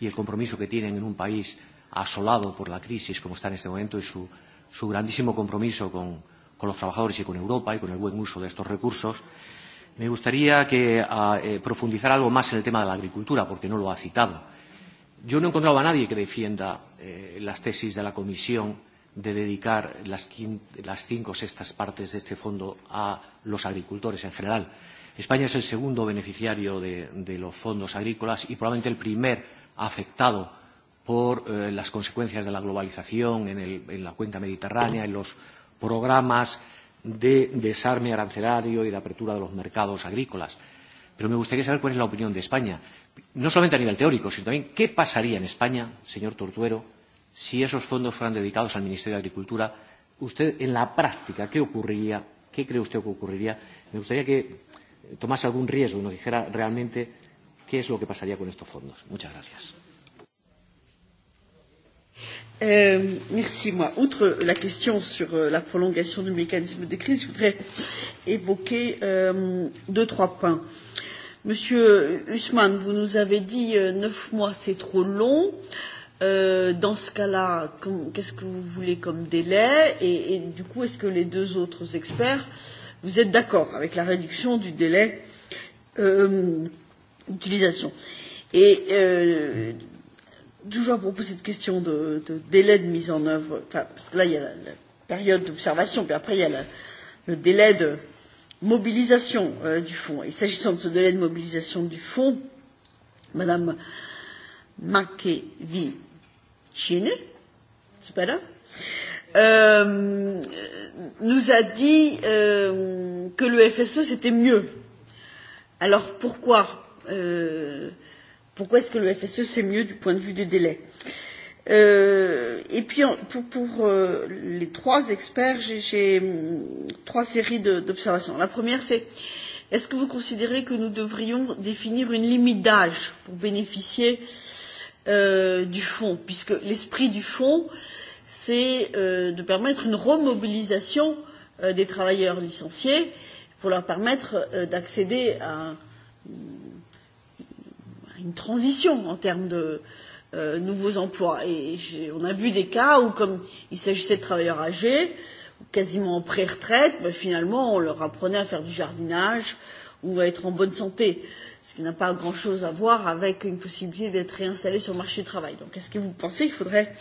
y el compromiso que tienen en un país asolado por la crisis como está en este momento y su, su grandísimo compromiso con, con los trabajadores y con Europa y con el buen uso de estos recursos. Me gustaría que a, ah, eh, profundizar algo más en el tema de la agricultura, porque no lo ha citado. Yo no he encontrado a nadie que defienda eh, las tesis de la Comisión de dedicar las, las cinco sextas partes de este fondo a los agricultores en general. España es el segundo beneficiario de, de los fondos agrícolas y probablemente el primer afectado por eh, las consecuencias de la globalización en, el, en la cuenca mediterránea, en los programas de desarme arancelario y de apertura de los mercados agrícolas. Pero me gustaría saber cuál es la opinión de España, no solamente a nivel teórico, sino también qué pasaría en España, señor Tortuero, si esos fondos fueran dedicados al Ministerio de Agricultura. Usted, en la práctica, ¿qué ocurriría? ¿Qué cree usted que ocurriría? Me gustaría que tomase algún riesgo y nos dijera realmente qué es lo que pasaría con estos fondos. Muchas gracias. Euh, merci. Moi, outre la question sur euh, la prolongation du mécanisme de crise, je voudrais évoquer euh, deux, trois points. Monsieur Usman, vous nous avez dit euh, neuf mois, c'est trop long. Euh, dans ce cas-là, qu'est-ce que vous voulez comme délai et, et du coup, est-ce que les deux autres experts, vous êtes d'accord avec la réduction du délai euh, d'utilisation. Et euh, toujours à propos de cette question de, de délai de mise en œuvre, parce que là il y a la, la période d'observation, puis après il y a la, le délai de mobilisation euh, du fonds. Et s'agissant de ce délai de mobilisation du fonds, Madame Makevi Chine, c'est pas là, euh, nous a dit euh, que le FSE c'était mieux. Alors pourquoi Euh, pourquoi est-ce que le FSE c'est mieux du point de vue des délais euh, et puis pour, pour euh, les trois experts, j'ai trois séries d'observations. La première, c'est est-ce que vous considérez que nous devrions définir une limite d'âge pour bénéficier euh, du fonds, puisque l'esprit du fonds, c'est euh, de permettre une remobilisation euh, des travailleurs licenciés pour leur permettre euh, d'accéder à un une transition en termes de euh, nouveaux emplois. Et on a vu des cas où, comme il s'agissait de travailleurs âgés, quasiment en pré-retraite, ben, finalement, on leur apprenait à faire du jardinage ou à être en bonne santé, ce qui n'a pas grand-chose à voir avec une possibilité d'être réinstallé sur le marché du travail. Donc, est-ce que vous pensez qu'il faudrait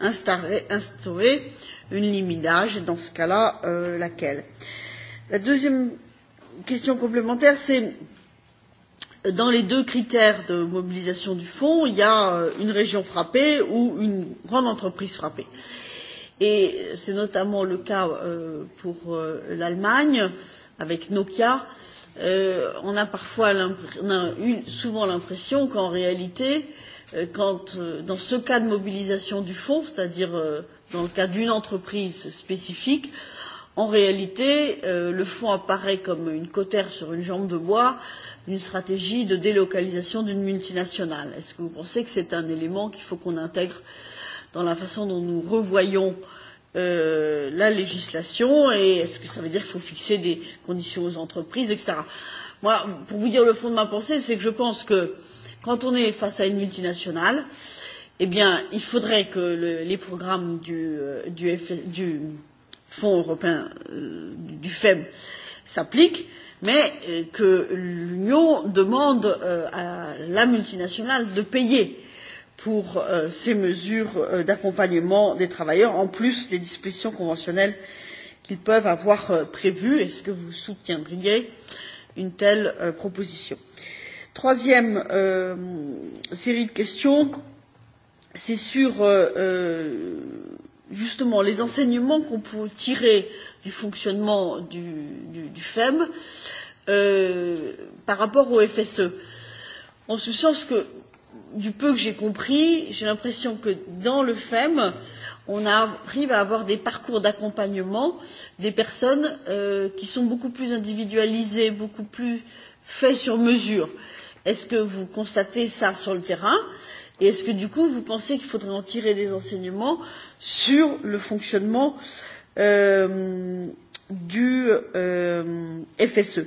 instaurer, instaurer une limite d'âge et dans ce cas-là, euh, laquelle La deuxième question complémentaire, c'est dans les deux critères de mobilisation du fonds, il y a euh, une région frappée ou une grande entreprise frappée. Et c'est notamment le cas euh, pour euh, l'Allemagne avec Nokia. On a parfois on a eu souvent l'impression qu'en réalité, quand, dans ce cas de mobilisation du fonds, c'est-à-dire dans le cas d'une entreprise spécifique, en réalité, le fonds apparaît comme une cotère sur une jambe de bois euh, d'une stratégie de délocalisation d'une multinationale. Est-ce que vous pensez que c'est un élément qu'il faut qu'on intègre dans la façon dont nous revoyons euh, la législation et est-ce que ça veut dire qu'il faut fixer des conditions aux entreprises, etc. Moi, pour vous dire le fond de ma pensée, c'est que je pense que quand on est face à une multinationale, eh bien, il faudrait que le, les programmes du, euh, du, F, du Fonds européen euh, du FEM s'appliquent mais euh, que l'Union demande euh, à la multinationale de payer pour euh, ces mesures d'accompagnement des travailleurs, en plus des dispositions conventionnelles qu'ils peuvent avoir prévues. Est-ce que vous soutiendriez une telle proposition Troisième série de questions, c'est sur justement les enseignements qu'on peut tirer euh, du fonctionnement du, du, du FEM euh, par rapport au FSE. En ce sens que, du peu que j'ai compris, j'ai l'impression que dans le FEM, on arrive à avoir des parcours d'accompagnement des personnes euh, qui sont beaucoup plus individualisées, beaucoup plus faits sur mesure. Est-ce que vous constatez ça sur le terrain Et est-ce que du coup, vous pensez qu'il faudrait en tirer des enseignements sur le fonctionnement euh, Euh, du euh, FSE.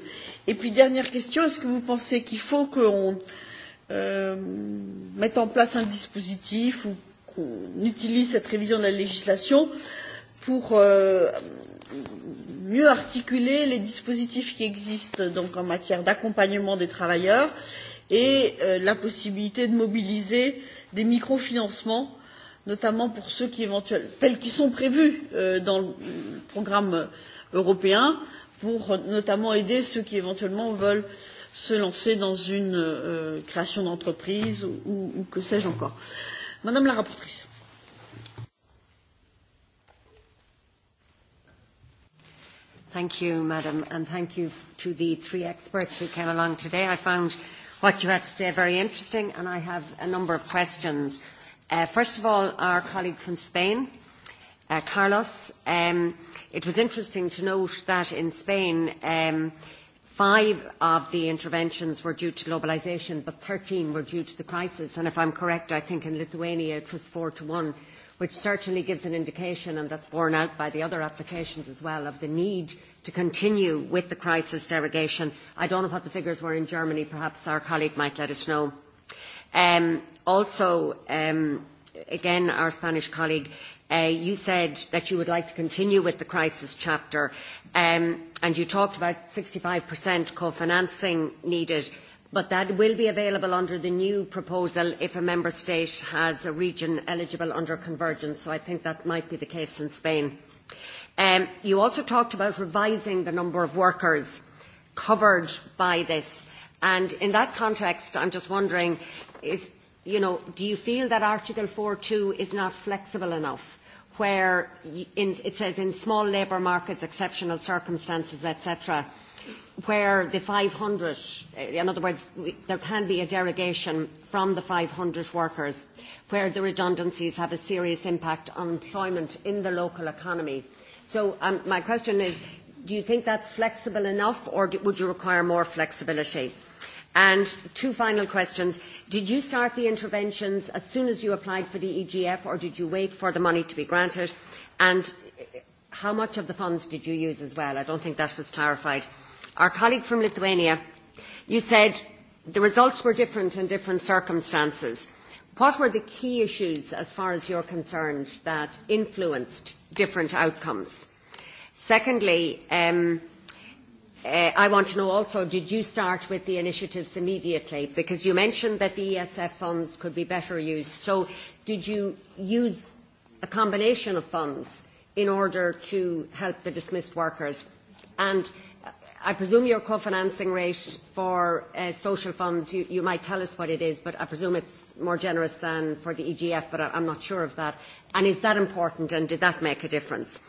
Et puis dernière question, est-ce que vous pensez qu'il faut qu'on euh, mette en place un dispositif ou qu'on utilise cette révision de la législation pour euh, mieux articuler les dispositifs qui existent donc en matière d'accompagnement des travailleurs et euh, la possibilité de mobiliser des microfinancements notamment pour ceux qui éventuellement tels qu'ils sont prévus euh, dans le programme européen pour notamment aider ceux qui éventuellement veulent se lancer dans une euh, création d'entreprise ou, ou que sais je encore. Madame la rapporteure. Thank you, Madam, and thank you to the three experts who came along today. I found what you had to say very interesting, and I have a number of questions Uh, first of all, our colleague from Spain, uh, Carlos, um, it was interesting to note that in Spain, um, five of the interventions were due to globalisation, but 13 were due to the crisis. And if I'm correct, I think in Lithuania it was four to one, which certainly gives an indication, and that's borne out by the other applications as well, of the need to continue with the crisis derogation. I don't know what the figures were in Germany. Perhaps our colleague might let us know. Um, also, um, again, our Spanish colleague, uh, you said that you would like to continue with the crisis chapter, um, and you talked about 65% co-financing needed, but that will be available under the new proposal if a member state has a region eligible under convergence, so I think that might be the case in Spain. Um, you also talked about revising the number of workers covered by this. And in that context, I'm just wondering is, you know, do you feel that Article 4.2 is not flexible enough? where in, it says in small labour markets, exceptional circumstances, etc., where the 500, eh, in other words, there can be a derogation from the 500 workers, where the redundancies have a serious impact on employment in the local economy. So um, my question is, do you think that's flexible enough, or do, would you require more flexibility? And two final questions. Did you start the interventions as soon as you applied for the EGF, or did you wait for the money to be granted? And uh, how much of the funds did you use as well? I don't think that was clarified. Our colleague from Lithuania, you said the results were different in different circumstances. What were the key issues, as far as you're concerned, that influenced different outcomes? Secondly, um, Uh, I want to know also, did you start with the initiatives immediately? Because you mentioned that the ESF funds could be better used. So did you use a combination of funds in order to help the dismissed workers? And uh, I presume your co-financing rate for uh, social funds, you, you might tell us what it is, but I presume it's more generous than for the EGF, but I, I'm not sure of that. And is that important, and did that make a difference?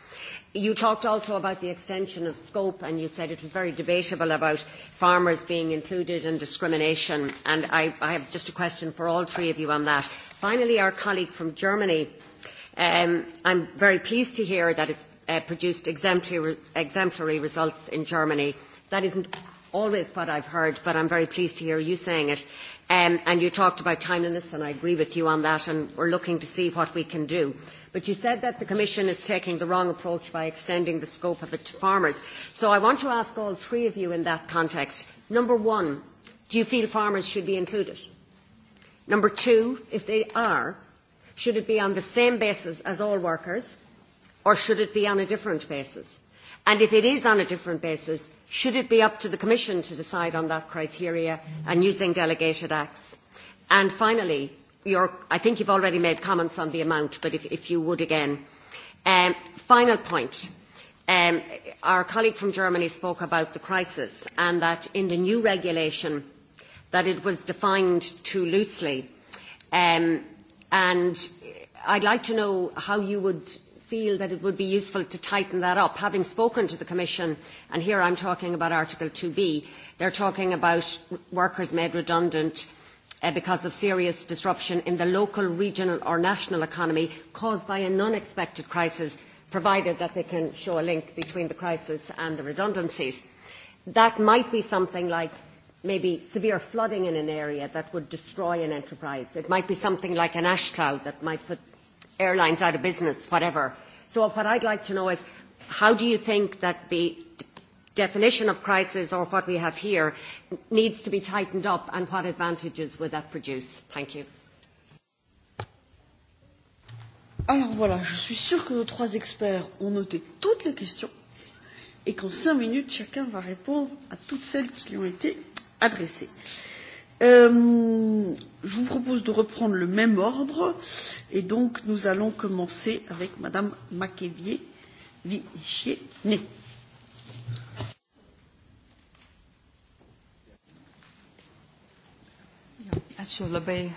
You talked also about the extension of scope and you said it was very debatable about farmers being included in discrimination and I, I have just a question for all three of you on that. Finally, our colleague from Germany, um, I'm very pleased to hear that it's uh, produced exemplary, exemplary results in Germany. That isn't always what I've heard, but I'm very pleased to hear you saying it. Um, and you talked about timeliness, and I agree with you on that, and we're looking to see what we can do. But you said that the Commission is taking the wrong approach by extending the scope of it to farmers. So I want to ask all three of you in that context. Number one, do you feel farmers should be included? Number two, if they are, should it be on the same basis as all workers or should it be on a different basis? And if it is on a different basis, should it be up to the Commission to decide on that criteria and using delegated acts? And finally, i think you've already made comments on the amount, but if, if you would again. Um, final point. Um, our colleague from Germany spoke about the crisis and that in the new regulation that it was defined too loosely. Um, and I'd like to know how you would feel that it would be useful to tighten that up. Having spoken to the Commission, and here I'm talking about Article 2B, they're talking about workers made redundant Uh, because of serious disruption in the local, regional or national economy caused by an unexpected crisis, provided that they can show a link between the crisis and the redundancies. That might be something like maybe severe flooding in an area that would destroy an enterprise. It might be something like an ash cloud that might put airlines out of business, whatever. So what I'd like to know is how do you think that the definition of crisis or what we have here needs to be tightened up and what advantages would that produce? Thank you. Alors voilà, je suis sûre que nos trois experts ont noté toutes les questions et qu'en cinq minutes, chacun va répondre à toutes celles qui lui ont été adressées. Euh, je vous propose de reprendre le même ordre et donc nous allons commencer avec Madame Makévier Vichier-Ney. Ačiū labai.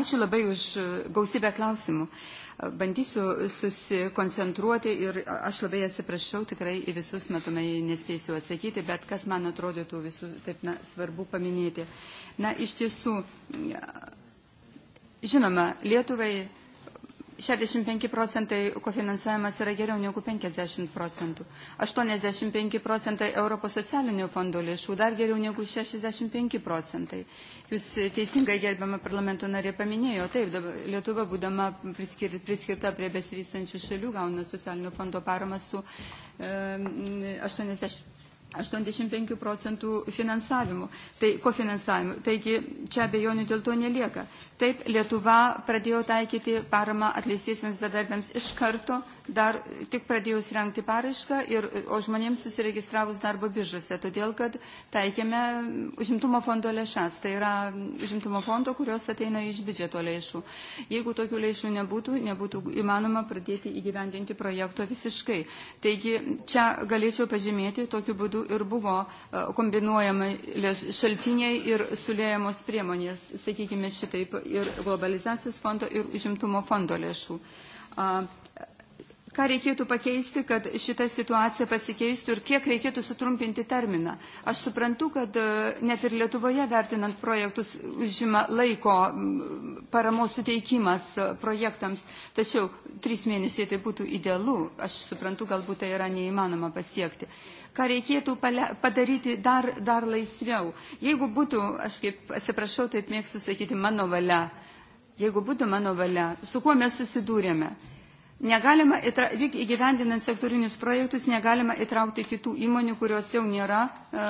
Ačiū labai už gausybę klausimų. Bandysiu susikoncentruoti ir aš labai atsiprašau, tikrai į visus metumai nespėsiu atsakyti, bet kas man atrodytų visų taip na, svarbu paminėti. Na, iš tiesų, žinoma, Lietuvai 65 procentai kofinansavimas yra geriau negu 50 procentų. 85 procentai Europos socialinių fondų lėšų dar geriau negu 65 procentai. Jūs teisingai gerbiamą parlamento narė paminėjo, taip, Lietuva būdama priskirta prie besivystančių šalių gauna socialinių fondo paramą su 80 85 procentų finansavimu, tai kofinansavimų, Taigi čia abejonių dėl to nelieka. Taip, Lietuva pradėjo taikyti paramą atleistiesiems bedarbiams iš karto dar tik pradėjus rengti paraišką, ir, o žmonėms susiregistravus darbo biržose, todėl kad taikėme užimtumo fondo lėšas, tai yra užimtumo fondo, kurios ateina iš biudžeto lėšų. Jeigu tokių lėšų nebūtų, nebūtų įmanoma pradėti įgyvendinti projekto visiškai. Taigi čia galėčiau pažymėti, tokiu būdu ir buvo e, kombinuojami šaltiniai ir sulėjamos priemonės, sakykime šitaip, ir globalizacijos fondo, ir užimtumo fondo lėšų. Uh, Ką reikėtų pakeisti, kad šita situacija pasikeistų ir kiek reikėtų sutrumpinti terminą? Aš suprantu, kad e, net ir Lietuvoje vertinant projektus žima laiko paramos suteikimas e, projektams, tačiau trys mėnesiai tai būtų idealu, aš suprantu, galbūt tai yra neįmanoma pasiekti. Ką reikėtų padaryti dar, dar laisviau? Jeigu būtų, aš kaip atsiprašau, taip mėgstu sakyti, mano valia, jeigu būtų mano valia, su kuo mes susidūrėme? Negalima įgyvendinant sektorinius projektus, negalima įtraukti kitų įmonių, kurios jau nėra e,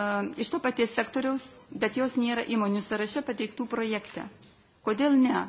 iš to paties sektoriaus, bet jos nėra įmonių sąraše pateiktų projekte. Kodėl ne?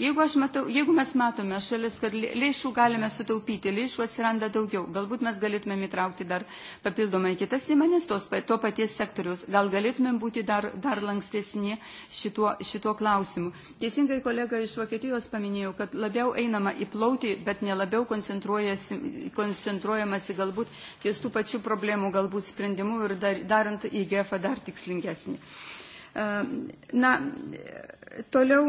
Jeigu, aš matau, jeigu mes matome šalis, kad lėšų galime sutaupyti, lėšų atsiranda daugiau, galbūt mes galėtumėm įtraukti dar papildomai kitas įmanis, tos, to paties sektorius, gal galėtumėm būti dar, dar lankstesni šituo, šituo klausimu. Teisingai kolega iš Vokietijos paminėjo, kad labiau einama į plauti, bet nelabiau koncentruojamasi galbūt ties tų pačių problemų, galbūt sprendimų ir dar, darant GFA dar tikslingesnį. Ehm, na, toliau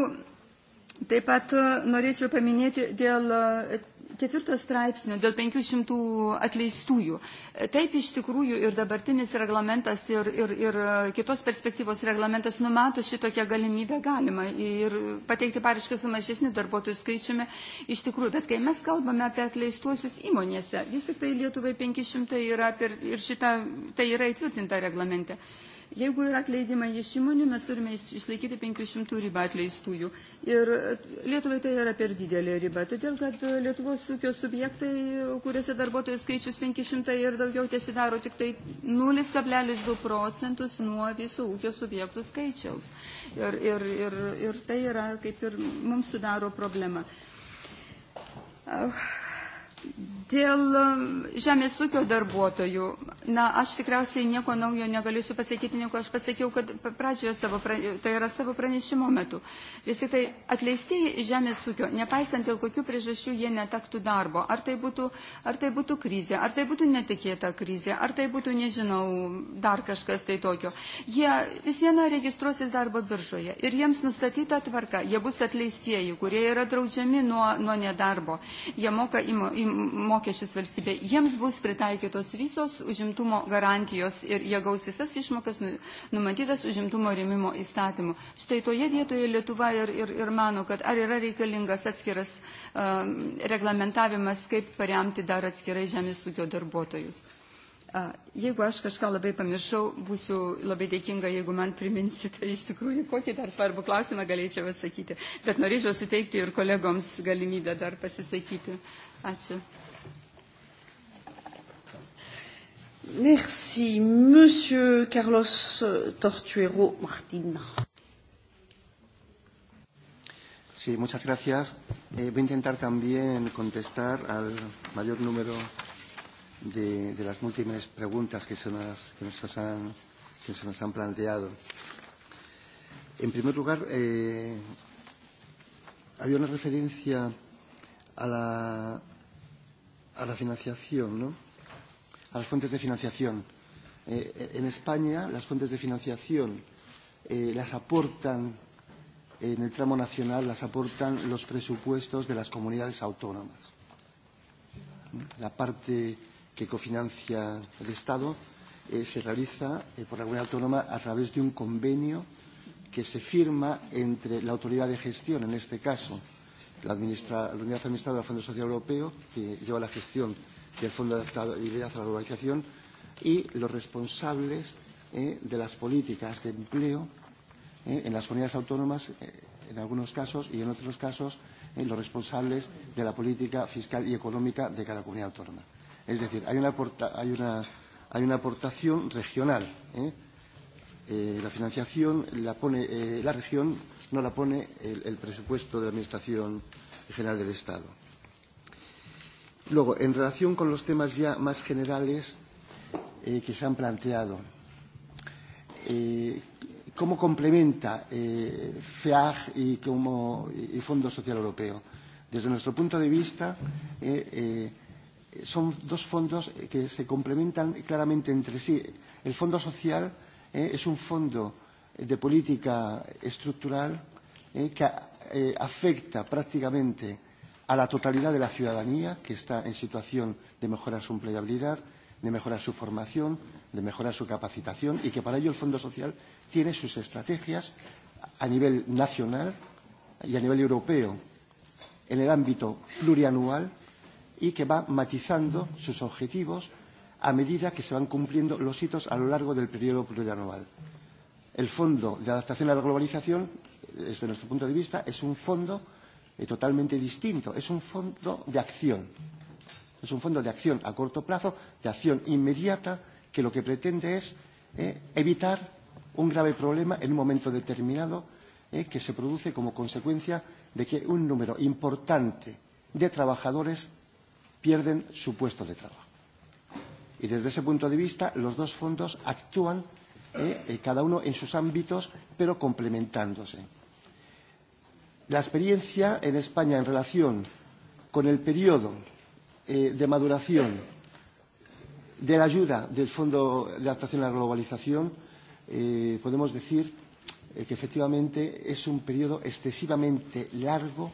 Taip pat e, norėčiau paminėti dėl e, ketvirto straipsnio dėl 500 atleistųjų. E, taip iš tikrųjų ir dabartinis reglamentas ir, ir, ir kitos perspektyvos reglamentas numato šitokią galimybę galima ir pateikti parišką su mažesniu darbuotojų skaičiumi iš tikrųjų. Bet kai mes kalbame apie atleistuosius įmonėse, vis tik tai Lietuvai 500 yra per, ir šita, tai yra įtvirtinta reglamente. Jeigu yra atleidimai iš įmonių, mes turime išlaikyti 500 ribą atleistųjų. Ir e, Lietuvai tai yra per didelė riba, todėl kad e, Lietuvos ūkio subjektai, kuriuose darbuotojų skaičius 500 ir daugiau, tesidaro tik tai 0,2 procentus nuo viso ūkio subjektų skaičiaus. Ir, ir, ir, ir tai yra kaip ir mums sudaro problema. Dėl um, žemės ūkio darbuotojų, na, aš tikriausiai nieko naujo negalėsiu pasakyti, nieko aš pasakiau, kad pradžioje savo, tai yra savo pranešimo metu. Vis tik tai atleistieji žemės ūkio, nepaisant dėl kokių priežasčių jie netaktų darbo, ar tai, būtų, ar tai būtų krizė, ar tai būtų netikėta krizė, ar tai būtų, nežinau, dar kažkas tai tokio, jie vis viena registruosis darbo biržoje ir jiems nustatyta tvarka, jie bus atleistieji, kurie yra draudžiami nuo, nuo nedarbo. Jie moka, im, im, mokesčius valstybė, jiems bus pritaikytos visos užimtumo garantijos ir jie gaus visas išmokas numatytas užimtumo rėmimo įstatymu. Štai toje vietoje Lietuva ir, ir, ir mano, kad ar yra reikalingas atskiras um, reglamentavimas, kaip paremti dar atskirai žemės ūkio darbuotojus. Jeigu aš kažką labai pamiršau, būsiu labai dėkinga, jeigu man priminsite iš tikrųjų, kokį dar svarbų klausimą galėčiau atsakyti. Bet norėčiau suteikti ir kolegoms galimybę dar pasisakyti. Ačiū. Merci, Monsieur Carlos Tortuero Martín. Sí, muchas gracias. Eh, voy a intentar también contestar al mayor número de, de las múltiples preguntas que se nos, que nos, han, que se nos han planteado. En primer lugar, eh, había una referencia a la, a la financiación, ¿no? a las fuentes de financiación. Eh, eh, en España, las fuentes de financiación eh, las aportan, en el tramo nacional, las aportan los presupuestos de las comunidades autónomas. La parte que cofinancia el Estado eh, se realiza eh, por la comunidad autónoma a través de un convenio que se firma entre la autoridad de gestión, en este caso, la, administra, la unidad administrativa del Fondo Social Europeo, que lleva la gestión del Fondo de Adaptabilidad a la Globalización y los responsables eh, de las políticas de empleo eh, en las comunidades autónomas, eh, en algunos casos y en otros casos, eh, los responsables de la política fiscal y económica de cada comunidad autónoma. Es decir, hay una, hay una, hay una aportación regional. ¿eh? Eh, la financiación la pone eh, la región, no la pone el, el presupuesto de la Administración General del Estado. Luego, en relación con los temas ya más generales eh, que se han planteado, eh, ¿cómo complementa eh, FEAG y, cómo, y Fondo Social Europeo? Desde nuestro punto de vista, eh, eh, son dos fondos que se complementan claramente entre sí. El Fondo Social eh, es un fondo de política estructural eh, que eh, afecta prácticamente a la totalidad de la ciudadanía que está en situación de mejorar su empleabilidad, de mejorar su formación, de mejorar su capacitación y que para ello el Fondo Social tiene sus estrategias a nivel nacional y a nivel europeo en el ámbito plurianual y que va matizando sus objetivos a medida que se van cumpliendo los hitos a lo largo del periodo plurianual. El Fondo de Adaptación a la Globalización, desde nuestro punto de vista, es un fondo es totalmente distinto. Es un fondo de acción. Es un fondo de acción a corto plazo, de acción inmediata, que lo que pretende es eh, evitar un grave problema en un momento determinado eh, que se produce como consecuencia de que un número importante de trabajadores pierden su puesto de trabajo. Y desde ese punto de vista, los dos fondos actúan eh, eh cada uno en sus ámbitos, pero complementándose. La experiencia en España en relación con el periodo eh, de maduración de la ayuda del Fondo de Adaptación a la Globalización, eh, podemos decir eh, que efectivamente es un periodo excesivamente largo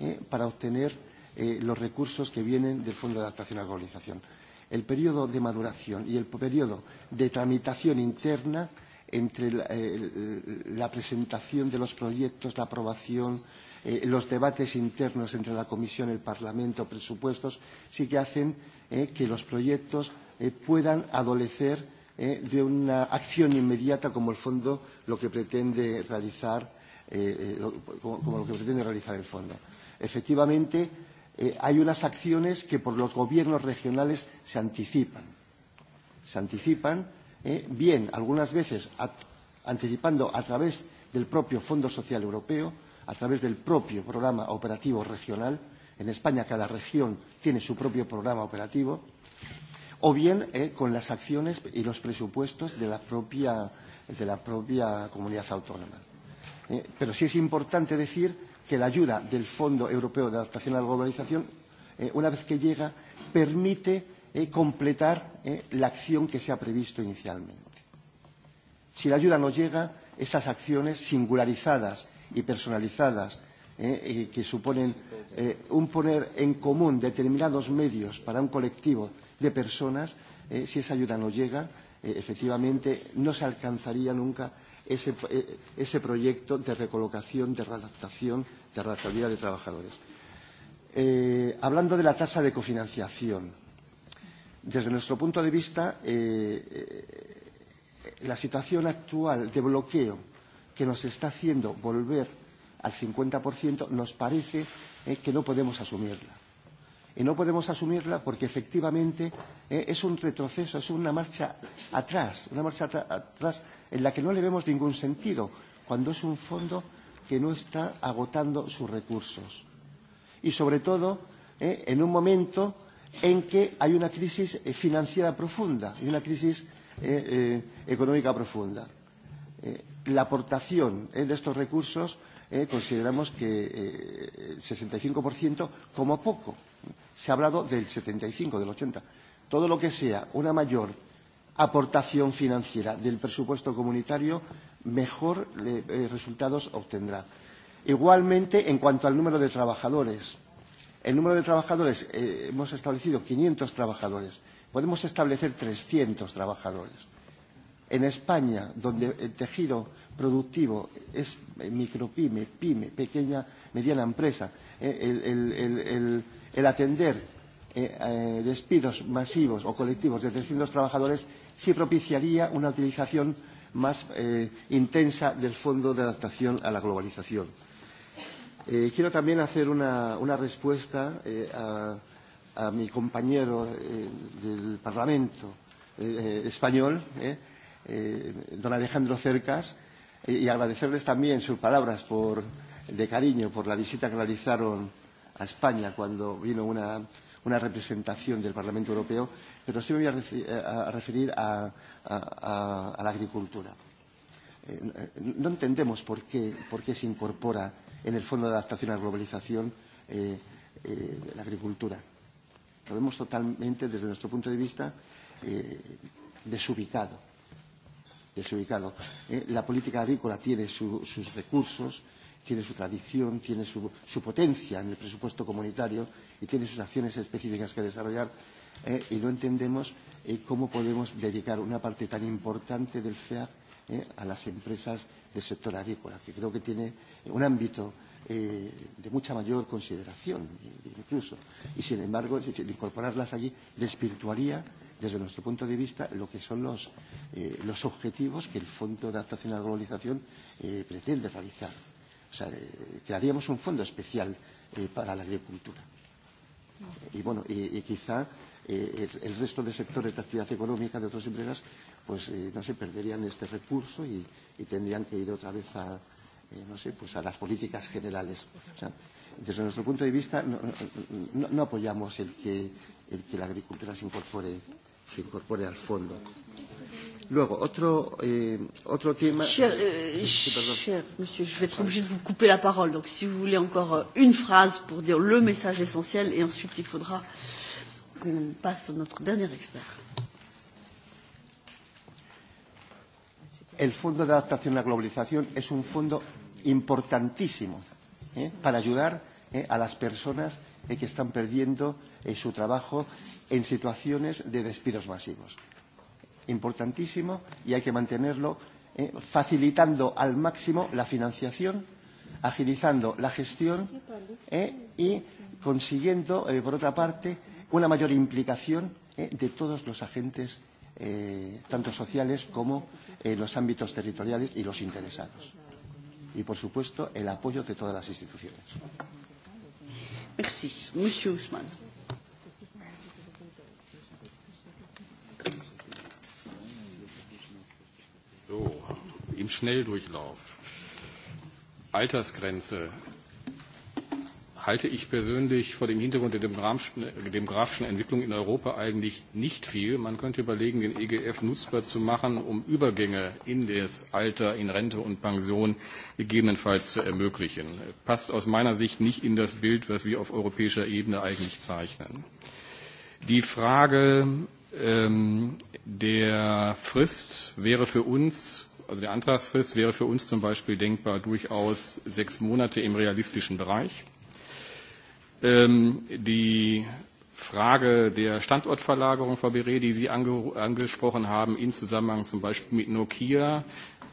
eh, para obtener eh, los recursos que vienen del Fondo de Adaptación a la Globalización. El periodo de maduración y el periodo de tramitación interna entre la, eh, la presentación de los proyectos, la aprobación, eh, los debates internos entre la Comisión, el Parlamento, presupuestos, sí que hacen eh, que los proyectos eh, puedan adolecer eh, de una acción inmediata como el fondo lo que pretende realizar, eh, eh, lo, como, como lo que pretende realizar el fondo. Efectivamente, eh, hay unas acciones que por los gobiernos regionales se anticipan. Se anticipan eh, bien algunas veces at anticipando a través del propio Fondo Social Europeo, a través del propio programa operativo regional. En España cada región tiene su propio programa operativo. O bien eh, con las acciones y los presupuestos de la propia, de la propia comunidad autónoma. Eh, pero sí es importante decir que la ayuda del Fondo Europeo de Adaptación a la Globalización, eh, una vez que llega, permite eh, completar eh, la acción que se ha previsto inicialmente. Si la ayuda no llega, esas acciones singularizadas y personalizadas eh, que suponen eh, un poner en común determinados medios para un colectivo de personas, eh, si esa ayuda no llega, eh, efectivamente no se alcanzaría nunca ese, eh, ese proyecto de recolocación, de readaptación, de readaptabilidad de trabajadores. Eh, hablando de la tasa de cofinanciación, Desde nuestro punto de vista, eh, eh, la situación actual de bloqueo que nos está haciendo volver al 50% nos parece eh, que no podemos asumirla. Y no podemos asumirla porque efectivamente eh, es un retroceso, es una marcha atrás, una marcha atr atrás en la que no le vemos ningún sentido, cuando es un fondo que no está agotando sus recursos. Y sobre todo, eh, en un momento en que hay una crisis eh, financiera profunda y e una crisis eh, eh, económica profunda. Eh, la aportación eh, de estos recursos eh, consideramos que eh, el eh, 65% como poco. Se ha hablado del 75, del 80. Todo lo que sea una mayor aportación financiera del presupuesto comunitario, mejor eh, eh resultados obtendrá. Igualmente, en cuanto al número de trabajadores, El número de trabajadores, eh, hemos establecido 500 trabajadores. Podemos establecer 300 trabajadores. En España, donde el tejido productivo es eh, micropyme, pyme, pequeña, mediana empresa, eh, el, el, el, el, el atender eh, eh, despidos masivos o colectivos de 300 trabajadores sí propiciaría una utilización más eh, intensa del Fondo de Adaptación a la Globalización. Eh, quiero también hacer una, una respuesta eh, a, a mi compañero eh, del Parlamento eh, eh, español, eh, eh, don Alejandro Cercas, eh, y agradecerles también sus palabras por, de cariño por la visita que realizaron a España cuando vino una, una representación del Parlamento Europeo, pero sí me voy a, referir eh, a, a referir a, a, a, a la agricultura. Eh, no, eh, no entendemos por qué, por qué se incorpora en el Fondo de Adaptación a la Globalización eh, eh, de la Agricultura. Lo vemos totalmente, desde nuestro punto de vista, eh, desubicado. desubicado. Eh, la política agrícola tiene su, sus recursos, tiene su tradición, tiene su, su potencia en el presupuesto comunitario y tiene sus acciones específicas que desarrollar eh, y no entendemos eh, cómo podemos dedicar una parte tan importante del FEAP eh, a las empresas del sector agrícola, que creo que tiene un ámbito eh, de mucha mayor consideración eh, incluso. Y sin embargo, incorporarlas allí desvirtuaría desde nuestro punto de vista lo que son los, eh, los objetivos que el Fondo de Adaptación a la Globalización eh, pretende realizar. O sea, eh, crearíamos un fondo especial eh, para la agricultura. Y bueno, y, y quizá eh, el, el resto de sectores de actividad económica de otras empresas pues eh, no sé perderían este recurso y, y tendrían que ir otra vez a, eh, no sé, pues a las políticas generales. O sea, desde nuestro punto de vista no, no, no apoyamos el que, el que la agricultura se incorpore, se incorpore al fondo. Luego, otro, eh, otro tema. Cher, eh, sí, sí, cher monsieur, je vais être obligé de vous couper la parole. Donc, si vous voulez encore euh, une phrase pour dire le message essentiel, et ensuite il faudra qu'on passe à notre dernier expert. el Fondo de Adaptación a la Globalización es un fondo importantísimo ¿eh? para ayudar ¿eh? a las personas eh, que están perdiendo eh, su trabajo en situaciones de despidos masivos. Importantísimo y hay que mantenerlo eh, facilitando al máximo la financiación, agilizando la gestión eh, y consiguiendo, eh, por otra parte, una mayor implicación eh, de todos los agentes, eh, tanto sociales como eh, los ámbitos territoriales y los interesados. Y, por supuesto, el apoyo de todas las instituciones. Merci. Monsieur Ousmane. So, im Schnelldurchlauf. Altersgrenze halte ich persönlich vor dem Hintergrund der demografischen Entwicklung in Europa eigentlich nicht viel. Man könnte überlegen, den EGF nutzbar zu machen, um Übergänge in das Alter, in Rente und Pension gegebenenfalls zu ermöglichen. Passt aus meiner Sicht nicht in das Bild, was wir auf europäischer Ebene eigentlich zeichnen. Die Frage ähm, der Frist wäre für uns also der Antragsfrist wäre für uns zum Beispiel denkbar durchaus sechs Monate im realistischen Bereich. Ähm, die Frage der Standortverlagerung, Frau Bere, die Sie ange angesprochen haben, in Zusammenhang zum Beispiel mit Nokia.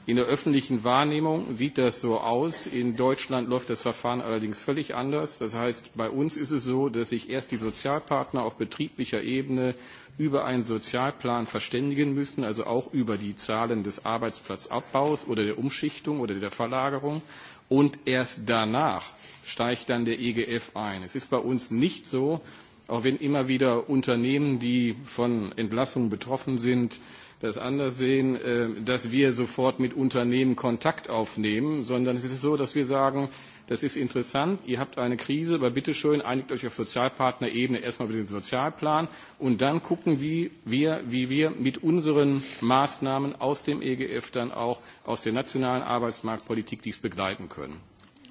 In der öffentlichen Wahrnehmung sieht das so aus. In Deutschland läuft das Verfahren allerdings völlig anders. Das heißt, bei uns ist es so, dass sich erst die Sozialpartner auf betrieblicher Ebene über einen Sozialplan verständigen müssen, also auch über die Zahlen des Arbeitsplatzabbaus oder der Umschichtung oder der Verlagerung und erst danach steigt dann der EGF ein. Es ist bei uns nicht so, auch wenn immer wieder Unternehmen, die von Entlassungen betroffen sind, das anders sehen, ähm, dass wir sofort mit Unternehmen Kontakt aufnehmen, sondern es ist so, dass wir sagen, das ist interessant, ihr habt eine Krise, aber bitte schön, einigt euch auf Sozialpartnerebene erstmal über den Sozialplan und dann gucken wie wir, wie wir mit unseren Maßnahmen aus dem EGF dann auch aus der nationalen Arbeitsmarktpolitik dies begleiten können.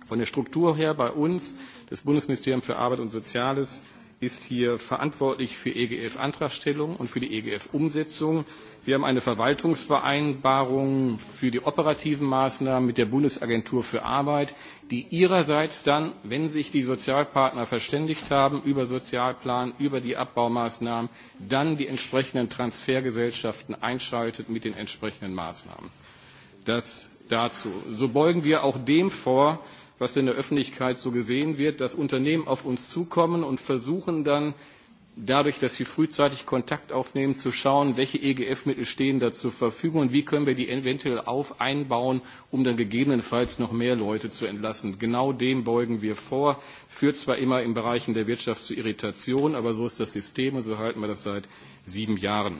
Von der Struktur her bei uns, das Bundesministerium für Arbeit und Soziales, ist hier verantwortlich für EGF-Antragstellung und für die EGF-Umsetzung. Wir haben eine Verwaltungsvereinbarung für die operativen Maßnahmen mit der Bundesagentur für Arbeit, die ihrerseits dann, wenn sich die Sozialpartner verständigt haben über Sozialplan, über die Abbaumaßnahmen, dann die entsprechenden Transfergesellschaften einschaltet mit den entsprechenden Maßnahmen. Das dazu. So beugen wir auch dem vor, was in der Öffentlichkeit so gesehen wird, dass Unternehmen auf uns zukommen und versuchen dann, dadurch, dass sie frühzeitig Kontakt aufnehmen, zu schauen, welche EGF-Mittel stehen da zur Verfügung und wie können wir die eventuell auf einbauen, um dann gegebenenfalls noch mehr Leute zu entlassen. Genau dem beugen wir vor. Führt zwar immer in Bereichen der Wirtschaft zu Irritationen, aber so ist das System und so halten wir das seit sieben Jahren.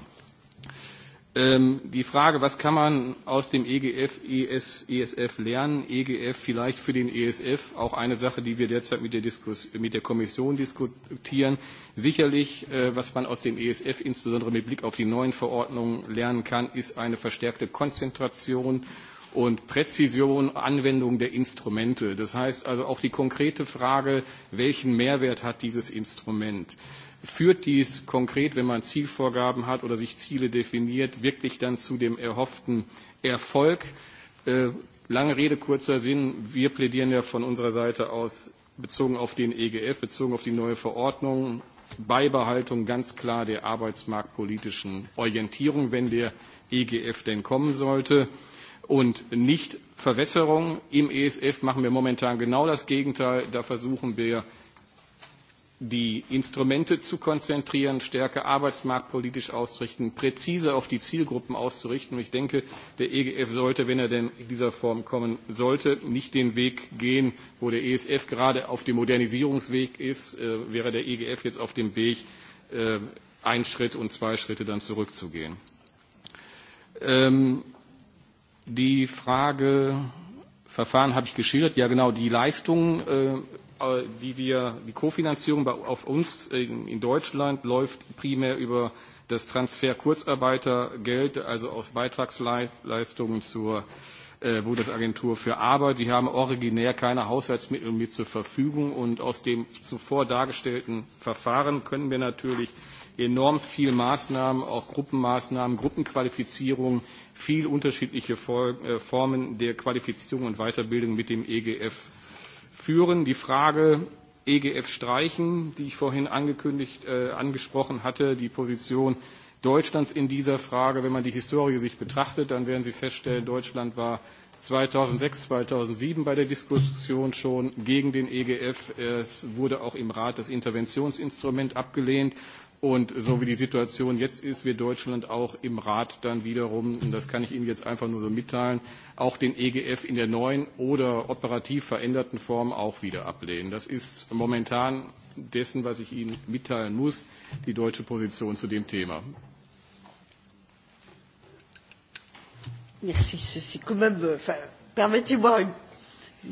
Ähm, die Frage, was kann man aus dem EGF, ES, ESF lernen, EGF vielleicht für den ESF, auch eine Sache, die wir derzeit mit der, Diskus mit der Kommission diskutieren. Sicherlich, äh, was man aus dem ESF insbesondere mit Blick auf die neuen Verordnungen lernen kann, ist eine verstärkte Konzentration und Präzision, Anwendung der Instrumente. Das heißt also auch die konkrete Frage, welchen Mehrwert hat dieses Instrument? führt dies konkret, wenn man Zielvorgaben hat oder sich Ziele definiert, wirklich dann zu dem erhofften Erfolg? Äh, lange Rede, kurzer Sinn. Wir plädieren ja von unserer Seite aus bezogen auf den EGF, bezogen auf die neue Verordnung, Beibehaltung ganz klar der arbeitsmarktpolitischen Orientierung, wenn der EGF denn kommen sollte und nicht Verwässerung. Im ESF machen wir momentan genau das Gegenteil. Da versuchen wir die Instrumente zu konzentrieren, stärker arbeitsmarktpolitisch auszurichten, präzise auf die Zielgruppen auszurichten. Und ich denke, der EGF sollte, wenn er denn in dieser Form kommen sollte, nicht den Weg gehen, wo der ESF gerade auf dem Modernisierungsweg ist, äh, wäre der EGF jetzt auf dem Weg, äh, einen Schritt und zwei Schritte dann zurückzugehen. Ähm, die Frage Verfahren habe ich geschildert. Ja, genau, die Leistungen äh, die äh, wir, die Kofinanzierung bei, auf uns in, in Deutschland läuft primär über das Transfer Kurzarbeitergeld, also aus Beitragsleistungen zur äh, Bundesagentur für Arbeit. Die haben originär keine Haushaltsmittel mit zur Verfügung und aus dem zuvor dargestellten Verfahren können wir natürlich enorm viel Maßnahmen, auch Gruppenmaßnahmen, Gruppenqualifizierung, viel unterschiedliche äh, Formen der Qualifizierung und Weiterbildung mit dem EGF führen. Die Frage EGF streichen, die ich vorhin angekündigt, äh, angesprochen hatte, die Position Deutschlands in dieser Frage, wenn man die Historie sich betrachtet, dann werden Sie feststellen, Deutschland war 2006, 2007 bei der Diskussion schon gegen den EGF. Es wurde auch im Rat das Interventionsinstrument abgelehnt. Und so wie die Situation jetzt ist, wird Deutschland auch im Rat dann wiederum, und das kann ich Ihnen jetzt einfach nur so mitteilen, auch den EGF in der neuen oder operativ veränderten Form auch wieder ablehnen. Das ist momentan dessen, was ich Ihnen mitteilen muss, die deutsche Position zu dem Thema. Merci, c'est quand même, euh, enfin, permettez-moi une,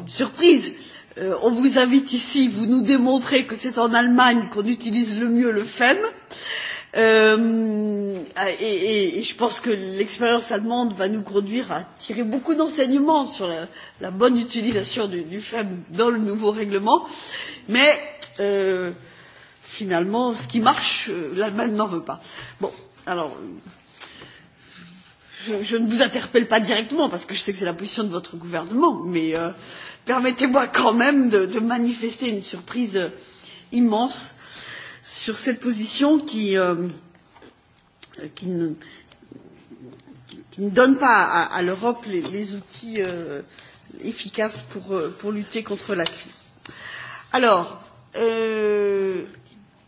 une surprise. Euh, on vous invite ici, vous nous démontrez que c'est en Allemagne qu'on utilise le mieux le FEM Euh, et, et, et je pense que l'expérience allemande va nous conduire à tirer beaucoup d'enseignements sur la, la bonne utilisation du, du FEM dans le nouveau règlement. Mais euh, finalement, ce qui marche, euh, l'Allemagne n'en veut pas. Bon, alors, je, je ne vous interpelle pas directement parce que je sais que c'est la position de votre gouvernement, mais euh, permettez-moi quand même de, de manifester une surprise immense sur cette position qui, euh, qui, ne, qui ne donne pas à, à l'Europe les, les outils euh, efficaces pour, euh, pour lutter contre la crise. Alors, euh,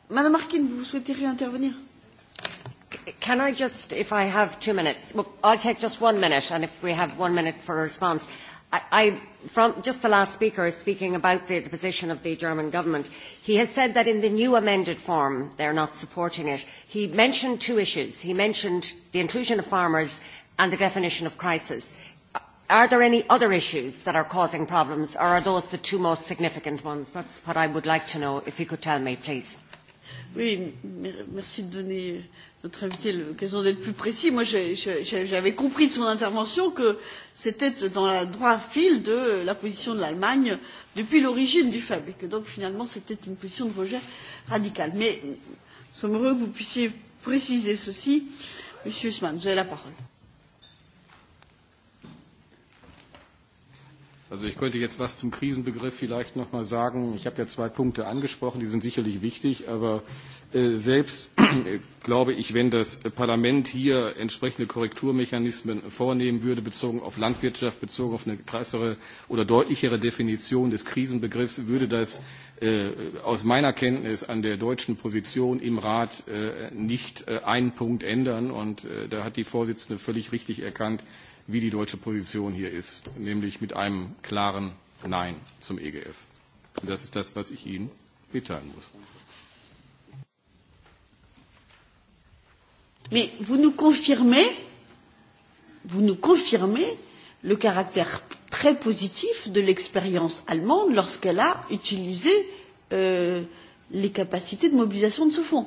Madame Harkin, vous souhaitez réintervenir Can I just, if I have two minutes, well, I'll take just one minute, and if we have one minute for a response. I, I, from just the last speaker speaking about the, the position of the German government, he has said that in the new amended form they are not supporting it. He mentioned two issues. He mentioned the inclusion of farmers and the definition of crisis. Are there any other issues that are causing problems, or are those the two most significant ones? That's what I would like to know, if you could tell me, please. Oui, merci de donner notre invité l'occasion d'être plus précis. Moi, j'avais compris de son intervention que c'était dans la droit fil de la position de l'Allemagne depuis l'origine du FAB, et que donc finalement c'était une position de rejet radicale. Mais nous sommes heureux que vous puissiez préciser ceci. Monsieur Usman, vous avez la parole. Also ich könnte jetzt was zum Krisenbegriff vielleicht noch mal sagen. Ich habe ja zwei Punkte angesprochen, die sind sicherlich wichtig, aber Äh, selbst glaube ich, wenn das Parlament hier entsprechende Korrekturmechanismen vornehmen würde, bezogen auf Landwirtschaft, bezogen auf eine krassere oder deutlichere Definition des Krisenbegriffs, würde das äh, aus meiner Kenntnis an der deutschen Position im Rat äh, nicht einen Punkt ändern. Und da hat die Vorsitzende völlig richtig erkannt, wie die deutsche Position hier ist, nämlich mit einem klaren Nein zum EGF. Und das ist das, was ich Ihnen mitteilen muss. mais vous nous confirmez vous nous confirmez le caractère très positif de l'expérience allemande lorsqu'elle a utilisé euh, les capacités de mobilisation de ce fonds.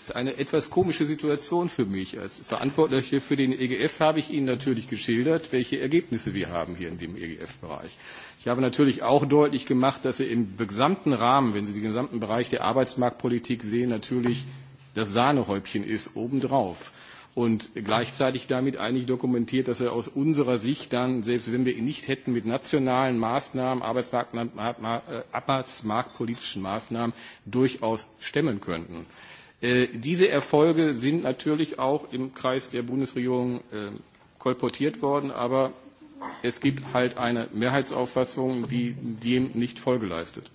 ist eine etwas komische Situation für mich. Als Verantwortlicher für den EGF habe ich Ihnen natürlich geschildert, welche Ergebnisse wir haben hier in dem EGF-Bereich. Ich habe natürlich auch deutlich gemacht, dass Sie im gesamten Rahmen, wenn Sie den gesamten Bereich der Arbeitsmarktpolitik sehen, natürlich das Sahnehäubchen ist obendrauf und gleichzeitig damit eigentlich dokumentiert, dass er aus unserer Sicht dann, selbst wenn wir ihn nicht hätten, mit nationalen Maßnahmen, Arbeitsmarkt, äh, arbeitsmarktpolitischen Maßnahmen durchaus stemmen könnten. Äh, diese Erfolge sind natürlich auch im Kreis der Bundesregierung äh, kolportiert worden, aber es gibt halt eine Mehrheitsauffassung, die dem nicht Folge leistet.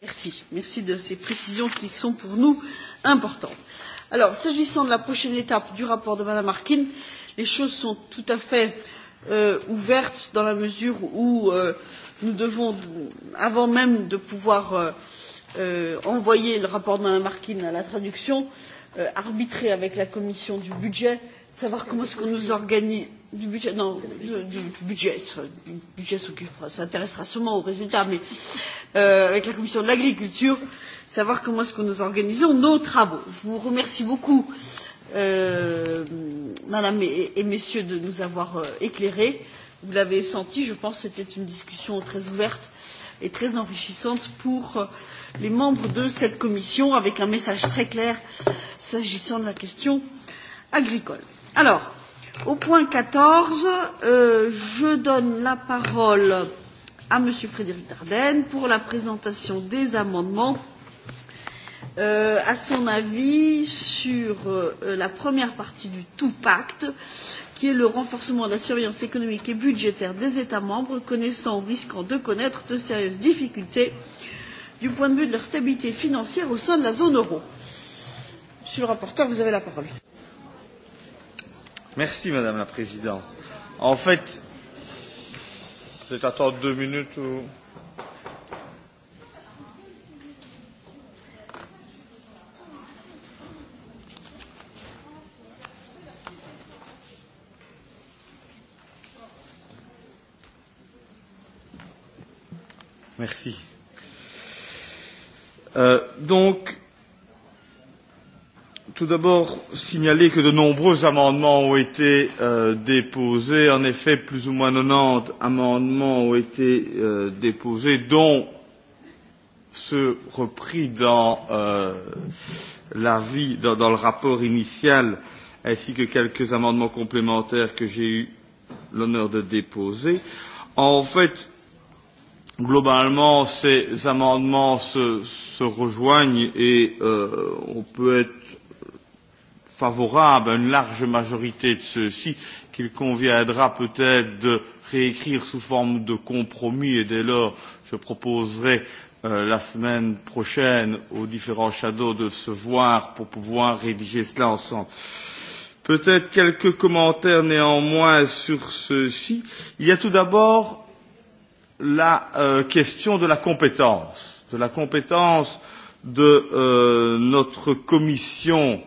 Merci. Merci de ces précisions qui sont pour nous importantes. Alors, s'agissant de la prochaine étape du rapport de Mme Harkin, les choses sont tout à fait euh, ouvertes dans la mesure où euh, nous devons, avant même de pouvoir euh, euh, envoyer le rapport de Mme Harkin à la traduction, euh, arbitrer avec la commission du budget, savoir comment est-ce qu'on nous organise du budget, non, du, du budget, du budget s'intéressera sûrement aux résultats, mais euh, avec la commission de l'agriculture, savoir comment est-ce que nous organisons nos travaux. Je vous remercie beaucoup, euh, madame et, et messieurs, de nous avoir euh, éclairés. Vous l'avez senti, je pense que c'était une discussion très ouverte et très enrichissante pour euh, les membres de cette commission avec un message très clair s'agissant de la question agricole. Alors, au point 14, euh, je donne la parole à M. Frédéric Dardenne pour la présentation des amendements euh, à son avis sur euh, la première partie du tout pacte, qui est le renforcement de la surveillance économique et budgétaire des États membres, connaissant ou risquant de connaître de sérieuses difficultés euh, du point de vue de leur stabilité financière au sein de la zone euro. Monsieur le rapporteur, vous avez la parole. Merci, Madame la Présidente. En fait, peut-être attendre deux minutes ou. Merci. Euh, donc, tout d'abord signaler que de nombreux amendements ont été euh, déposés. En effet, plus ou moins 90 amendements ont été euh, déposés, dont ceux repris dans euh, l'avis, dans, dans le rapport initial, ainsi que quelques amendements complémentaires que j'ai eu l'honneur de déposer. En fait, globalement, ces amendements se, se rejoignent et euh, on peut être favorable à une large majorité de ceux-ci, qu'il conviendra peut-être de réécrire sous forme de compromis et dès lors, je proposerai euh, la semaine prochaine aux différents shadows de se voir pour pouvoir rédiger cela ensemble. Peut-être quelques commentaires néanmoins sur ceci. Il y a tout d'abord la euh, question de la compétence, de la compétence de euh, notre commission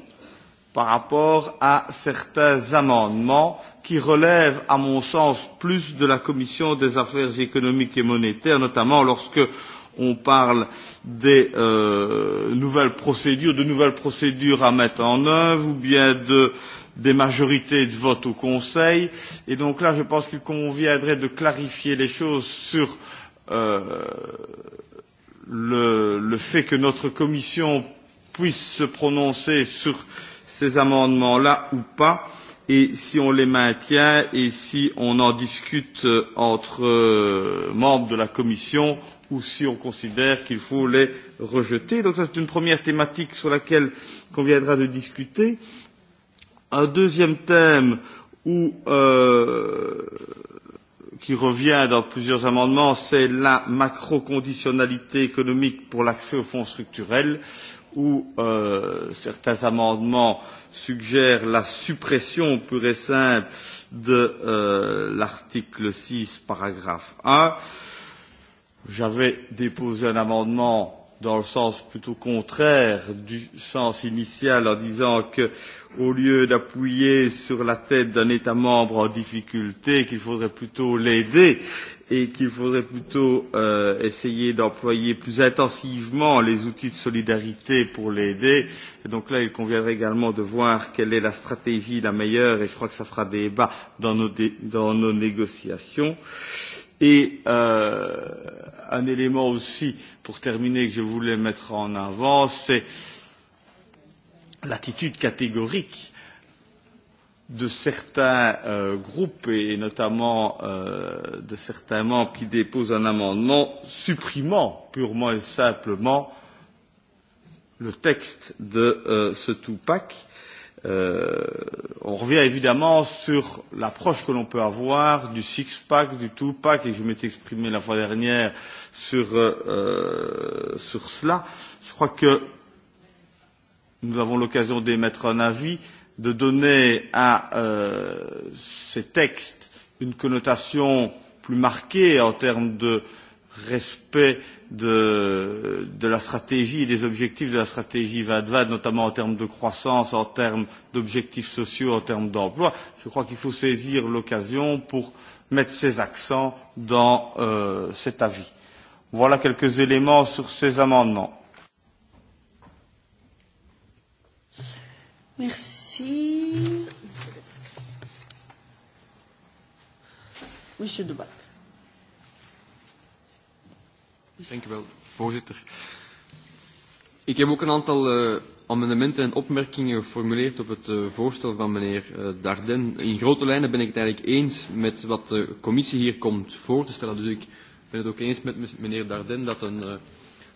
par rapport à certains amendements qui relèvent, à mon sens, plus de la commission des affaires économiques et monétaires, notamment lorsque on parle des euh, nouvelles procédures, de nouvelles procédures à mettre en œuvre, ou bien de des majorités de vote au Conseil. Et donc là, je pense qu'il conviendrait de clarifier les choses sur euh, le, le fait que notre commission puisse se prononcer sur ces amendements-là ou pas, et si on les maintient et si on en discute euh, entre euh, membres de la commission ou si on considère qu'il faut les rejeter. Donc ça, c'est une première thématique sur laquelle conviendra de discuter. Euh, un deuxième thème où, euh, qui revient dans plusieurs amendements, c'est la macroconditionnalité économique pour l'accès aux fonds structurels, où euh, certains amendements suggèrent la suppression pure et simple de euh, l'article 6, paragraphe 1. J'avais déposé un amendement dans le sens plutôt contraire du sens initial en disant que, au lieu d'appuyer sur la tête d'un État membre en difficulté, qu'il faudrait plutôt l'aider et qu'il faudrait plutôt euh, essayer d'employer plus intensivement les outils de solidarité pour l'aider. Et donc là, il conviendrait également de voir quelle est la stratégie la meilleure, et je crois que ça fera débat dans nos, dé dans nos négociations. Et euh, un élément aussi, pour terminer, que je voulais mettre en avant, c'est l'attitude catégorique de certains euh, groupes et notamment euh, de certains membres qui déposent un amendement supprimant purement et simplement le texte de euh, ce tout pack Euh, on revient évidemment sur l'approche que l'on peut avoir du six pack, du two pack, et je m'étais exprimé la fois dernière sur, euh, euh, sur cela. Je crois que nous avons l'occasion d'émettre un avis, de donner à euh, ces textes une connotation plus marquée en termes de euh, respect de, de la stratégie et des objectifs de la stratégie 2020, notamment en termes de croissance, en termes d'objectifs sociaux, en termes d'emploi. Je crois qu'il faut saisir l'occasion pour mettre ces accents dans euh, cet avis. Voilà quelques éléments sur ces amendements. Merci. Monsieur Debat. Dank u wel, voorzitter. Ik heb ook een aantal uh, amendementen en opmerkingen geformuleerd op het uh, voorstel van meneer uh, eh, Dardenne. In grote lijnen ben ik het eigenlijk eens met wat de commissie hier komt voor te stellen. Dus ik ben het ook eens met meneer Dardenne dat een, uh,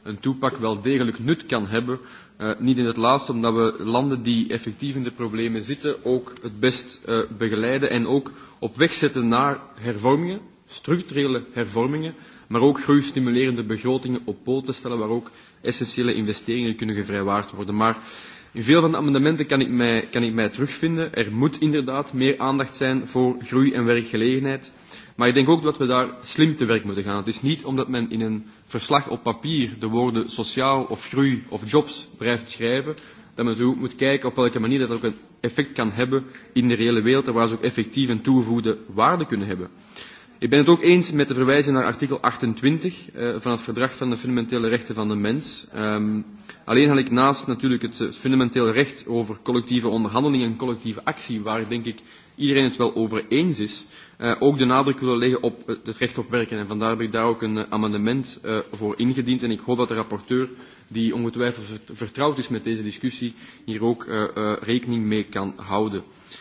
een toepak wel degelijk nut kan hebben. Uh, niet in het laatst omdat we landen die effectief in de problemen zitten ook het best uh, begeleiden en ook op weg zetten naar hervormingen, structurele hervormingen maar ook groeistimulerende begrotingen op poten te stellen waar ook essentiële investeringen kunnen gevrijwaard worden. Maar in veel van de amendementen kan ik, mij, kan ik mij terugvinden. Er moet inderdaad meer aandacht zijn voor groei en werkgelegenheid. Maar ik denk ook dat we daar slim te werk moeten gaan. Het is niet omdat men in een verslag op papier de woorden sociaal of groei of jobs blijft schrijven, dat men ook moet kijken op welke manier dat ook een effect kan hebben in de reële wereld, waar ze ook effectief een toegevoegde waarde kunnen hebben. Ik ben het ook eens met de verwijzing naar artikel 28 uh, eh, van het Verdrag van de Fundamentele Rechten van de Mens. Um, alleen had ik naast natuurlijk het fundamentele eh, fundamenteel recht over collectieve onderhandeling en collectieve actie, waar denk ik iedereen het wel over eens is, uh, ook de nadruk willen leggen op het recht op werken. En vandaar heb ik daar ook een amendement uh, voor ingediend. En ik hoop dat de rapporteur, die ongetwijfeld vertrouwd is met deze discussie, hier ook uh, uh, rekening mee kan houden. Uh,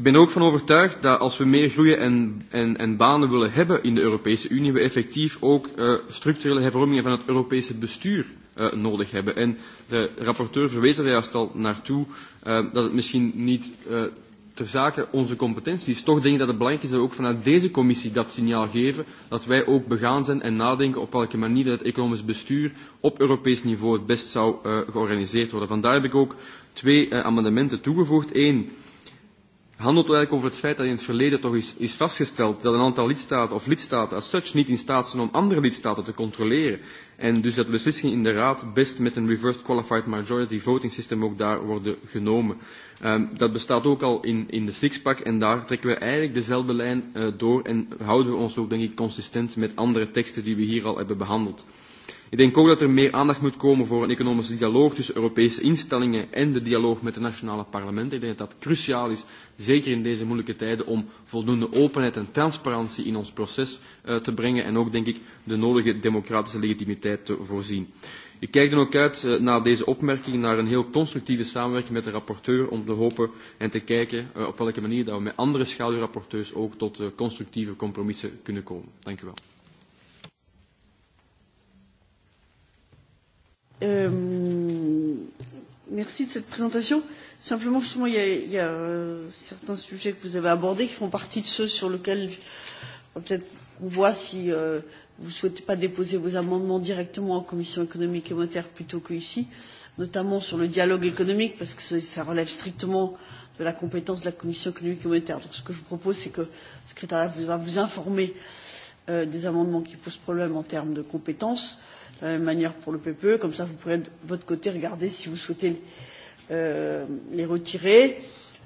Ik ben er ook van overtuigd dat als we meer groei en, en, en banen willen hebben in de Europese Unie, we effectief ook uh, structurele hervormingen van het Europese bestuur uh, nodig hebben. En de rapporteur verwees er juist al naartoe uh, dat het misschien niet uh, ter zake onze competenties. Toch denk ik dat het belangrijk is dat we ook vanuit deze commissie dat signaal geven dat wij ook begaan zijn en nadenken op welke manier dat het economisch bestuur op Europees niveau het best zou uh, georganiseerd worden. Vandaar heb ik ook twee uh, amendementen toegevoegd. Eén, handelt eigenlijk over het feit dat in het verleden toch is, is vastgesteld dat een aantal lidstaten of lidstaten als such niet in staat zijn om andere lidstaten te controleren. En dus dat beslissingen in de Raad best met een reversed qualified majority voting system ook daar worden genomen. Um, dat bestaat ook al in, in de pack, en daar trekken we eigenlijk dezelfde lijn uh, door en houden we ons ook denk ik consistent met andere teksten die we hier al hebben behandeld. Ik denk ook dat er meer aandacht moet komen voor een economische dialoog tussen Europese instellingen en de dialoog met de nationale parlementen. Ik denk dat dat cruciaal is, zeker in deze moeilijke tijden, om voldoende openheid en transparantie in ons proces uh, te brengen en ook, denk ik, de nodige democratische legitimiteit te voorzien. Ik kijk dan ook uit uh, naar deze opmerking, naar een heel constructieve samenwerking met de rapporteur om te hopen en te kijken uh, op welke manier dat we met andere schaduwrapporteurs ook tot uh, constructieve compromissen kunnen komen. Dank u wel. Euh, merci de cette présentation. Simplement, justement, il y a, il y a euh, certains sujets que vous avez abordés qui font partie de ceux sur lesquels euh, peut-être on voit si euh, vous ne souhaitez pas déposer vos amendements directement en commission économique et monétaire plutôt qu'ici, notamment sur le dialogue économique, parce que ça relève strictement de la compétence de la commission économique et monétaire. Donc ce que je vous propose, c'est que le secrétariat va vous informer euh, des amendements qui posent problème en termes de compétences de la même manière pour le ppe comme ça, vous pourrez de votre côté regarder si vous souhaitez euh, les retirer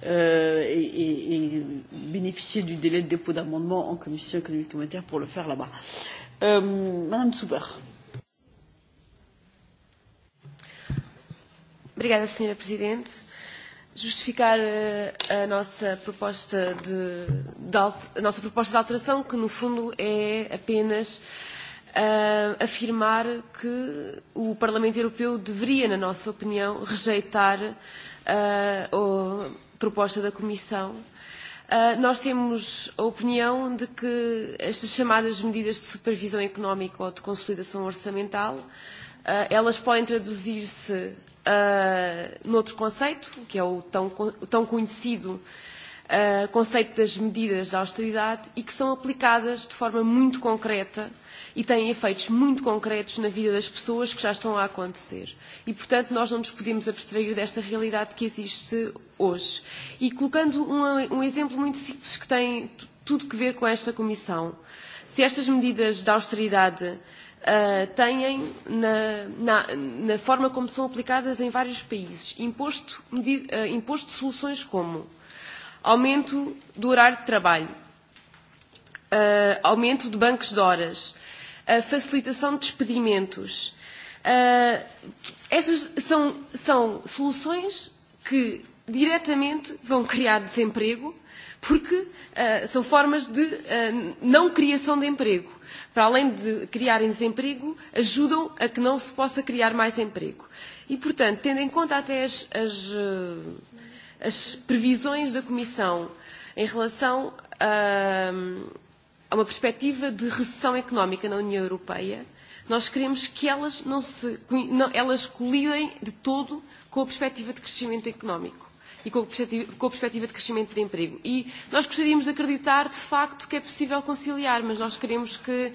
euh, et, et, et bénéficier du délai de dépôt d'amendement en commission économique et monétaire pour le faire là bas. Euh, madame Souper. Obrigada, Sra. Presidente. Justificar uh, a nossa proposta de, de, a nossa proposta de alteração, que no fundo é apenas uh, uh, afirmar que o Parlamento Europeu deveria, na nossa opinião, rejeitar uh, a proposta da Comissão. Uh, nós temos a opinião de que estas chamadas medidas de supervisão económica ou de consolidação orçamental, uh, elas podem traduzir-se uh, noutro conceito, que é o tão, tão conhecido uh, conceito das medidas de austeridade e que são aplicadas de forma muito concreta e têm efeitos muito concretos na vida das pessoas que já estão a acontecer. E, portanto, nós não nos podemos abstrair desta realidade que existe hoje. E colocando um, um exemplo muito simples que tem tudo que ver com esta Comissão. Se estas medidas de austeridade uh, têm na, na, na forma como são aplicadas em vários países. Imposto, medir, uh, ah, imposto de soluções como aumento do horário de trabalho, uh, aumento de bancos de horas, a facilitação de expedimentos. Uh, ah, estas são, são soluções que diretamente vão criar desemprego, porque uh, são formas de uh, não criação de emprego. Para além de criarem desemprego, ajudam a que não se possa criar mais emprego. E, portanto, tendo em conta até as, as, as previsões da Comissão em relação a. Uh, a uma perspectiva de recessão económica na União Europeia, nós queremos que elas, não se, não, elas colidem de todo com a perspectiva de crescimento económico e com a, perspectiva, com a perspectiva de crescimento de emprego. E nós gostaríamos de acreditar, de facto, que é possível conciliar, mas nós queremos que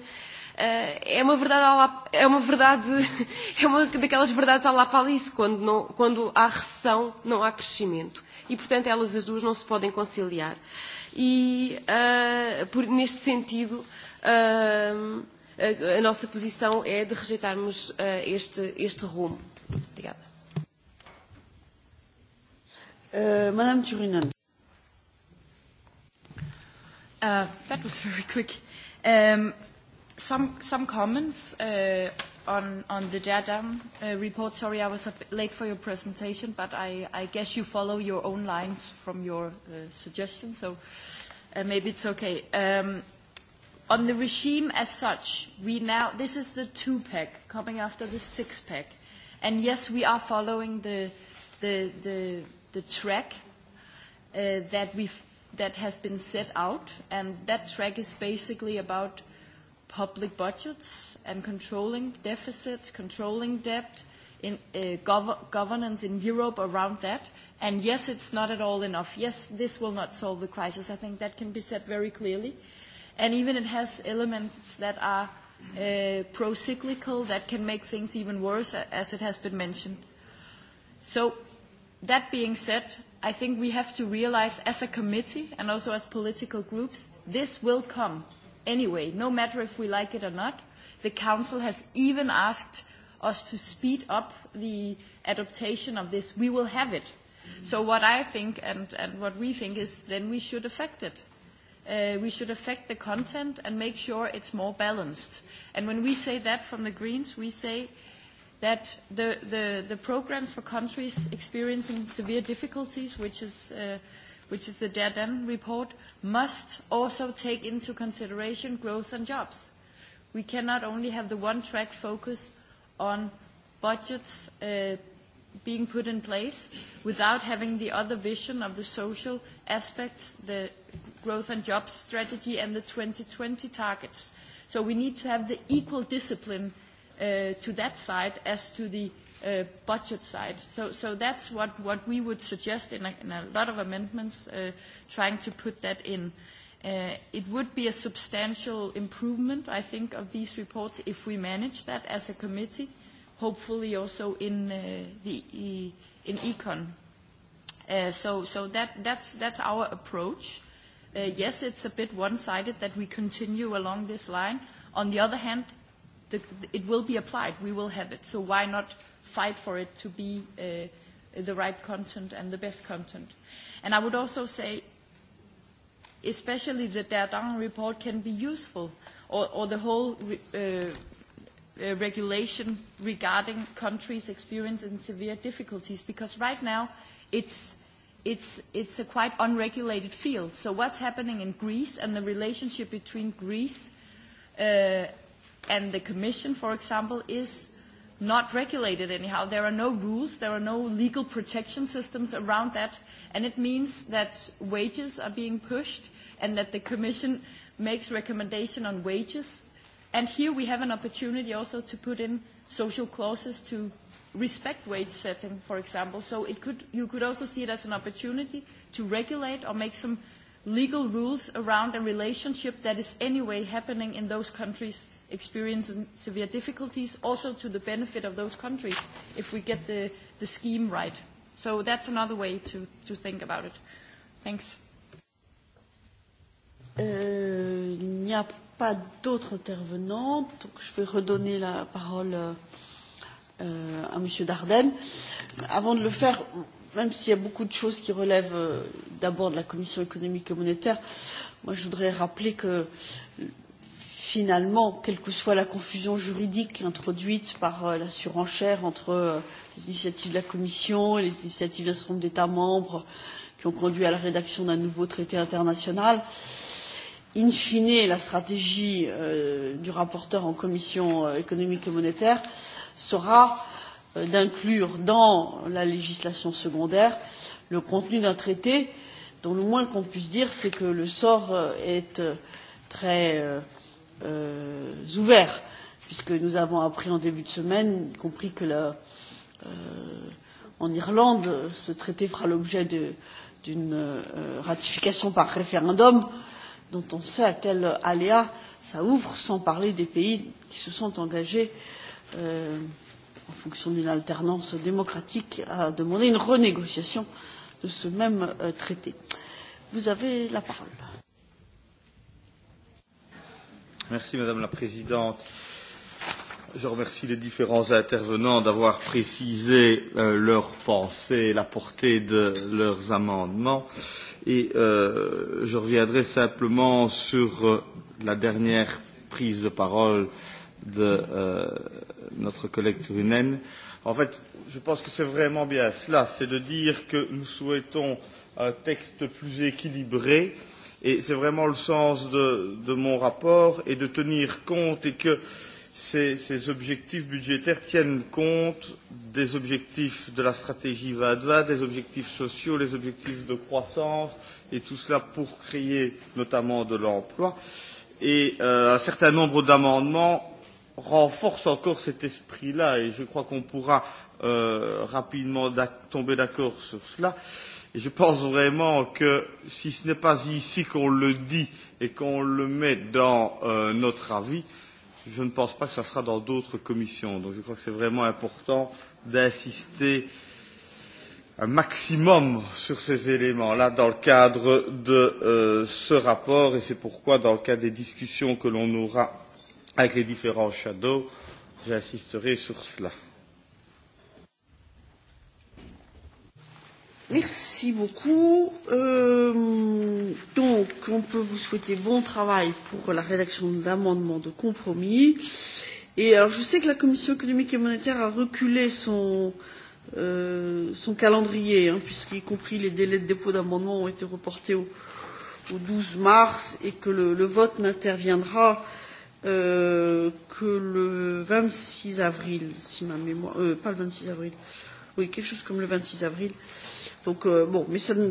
Uh, é uma verdade é uma verdade é uma daquelas verdades à la palice quando não quando há recessão não há crescimento e portanto elas as duas não se podem conciliar uh, e, uh, por, neste sentido, uh, a, a nossa posição é de rejeitarmos uh, este, este rumo. Obrigada. Uh, Madame Turinan. Uh, that was very quick. Um, some, some comments. Uh, on, on the Jadam uh, report. Sorry, I was a bit late for your presentation, but I, I guess you follow your own lines from your uh, suggestion, so uh, maybe it's okay. Um, on the regime as such, we now, this is the two-pack coming after the six-pack. And yes, we are following the, the, the, the track that, we've, that has been set out, and that track is basically about public budgets and controlling deficits, controlling debt, in uh, gov governance in Europe around that. And yes, it's not at all enough. Yes, this will not solve the crisis. I think that can be said very clearly. And even it has elements that are uh, pro-cyclical that can make things even worse, as it has been mentioned. So that being said, I think we have to realize as a committee and also as political groups, this will come anyway, no matter if we like it or not The Council has even asked us to speed up the adaptation of this. We will have it. So what I think and, and what we think is then we should affect it. Uh, we should affect the content and make sure it's more balanced. And when we say that from the Greens, we say that the, the, the programs for countries experiencing severe difficulties, which is, uh, which is the Dardan report, must also take into consideration growth and jobs. We cannot only have the one-track focus on budgets uh, being put in place without having the other vision of the social aspects, the growth and jobs strategy, and the 2020 targets. So we need to have the equal discipline uh, to that side as to the uh, budget side. So, so that's what, what we would suggest in a, in a lot of amendments, uh, trying to put that in. Uh, Uh, it would be a substantial improvement, I think, of these reports if we manage that as a committee, hopefully also in uh, the e, in econ. Uh, so so that, that's, that's our approach. Uh, yes, it's a bit one-sided that we continue along this line. On the other hand, the, it will be applied. We will have it. So why not fight for it to be uh, the right content and the best content? And I would also say especially the Dardang report can be useful, or, or the whole re, uh, uh, regulation regarding countries experiencing severe difficulties, because right now it's, it's, it's a quite unregulated field. So what's happening in Greece and the relationship between Greece uh, and the Commission, for example, is not regulated anyhow. There are no rules, there are no legal protection systems around that And it means that wages are being pushed and that the Commission makes recommendation on wages. And here we have an opportunity also to put in social clauses to respect wage setting, for example. So it could, you could also see it as an opportunity to regulate or make some legal rules around a relationship that is anyway happening in those countries experiencing severe difficulties, also to the benefit of those countries if we get the, the scheme right. So that's another way to, to think about it. Thanks. Euh, il n'y a pas d'autres intervenants, donc je vais redonner la parole euh, euh, à Monsieur Dardenne. Avant de le faire, même s'il y a beaucoup de choses qui relèvent euh, d'abord de la Commission économique et monétaire, moi je voudrais rappeler que finalement, quelle que soit la confusion juridique introduite par euh, la surenchère entre euh, les initiatives de la Commission et les initiatives d'un certain nombre d'États membres qui ont conduit à la rédaction d'un nouveau traité international. In fine, la stratégie euh, du rapporteur en commission euh, économique et monétaire sera euh, d'inclure dans la législation secondaire le contenu d'un traité dont le moins qu'on puisse dire, c'est que le sort euh, est euh, très euh, ouvert, puisque nous avons appris en début de semaine, y compris que la, Euh, en Irlande, ce traité fera l'objet d'une euh, ratification par référendum dont on sait à quel aléa ça ouvre, sans parler des pays qui se sont engagés euh, en fonction d'une alternance démocratique à demander une renégociation de ce même euh, traité. Vous avez la parole. Merci Madame la Présidente. Je remercie les différents intervenants d'avoir précisé euh, leurs pensées, la portée de leurs amendements. Et euh, je reviendrai simplement sur euh, la dernière prise de parole de euh, notre collègue Turunen. En fait, je pense que c'est vraiment bien cela, c'est de dire que nous souhaitons un texte plus équilibré et c'est vraiment le sens de, de mon rapport et de tenir compte et que euh, ces, ces objectifs budgétaires tiennent compte des objectifs de la stratégie 2020, des objectifs sociaux, des objectifs de croissance, et tout cela pour créer notamment de l'emploi. Et euh, un certain nombre d'amendements renforcent encore cet esprit-là, et je crois qu'on pourra euh, rapidement tomber d'accord sur cela. Et je pense vraiment que si ce n'est pas ici qu'on le dit et qu'on le met dans euh, notre avis, je ne pense pas que ce sera dans d'autres commissions. Donc je crois que c'est vraiment important d'insister un maximum sur ces éléments-là dans le cadre de euh, ce rapport et c'est pourquoi dans le cadre des discussions que l'on aura avec les différents shadows, j'insisterai sur cela. Merci beaucoup. Euh, donc, on peut vous souhaiter bon travail pour la rédaction d'amendements de compromis. Et alors, je sais que la Commission économique et monétaire a reculé son, euh, son calendrier, hein, puisqu'y compris les délais de dépôt d'amendements ont été reportés au, au 12 mars et que le, le vote n'interviendra euh, que le 26 avril, si ma mémoire. Euh, pas le 26 avril. Oui, quelque chose comme le 26 avril. Euh, Donc, euh, bon, mais ça ne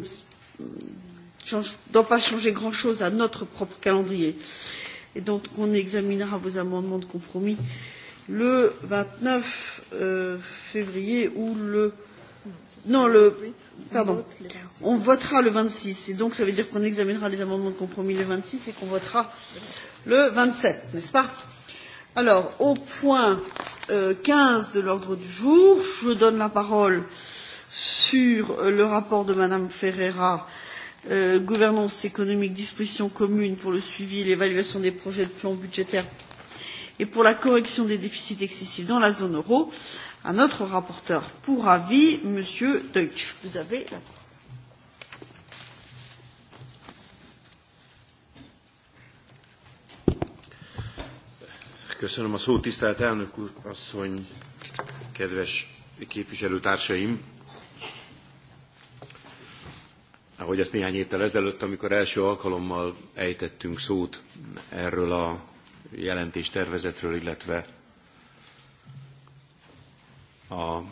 change, doit pas changer grand-chose à notre propre calendrier. Et donc, on examinera vos amendements de compromis le 29 euh, février ou le. Non, le. Pardon. On votera le 26. Et donc, ça veut dire qu'on examinera les amendements de compromis le 26 et qu'on votera le 27, n'est-ce pas Alors, au point euh, 15 de l'ordre du jour, je donne la parole euh, sur euh, le rapport de Mme Ferreira euh, gouvernance économique, dispositions communes pour le suivi et l'évaluation des projets de plan budgétaire et pour la correction des déficits excessifs dans la zone euro, à notre rapporteur pour avis, M. Deutsch. Vous avez la parole. Köszönöm a szót, tisztelt elnök úr, asszony, kedves képviselőtársaim! ahogy ezt néhány héttel ezelőtt, amikor első alkalommal ejtettünk szót erről a jelentés tervezetről, illetve a e,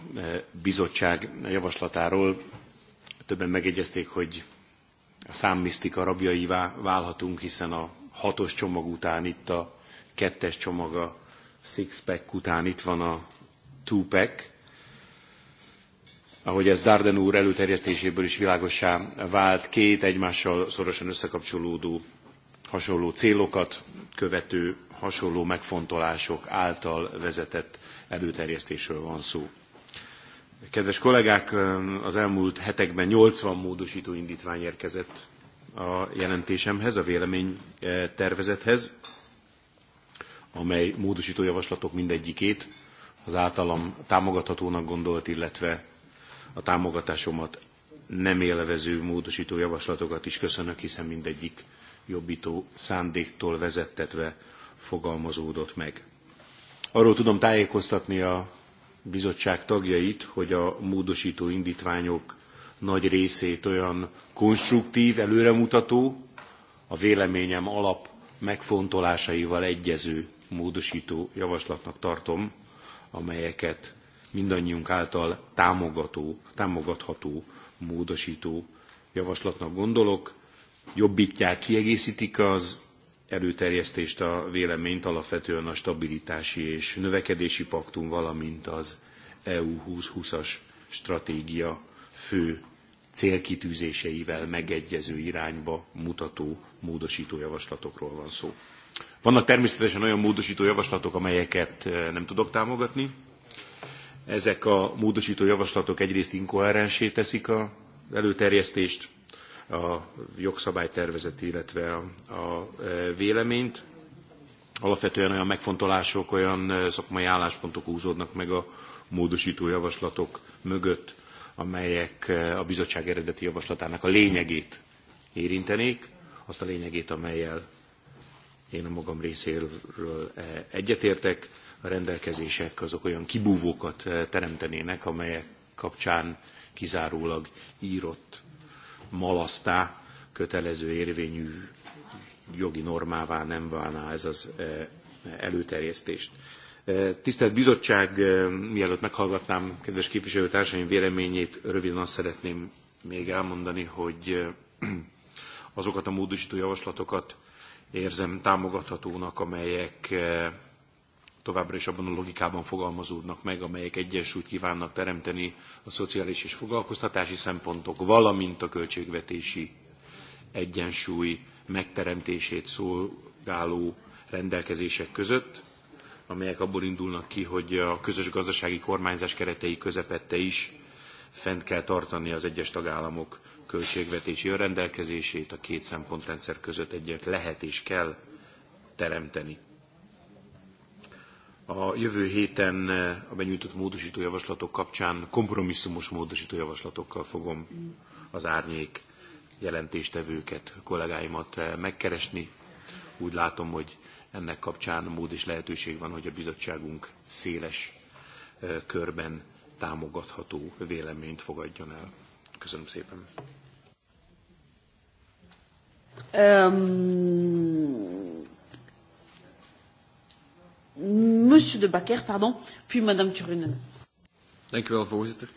bizottság javaslatáról, többen megegyezték, hogy a számmisztika rabjaivá válhatunk, hiszen a hatos csomag után itt a kettes csomag, a six-pack után itt van a two-pack, ahogy ez Darden úr előterjesztéséből is világosá vált, két egymással szorosan összekapcsolódó, hasonló célokat követő, hasonló megfontolások által vezetett előterjesztésről van szó. Kedves kollégák, az elmúlt hetekben 80 módosító indítvány érkezett a jelentésemhez, a vélemény eh, tervezethez, amely módosító javaslatok mindegyikét az általam támogathatónak gondolt, illetve a támogatásomat nem élvező módosító javaslatokat is köszönök, hiszen mindegyik jobbító szándéktól vezettetve fogalmazódott meg. Arról tudom tájékoztatni a bizottság tagjait, hogy a módosító indítványok nagy részét olyan konstruktív, előremutató, a véleményem alap megfontolásaival egyező módosító javaslatnak tartom, amelyeket mindannyiunk által támogató, támogatható, módosító javaslatnak gondolok. Jobbítják, kiegészítik az előterjesztést, a véleményt alapvetően a stabilitási és növekedési paktum, valamint az EU 2020-as stratégia fő célkitűzéseivel megegyező irányba mutató módosító javaslatokról van szó. Vannak természetesen olyan módosító javaslatok, amelyeket eh, nem tudok támogatni, Ezek a módosító javaslatok egyrészt inkoherensé teszik az előterjesztést, a jogszabálytervezet, illetve a, a e, véleményt. Alapvetően olyan megfontolások, olyan e, szakmai álláspontok húzódnak meg a módosító javaslatok mögött, amelyek e, a bizottság eredeti javaslatának a lényegét érintenék, azt a lényegét, amelyel én a magam részéről egyetértek a rendelkezések azok olyan kibúvókat eh, teremtenének, amelyek kapcsán kizárólag írott malasztá kötelező érvényű jogi normává nem válná ez az eh, előterjesztést. Eh, tisztelt Bizottság, mielőtt meghallgatnám kedves képviselőtársaim véleményét, röviden azt szeretném még elmondani, hogy azokat a módosító javaslatokat érzem támogathatónak, amelyek továbbra is abban a logikában fogalmazódnak meg, amelyek egyensúlyt kívánnak teremteni a szociális és foglalkoztatási szempontok, valamint a költségvetési egyensúly megteremtését szolgáló rendelkezések között, amelyek abból indulnak ki, hogy a közös gazdasági kormányzás keretei közepette is fent kell tartani az egyes tagállamok költségvetési önrendelkezését, a két szempontrendszer között egyet lehet és kell teremteni a jövő héten eh, a benyújtott módosító javaslatok kapcsán kompromisszumos módosító javaslatokkal fogom az árnyék jelentéstevőket, kollégáimat eh, megkeresni. Úgy látom, hogy ennek kapcsán mód és lehetőség van, hogy a bizottságunk széles eh, körben támogatható véleményt fogadjon el. Köszönöm szépen. Um, Monsieur de Bakker, pardon, puis Madame Turunen. Dank u wel, voorzitter.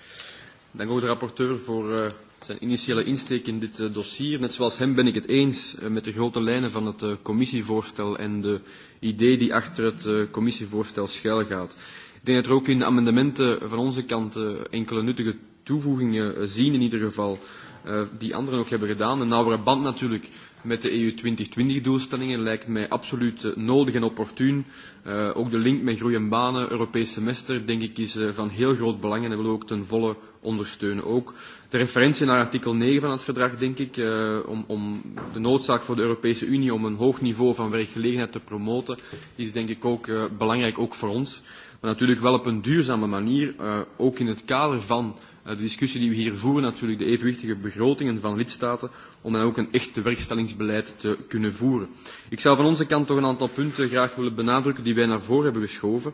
Dank ook de rapporteur voor uh, zijn initiële insteek in dit uh, dossier. Net zoals hem ben ik het eens uh, met de grote lijnen van het uh, commissievoorstel en de idee die achter het uh, commissievoorstel gaat. Ik denk dat er ook in de amendementen van onze kant uh, enkele nuttige toevoegingen uh, zien in ieder geval, uh, die anderen ook hebben gedaan. Een nauwere band natuurlijk met de EU 2020-doelstellingen lijkt mij absoluut eh, nodig en opportun. Uh, ook de link met groei en banen, Europees semester, denk ik, is uh, van heel groot belang en dat willen we ook ten volle ondersteunen. Ook de referentie naar artikel 9 van het verdrag, denk ik, uh, om, om de noodzaak voor de Europese Unie om een hoog niveau van werkgelegenheid te promoten, is denk ik ook uh, belangrijk, ook voor ons. Maar natuurlijk wel op een duurzame manier, uh, ook in het kader van Eh, de discussie die we hier voeren, natuurlijk de evenwichtige begrotingen van lidstaten, om dan ook een echt werkstellingsbeleid te kunnen voeren. Ik zou van onze kant toch een aantal punten graag willen benadrukken die wij naar voren hebben geschoven.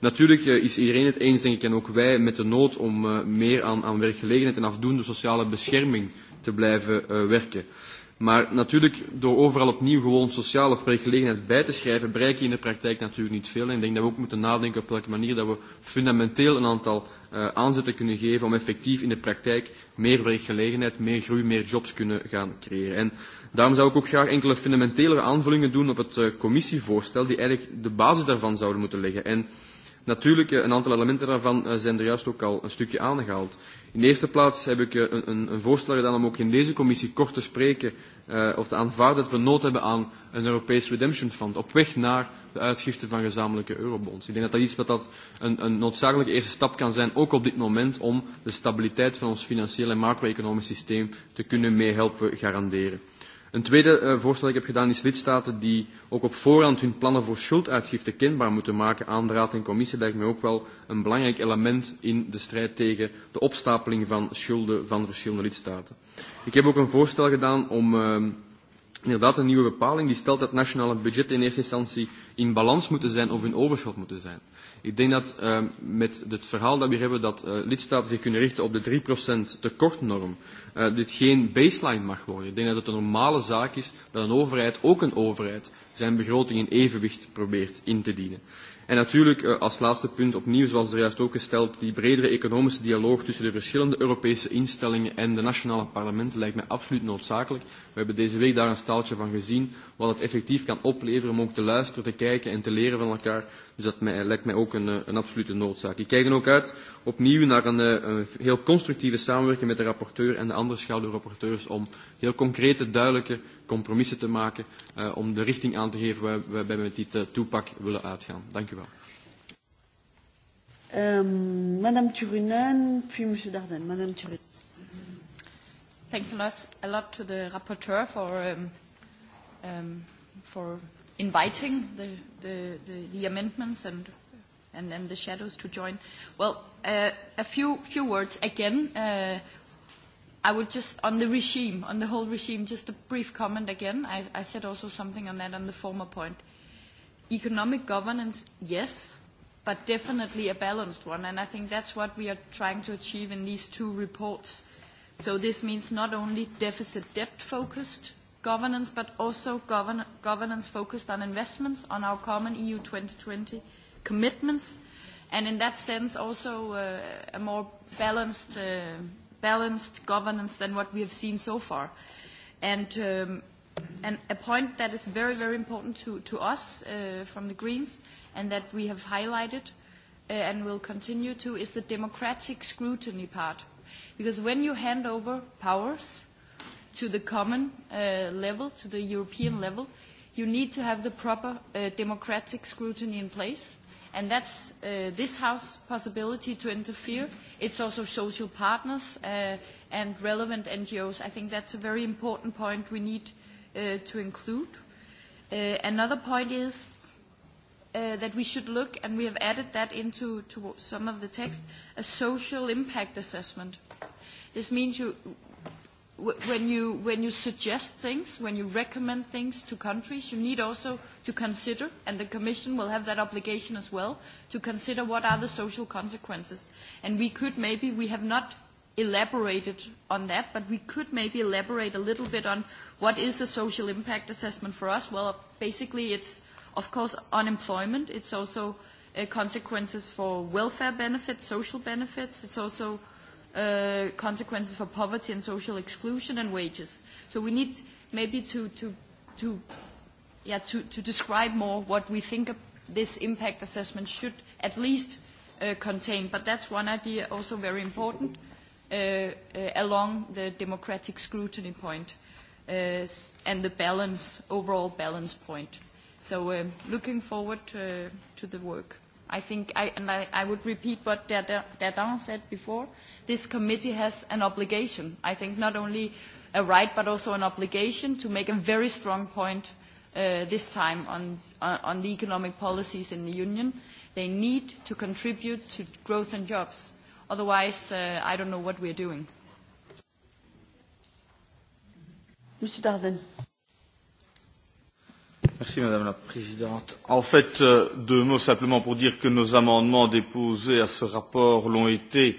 Natuurlijk eh, is iedereen het eens, denk ik, en ook wij, met de nood om eh, meer aan, aan werkgelegenheid en afdoende sociale bescherming te blijven werken. Maar natuurlijk, door overal opnieuw gewoon sociale of werkgelegenheid bij te schrijven, bereik je in de praktijk natuurlijk niet veel. En ik denk dat we ook moeten nadenken op welke manier dat we fundamenteel een aantal uh, aanzetten kunnen geven om effectief in de praktijk meer werkgelegenheid, meer groei, meer jobs kunnen gaan creëren. En daarom zou ik ook graag enkele fundamentele aanvullingen doen op het uh, commissievoorstel, die eigenlijk de basis daarvan zouden moeten leggen. En natuurlijk, uh, een aantal elementen daarvan uh, zijn er juist ook al een stukje aangehaald. In de eerste plaats heb ik eh, een, een, een voorstel gedaan om ook in deze commissie kort te spreken uh, of te aanvaarden dat we nood hebben aan een Europees Redemption Fund op weg naar de uitgifte van gezamenlijke eurobonds. Ik denk dat dat iets wat dat een, een noodzakelijke eerste stap kan zijn, ook op dit moment, om de stabiliteit van ons financiële en macro-economisch systeem te kunnen meehelpen garanderen. Een tweede uh, voorstel dat ik heb gedaan is lidstaten die ook op voorhand hun plannen voor schulduitgifte kenbaar moeten maken aan de Raad en Commissie. Lijkt mij ook wel een belangrijk element in de strijd tegen de opstapeling van schulden van verschillende lidstaten. Ik heb ook een voorstel gedaan om uh, inderdaad een nieuwe bepaling die stelt dat nationale budgetten in eerste instantie in balans moeten zijn of in overschot moeten zijn. Ik denk dat uh, met het verhaal dat we hier hebben dat uh, lidstaten zich kunnen richten op de 3% tekortnorm, uh, dit geen baseline mag worden. Ik denk dat het een normale zaak is dat een overheid, ook een overheid, zijn begroting in evenwicht probeert in te dienen. En natuurlijk, als laatste punt opnieuw, zoals er juist ook gesteld, die bredere economische dialoog tussen de verschillende Europese instellingen en de nationale parlementen lijkt mij absoluut noodzakelijk. We hebben deze week daar een staaltje van gezien, wat het effectief kan opleveren om ook te luisteren, te kijken en te leren van elkaar. Dus dat mij, lijkt mij ook een, eh, een absolute noodzaak. Ik kijk dan ook uit opnieuw naar een, eh, een heel constructieve samenwerking met de rapporteur en de andere schaduwrapporteurs om heel concrete, duidelijke compromissen te maken uh, om de richting aan te geven waar, waarbij we met dit uh, toepak willen uitgaan. Dank u wel. Um, Madame Turunen, puis Monsieur Dardenne. Madame Turunen. Thanks a lot, a lot to the rapporteur for, um, um, for inviting the, the, the, the amendments and and then the shadows to join. Well, uh, a few few words again. Uh, I would just on the regime, on the whole regime, just a brief comment again. I, I said also something on that on the former point. Economic governance, yes, but definitely a balanced one, and I think that's what we are trying to achieve in these two reports. So this means not only deficit debt focused, governance, but also govern governance focused on investments, on our common EU 2020 commitments, and in that sense also uh, a more uh, balanced, governance than what we have seen so far. Um, a point that is very, very important to, us uh, from the Greens and that we have highlighted and will continue to is the democratic scrutiny part. Because when you hand over powers to the common uh, level, to the European mm-hmm. level, you need to have the proper uh, democratic scrutiny in place. And that's uh, this House possibility to interfere. Mm-hmm. It's also social partners uh, and relevant NGOs. I think that's a very important point we need uh, to include. Uh, another point is uh, that we should look, and we have added that into to some of the text, a social impact assessment. This means you, when you, when you suggest things, when you recommend things to countries, you need also to consider, and the Commission will have that obligation as well, to consider what are the social consequences. And we could maybe, we have not elaborated on that, but we could maybe elaborate a little bit on what is a social impact assessment for us. Well, basically it's, of course, unemployment. It's also uh, consequences for welfare benefits, social benefits. It's also uh, consequences for poverty and social exclusion and wages. So we need maybe to, to, to, yeah, to, to describe more what we think this impact assessment should at least uh, contain. But that's one idea also very important uh, uh, along the democratic scrutiny point uh, and the balance, overall balance point. So uh, looking forward to, uh, to the work. I think, I, and I, I would repeat what Dardin said before, uh, this committee has an obligation, I think not only a right but also an obligation to make a very strong point uh, this time on, uh, on the economic policies in the Union. They need to contribute to growth and jobs. Otherwise, uh, I don't know what we're doing. Mr. Darden. Merci Madame la Présidente. En fait, euh, deux mots simplement pour dire que nos amendements déposés à ce rapport l'ont été euh,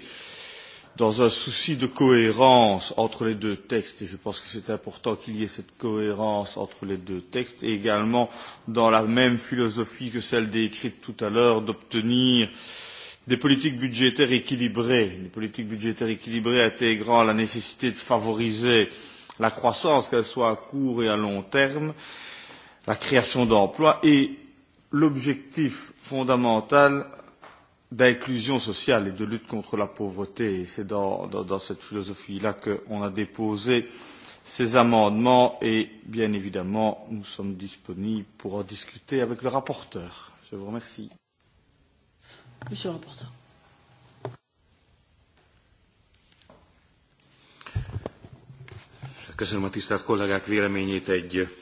dans un souci de cohérence entre les deux textes, et je pense que c'est important qu'il y ait cette cohérence entre les deux textes, et également dans la même philosophie que celle décrite tout à l'heure, d'obtenir des politiques budgétaires équilibrées, des politiques budgétaires équilibrées intégrant la nécessité de favoriser la croissance, qu'elle soit à court et à long terme, la création d'emplois et l'objectif fondamental d'inclusion sociale et de lutte contre la pauvreté. C'est dans, dans, dans cette philosophie-là qu'on a déposé ces amendements et, bien évidemment, nous sommes disponibles pour en discuter avec le rapporteur. Je vous remercie. Monsieur le rapporteur. Köszönöm a tisztelt kollégák véleményét, egy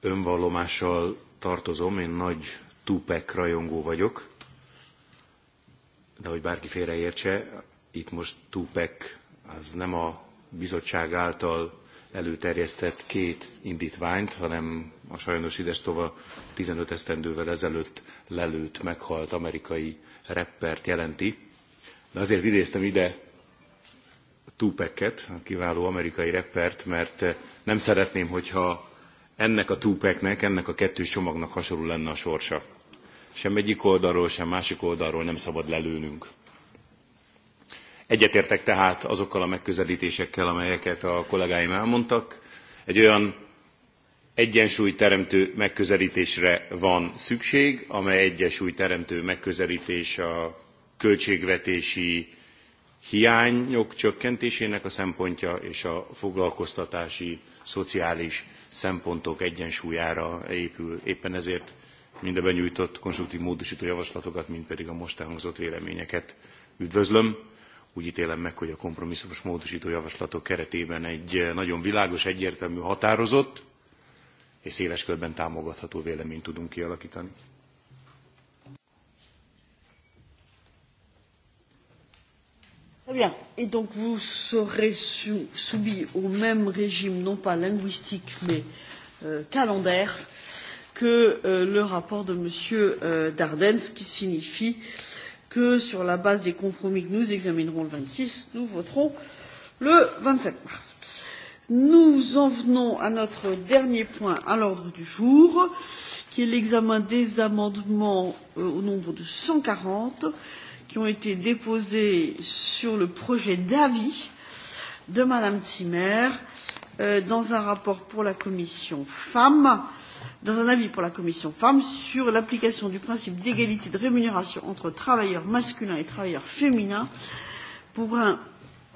önvallomással tartozom, én nagy Tupac rajongó vagyok nehogy bárki félreértse, itt most Tupek, az nem a bizottság által előterjesztett két indítványt, hanem a sajnos idestova 15 esztendővel ezelőtt lelőtt, meghalt amerikai reppert jelenti. De azért idéztem ide Tupeket, a kiváló amerikai reppert, mert nem szeretném, hogyha ennek a Tupeknek, ennek a kettős csomagnak hasonló lenne a sorsa sem egyik oldalról, sem másik oldalról nem szabad lelőnünk. Egyetértek tehát azokkal a megközelítésekkel, amelyeket a kollégáim elmondtak. Egy olyan egyensúlyteremtő megközelítésre van szükség, amely egyensúlyteremtő megközelítés a költségvetési hiányok csökkentésének a szempontja és a foglalkoztatási, szociális szempontok egyensúlyára épül. Éppen ezért mind a benyújtott konstruktív módosító javaslatokat, mind pedig a most elhangzott véleményeket üdvözlöm. Úgy ítélem meg, hogy a kompromisszumos módosító javaslatok keretében egy nagyon világos, egyértelmű, határozott és széles körben támogatható véleményt tudunk kialakítani. Très bien. Et donc vous serez sou soumis au même régime, non pas linguistique, mais euh, calendaire que euh, le rapport de M. Euh, Dardenne, ce qui signifie que sur la base des compromis que nous examinerons le 26, nous voterons le 27 mars. Nous en venons à notre dernier point à l'ordre du jour, qui est l'examen des amendements euh, au nombre de 140 qui ont été déposés sur le projet d'avis de Madame Zimmer euh, dans un rapport pour la commission femmes dans un avis pour la commission FEM sur l'application du principe d'égalité de rémunération entre travailleurs masculins et travailleurs féminins pour un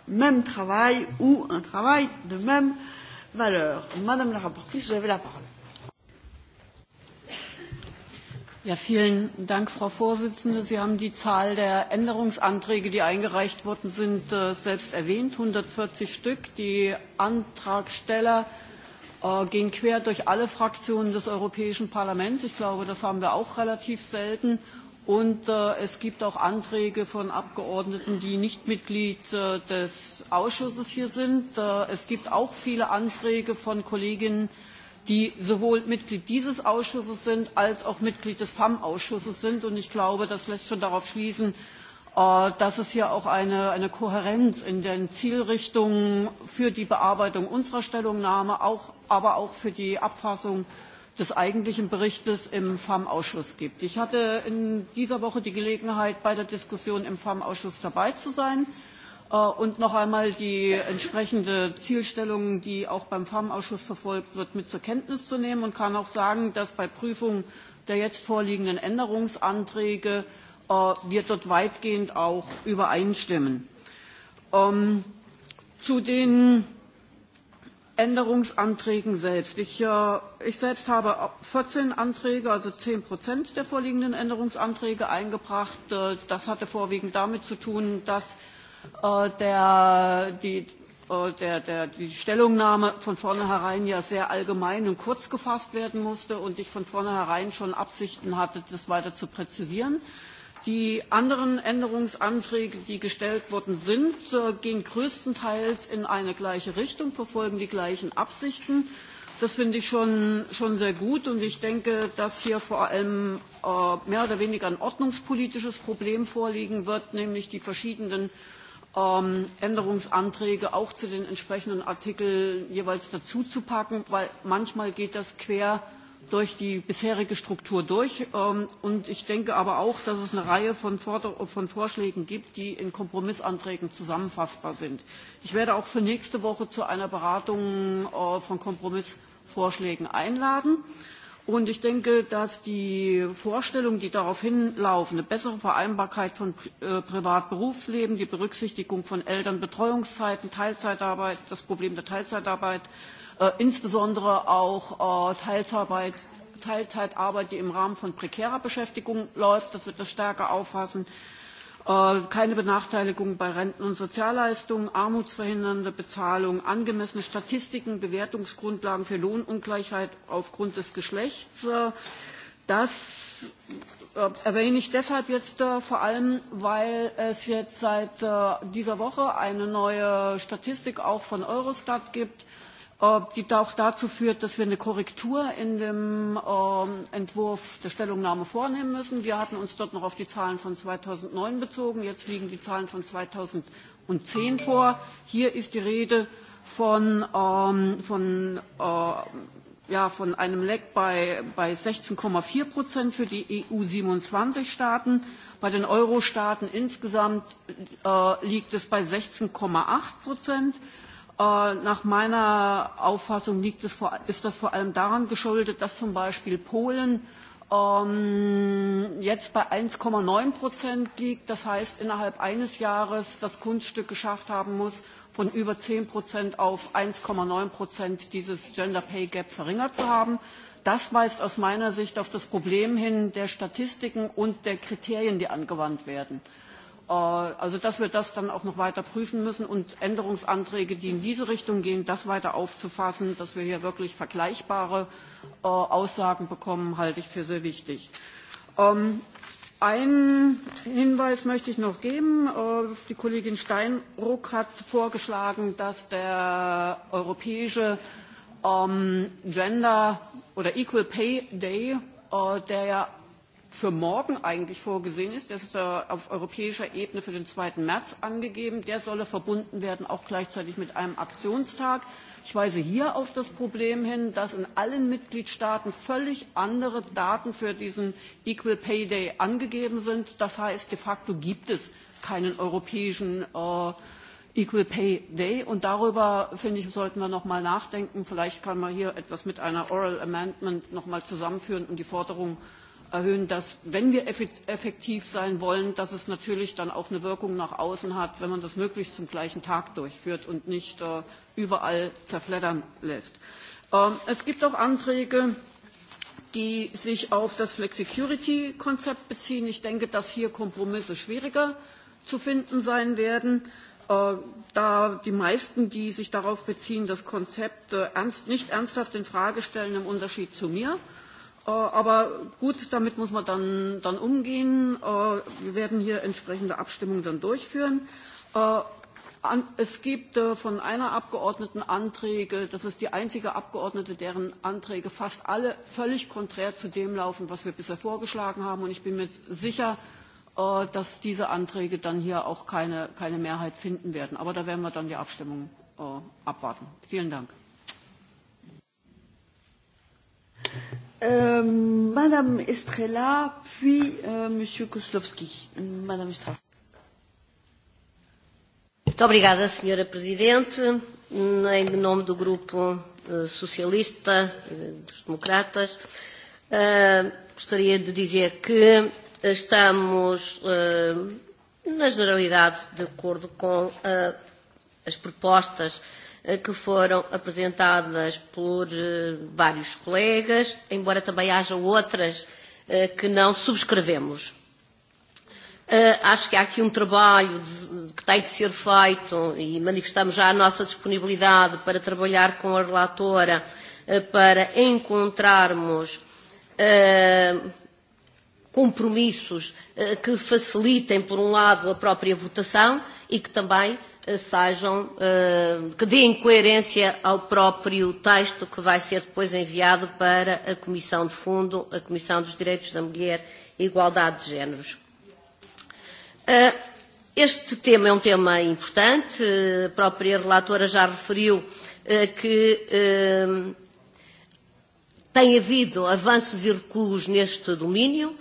même travail ou un travail de même valeur. Madame la rapporteure, vous avez la parole. Ja, vielen Dank, Frau Vorsitzende. Sie haben die Zahl der Änderungsanträge, die eingereicht worden sind, äh, selbst erwähnt. 140 Stück. Die Antragsteller Äh, gehen quer durch alle Fraktionen des Europäischen Parlaments. Ich glaube, das haben wir auch relativ selten. Und äh, es gibt auch Anträge von Abgeordneten, die nicht Mitglied äh, des Ausschusses hier sind. Äh, es gibt auch viele Anträge von Kolleginnen, die sowohl Mitglied dieses Ausschusses sind als auch Mitglied des FAM-Ausschusses sind. Und ich glaube, das lässt schon darauf schließen, äh, dass es hier auch eine, eine, Kohärenz in den Zielrichtungen für die Bearbeitung unserer Stellungnahme, auch aber auch für die Abfassung des eigentlichen Berichts im FAM-Ausschuss gibt. Ich hatte in dieser Woche die Gelegenheit, bei der Diskussion im FAM-Ausschuss dabei zu sein äh, und noch einmal die entsprechende Zielstellung, die auch beim FAM-Ausschuss verfolgt wird, mit zur Kenntnis zu nehmen und kann auch sagen, dass bei Prüfung der jetzt vorliegenden Änderungsanträge äh, wir dort weitgehend auch übereinstimmen. Ähm, zu den Änderungsanträgen selbst. Ich, äh, ich selbst habe 14 Anträge, also 10 Prozent der vorliegenden Änderungsanträge eingebracht. Äh, das hatte vorwiegend damit zu tun, dass äh, der, die, äh, der, der, die Stellungnahme von vornherein ja sehr allgemein und kurz gefasst werden musste und ich von vornherein schon Absichten hatte, das weiter zu präzisieren. Die anderen Änderungsanträge, die gestellt worden sind, äh, gehen größtenteils in eine gleiche Richtung, verfolgen die gleichen Absichten. Das finde ich schon, schon, sehr gut und ich denke, dass hier vor allem äh, mehr oder weniger ein ordnungspolitisches Problem vorliegen wird, nämlich die verschiedenen ähm, Änderungsanträge auch zu den entsprechenden Artikeln jeweils dazu zu packen, weil manchmal geht das quer durch die bisherige Struktur durch. Ähm, und ich denke aber auch, dass es eine Reihe von, von, Vorschlägen gibt, die in Kompromissanträgen zusammenfassbar sind. Ich werde auch für nächste Woche zu einer Beratung äh, von Kompromissvorschlägen einladen. Und ich denke, dass die Vorstellungen, die darauf hinlaufen, eine bessere Vereinbarkeit von äh, Privatberufsleben, die Berücksichtigung von Eltern, Betreuungszeiten, Teilzeitarbeit, das Problem der Teilzeitarbeit, Äh, insbesondere auch äh, Teilzeitarbeit, Teilzeitarbeit, die im Rahmen von prekärer Beschäftigung läuft, das wird das stärker auffassen äh, keine Benachteiligung bei Renten und Sozialleistungen, armutsverhindernde Bezahlung, angemessene Statistiken, Bewertungsgrundlagen für Lohnungleichheit aufgrund des Geschlechts. Das erwähne ich deshalb jetzt vor allem, weil es jetzt seit dieser Woche eine neue Statistik auch von Eurostat gibt, die auch dazu führt, dass wir eine Korrektur in dem ähm, Entwurf der Stellungnahme vornehmen müssen. Wir hatten uns dort noch auf die Zahlen von 2009 bezogen. Jetzt liegen die Zahlen von 2010 vor. Hier ist die Rede von, ähm, von, äh, ja, von einem Leck bei, bei 16,4 Prozent für die EU-27-Staaten. Bei den Euro-Staaten insgesamt äh, liegt es bei 16,8 Prozent. Äh, nach meiner Auffassung liegt es vor, ist das vor allem daran geschuldet, dass zum Beispiel Polen ähm, jetzt bei 1,9 Prozent liegt. Das heißt, innerhalb eines Jahres das Kunststück geschafft haben muss, von über 10 Prozent auf 1,9 Prozent dieses Gender Pay Gap verringert zu haben. Das weist aus meiner Sicht auf das Problem hin der Statistiken und der Kriterien, die angewandt werden. Äh, also dass wir das dann auch noch weiter prüfen müssen und Änderungsanträge, die in diese Richtung gehen, das weiter aufzufassen, dass wir hier wirklich vergleichbare äh, Aussagen bekommen, halte ich für sehr wichtig. Ähm, einen Hinweis möchte ich noch geben. Äh, die Kollegin Steinruck hat vorgeschlagen, dass der europäische ähm, Gender oder Equal Pay Day, äh, der ja für morgen eigentlich vorgesehen ist, der ist auf europäischer Ebene für den 2. März angegeben, der solle verbunden werden auch gleichzeitig mit einem Aktionstag. Ich weise hier auf das Problem hin, dass in allen Mitgliedstaaten völlig andere Daten für diesen Equal Pay Day angegeben sind. Das heißt, de facto gibt es keinen europäischen äh, Equal Pay Day. Und darüber, finde ich, sollten wir noch mal nachdenken. Vielleicht kann man hier etwas mit einer Oral Amendment noch mal zusammenführen, und die Forderung erhöhen, dass, wenn wir effektiv sein wollen, dass es natürlich dann auch eine Wirkung nach außen hat, wenn man das möglichst zum gleichen Tag durchführt und nicht äh, überall zerfleddern lässt. Ähm, es gibt auch Anträge, die sich auf das Flexicurity-Konzept beziehen. Ich denke, dass hier Kompromisse schwieriger zu finden sein werden äh, da die meisten, die sich darauf beziehen, das Konzept äh, ernst, nicht ernsthaft in Frage stellen, im Unterschied zu mir, Äh, aber gut, damit muss man dann, dann umgehen. Äh, wir werden hier entsprechende Abstimmungen dann durchführen. Äh, es gibt von einer Abgeordneten Anträge, das ist die einzige Abgeordnete, deren Anträge fast alle völlig konträr zu dem laufen, was wir bisher vorgeschlagen haben. Und ich bin mir sicher, dass diese Anträge dann hier auch keine, keine Mehrheit finden werden. Aber da werden wir dann die Abstimmung abwarten. Vielen Dank. Euh, Madame Estrella, puis euh, Monsieur Madame Estrella. Muito obrigada, Senhora Presidente. Em nome do Grupo eh, Socialista eh, dos Democratas, uh, gostaria de dizer que estamos, uh, na generalidade, de acordo com uh, as propostas uh, Eh, que foram apresentadas por eh, vários colegas, embora também haja outras eh, que não subscrevemos. Acho que há aqui um trabalho que tem de ser feito e manifestamos já a nossa disponibilidade para trabalhar com a relatora para encontrarmos compromissos que facilitem, por um lado, a própria votação e que também Eh, sejam, eh, que deem coerência ao próprio texto que vai ser depois enviado para a Comissão de Fundo, a Comissão dos Direitos da Mulher e Igualdade de Géneros. Eh, este tema é um tema importante, a própria relatora já referiu que tem havido avanços e recuos neste domínio,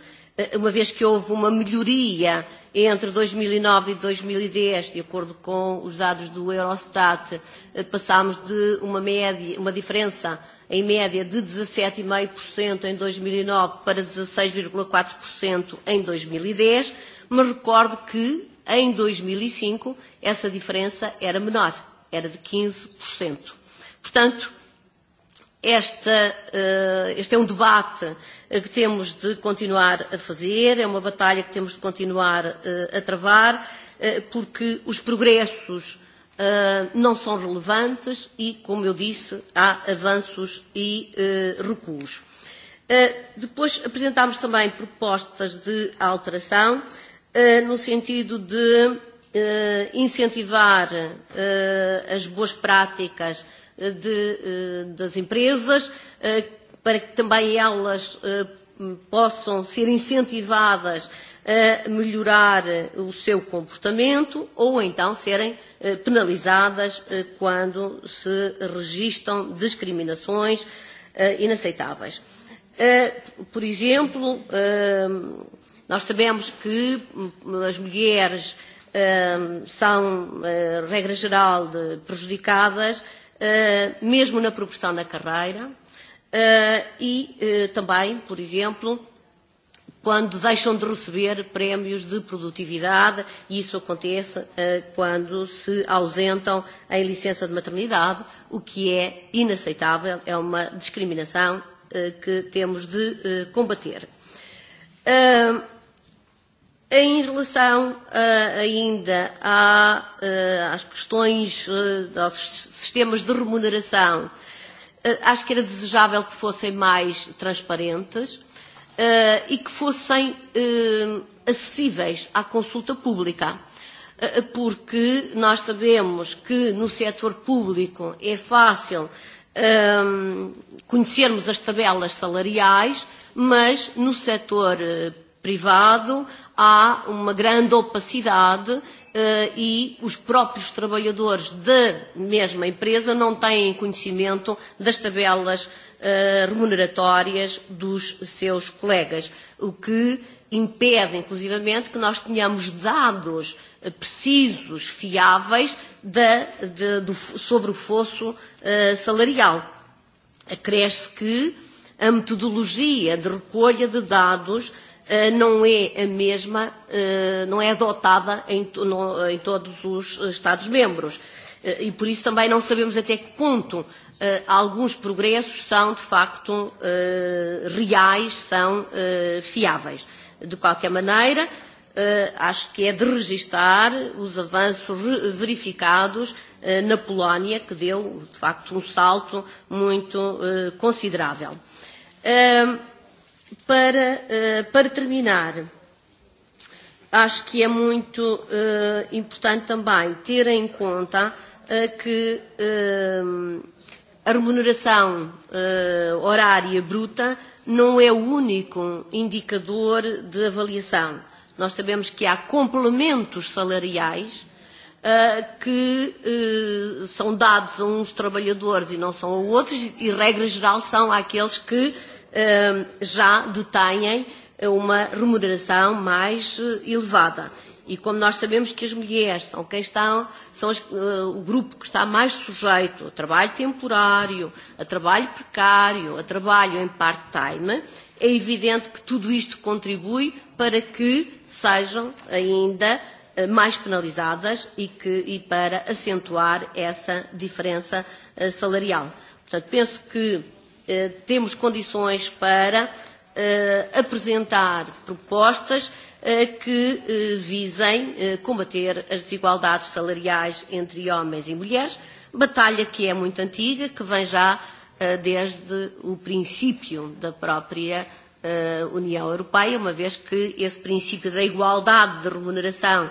uma vez que houve uma melhoria entre 2009 e 2010, e e de acordo com os dados do Eurostat, eh, passámos de uma, média, uma diferença em média de 17,5% em 2009 e para 16,4% em 2010, mas recordo que em 2005 essa diferença era menor, era de 15%. Portanto, Esta, eh, este é um debate eh, que temos de continuar a fazer, é uma batalha que temos de continuar eh, a travar, porque os progressos não são relevantes e, como eu disse, há avanços e recuos. Depois apresentámos também propostas de alteração no sentido de incentivar as boas práticas de, eh, das empresas, eh, para que também elas eh, possam ser incentivadas a melhorar o seu comportamento ou então serem penalizadas quando se registam discriminações inaceitáveis. Por exemplo, nós sabemos que as mulheres são, regra geral, prejudicadas Eh, mesmo na progressão na carreira, eh, e eh, também, por exemplo, quando deixam de receber prémios de produtividade, e isso acontece quando se ausentam em licença de maternidade, o que é inaceitável, é uma discriminação que temos de combater. Uh, Em relação uh, ainda à, uh, eh, às questões uh, aos sistemas de remuneração, uh, acho que era desejável que fossem mais transparentes uh, e que fossem uh, acessíveis à consulta pública, uh, porque nós sabemos que no setor público é fácil uh, conhecermos as tabelas salariais, mas no setor privado há uma grande opacidade eh, e os próprios trabalhadores da mesma empresa não têm conhecimento das tabelas eh, remuneratórias dos seus colegas, o que impede, inclusivamente, que nós tenhamos dados eh, precisos, fiáveis, de, de, do, sobre o fosso uh, salarial. Acresce que a metodologia de recolha de dados uh, Eh, não é a mesma, eh, não é adotada em, no, em todos os Estados-membros. Eh, e por isso também não sabemos até que ponto alguns progressos são, de facto, reais, são fiáveis. De qualquer maneira, acho que é de registar os avanços verificados na Polónia, que deu, de facto, um salto muito considerável. Para, uh, para terminar, acho que é muito uh, importante também ter em conta uh, que uh, a remuneração uh, horária bruta não é o único indicador de avaliação. Nós sabemos que há complementos salariais uh, que uh, são dados a uns trabalhadores e não são a outros, e regra geral são aqueles que uh, Ehm, já detêm uma remuneração mais eh, elevada. E como nós sabemos que as mulheres são quem estão, são as, uh, o grupo que está mais sujeito a trabalho temporário, a trabalho precário, a trabalho em part-time, é evidente que tudo isto contribui para que sejam ainda uh, mais penalizadas e, que, e para acentuar essa diferença uh, salarial. Portanto, penso que Eh, temos condições para eh, apresentar propostas eh, que visem combater as desigualdades salariais entre homens e mulheres, batalha que é muito antiga, que vem já desde o princípio da própria União Europeia, uma vez que esse princípio da igualdade de remuneração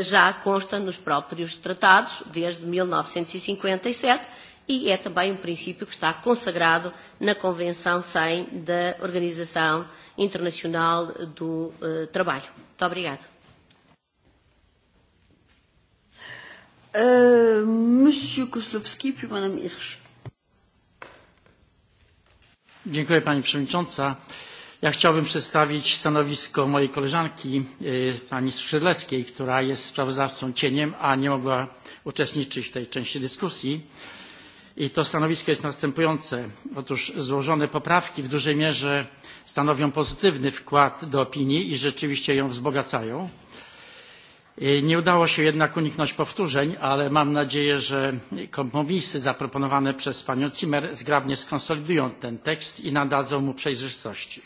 já consta nos próprios tratados, desde 1957, e é também um princípio que está consagrado na Convenção 100 da Organização Internacional do uh, Trabalho. Muito obrigada. Eh, Monsieur Koslowski, puis Madame Hirsch. Dziękuję Pani Przewodnicząca. Ja chciałbym przedstawić stanowisko mojej koleżanki, e, pani Skrzydlewskiej, która jest sprawozdawcą cieniem, a nie mogła uczestniczyć w tej części dyskusji i to stanowisko jest następujące. Otóż złożone poprawki w dużej mierze stanowią pozytywny wkład do opinii i rzeczywiście ją wzbogacają. Nie udało się jednak uniknąć powtórzeń, ale mam nadzieję, że kompromisy zaproponowane przez panią Zimmer zgrabnie skonsolidują ten tekst i nadadzą mu przejrzystości.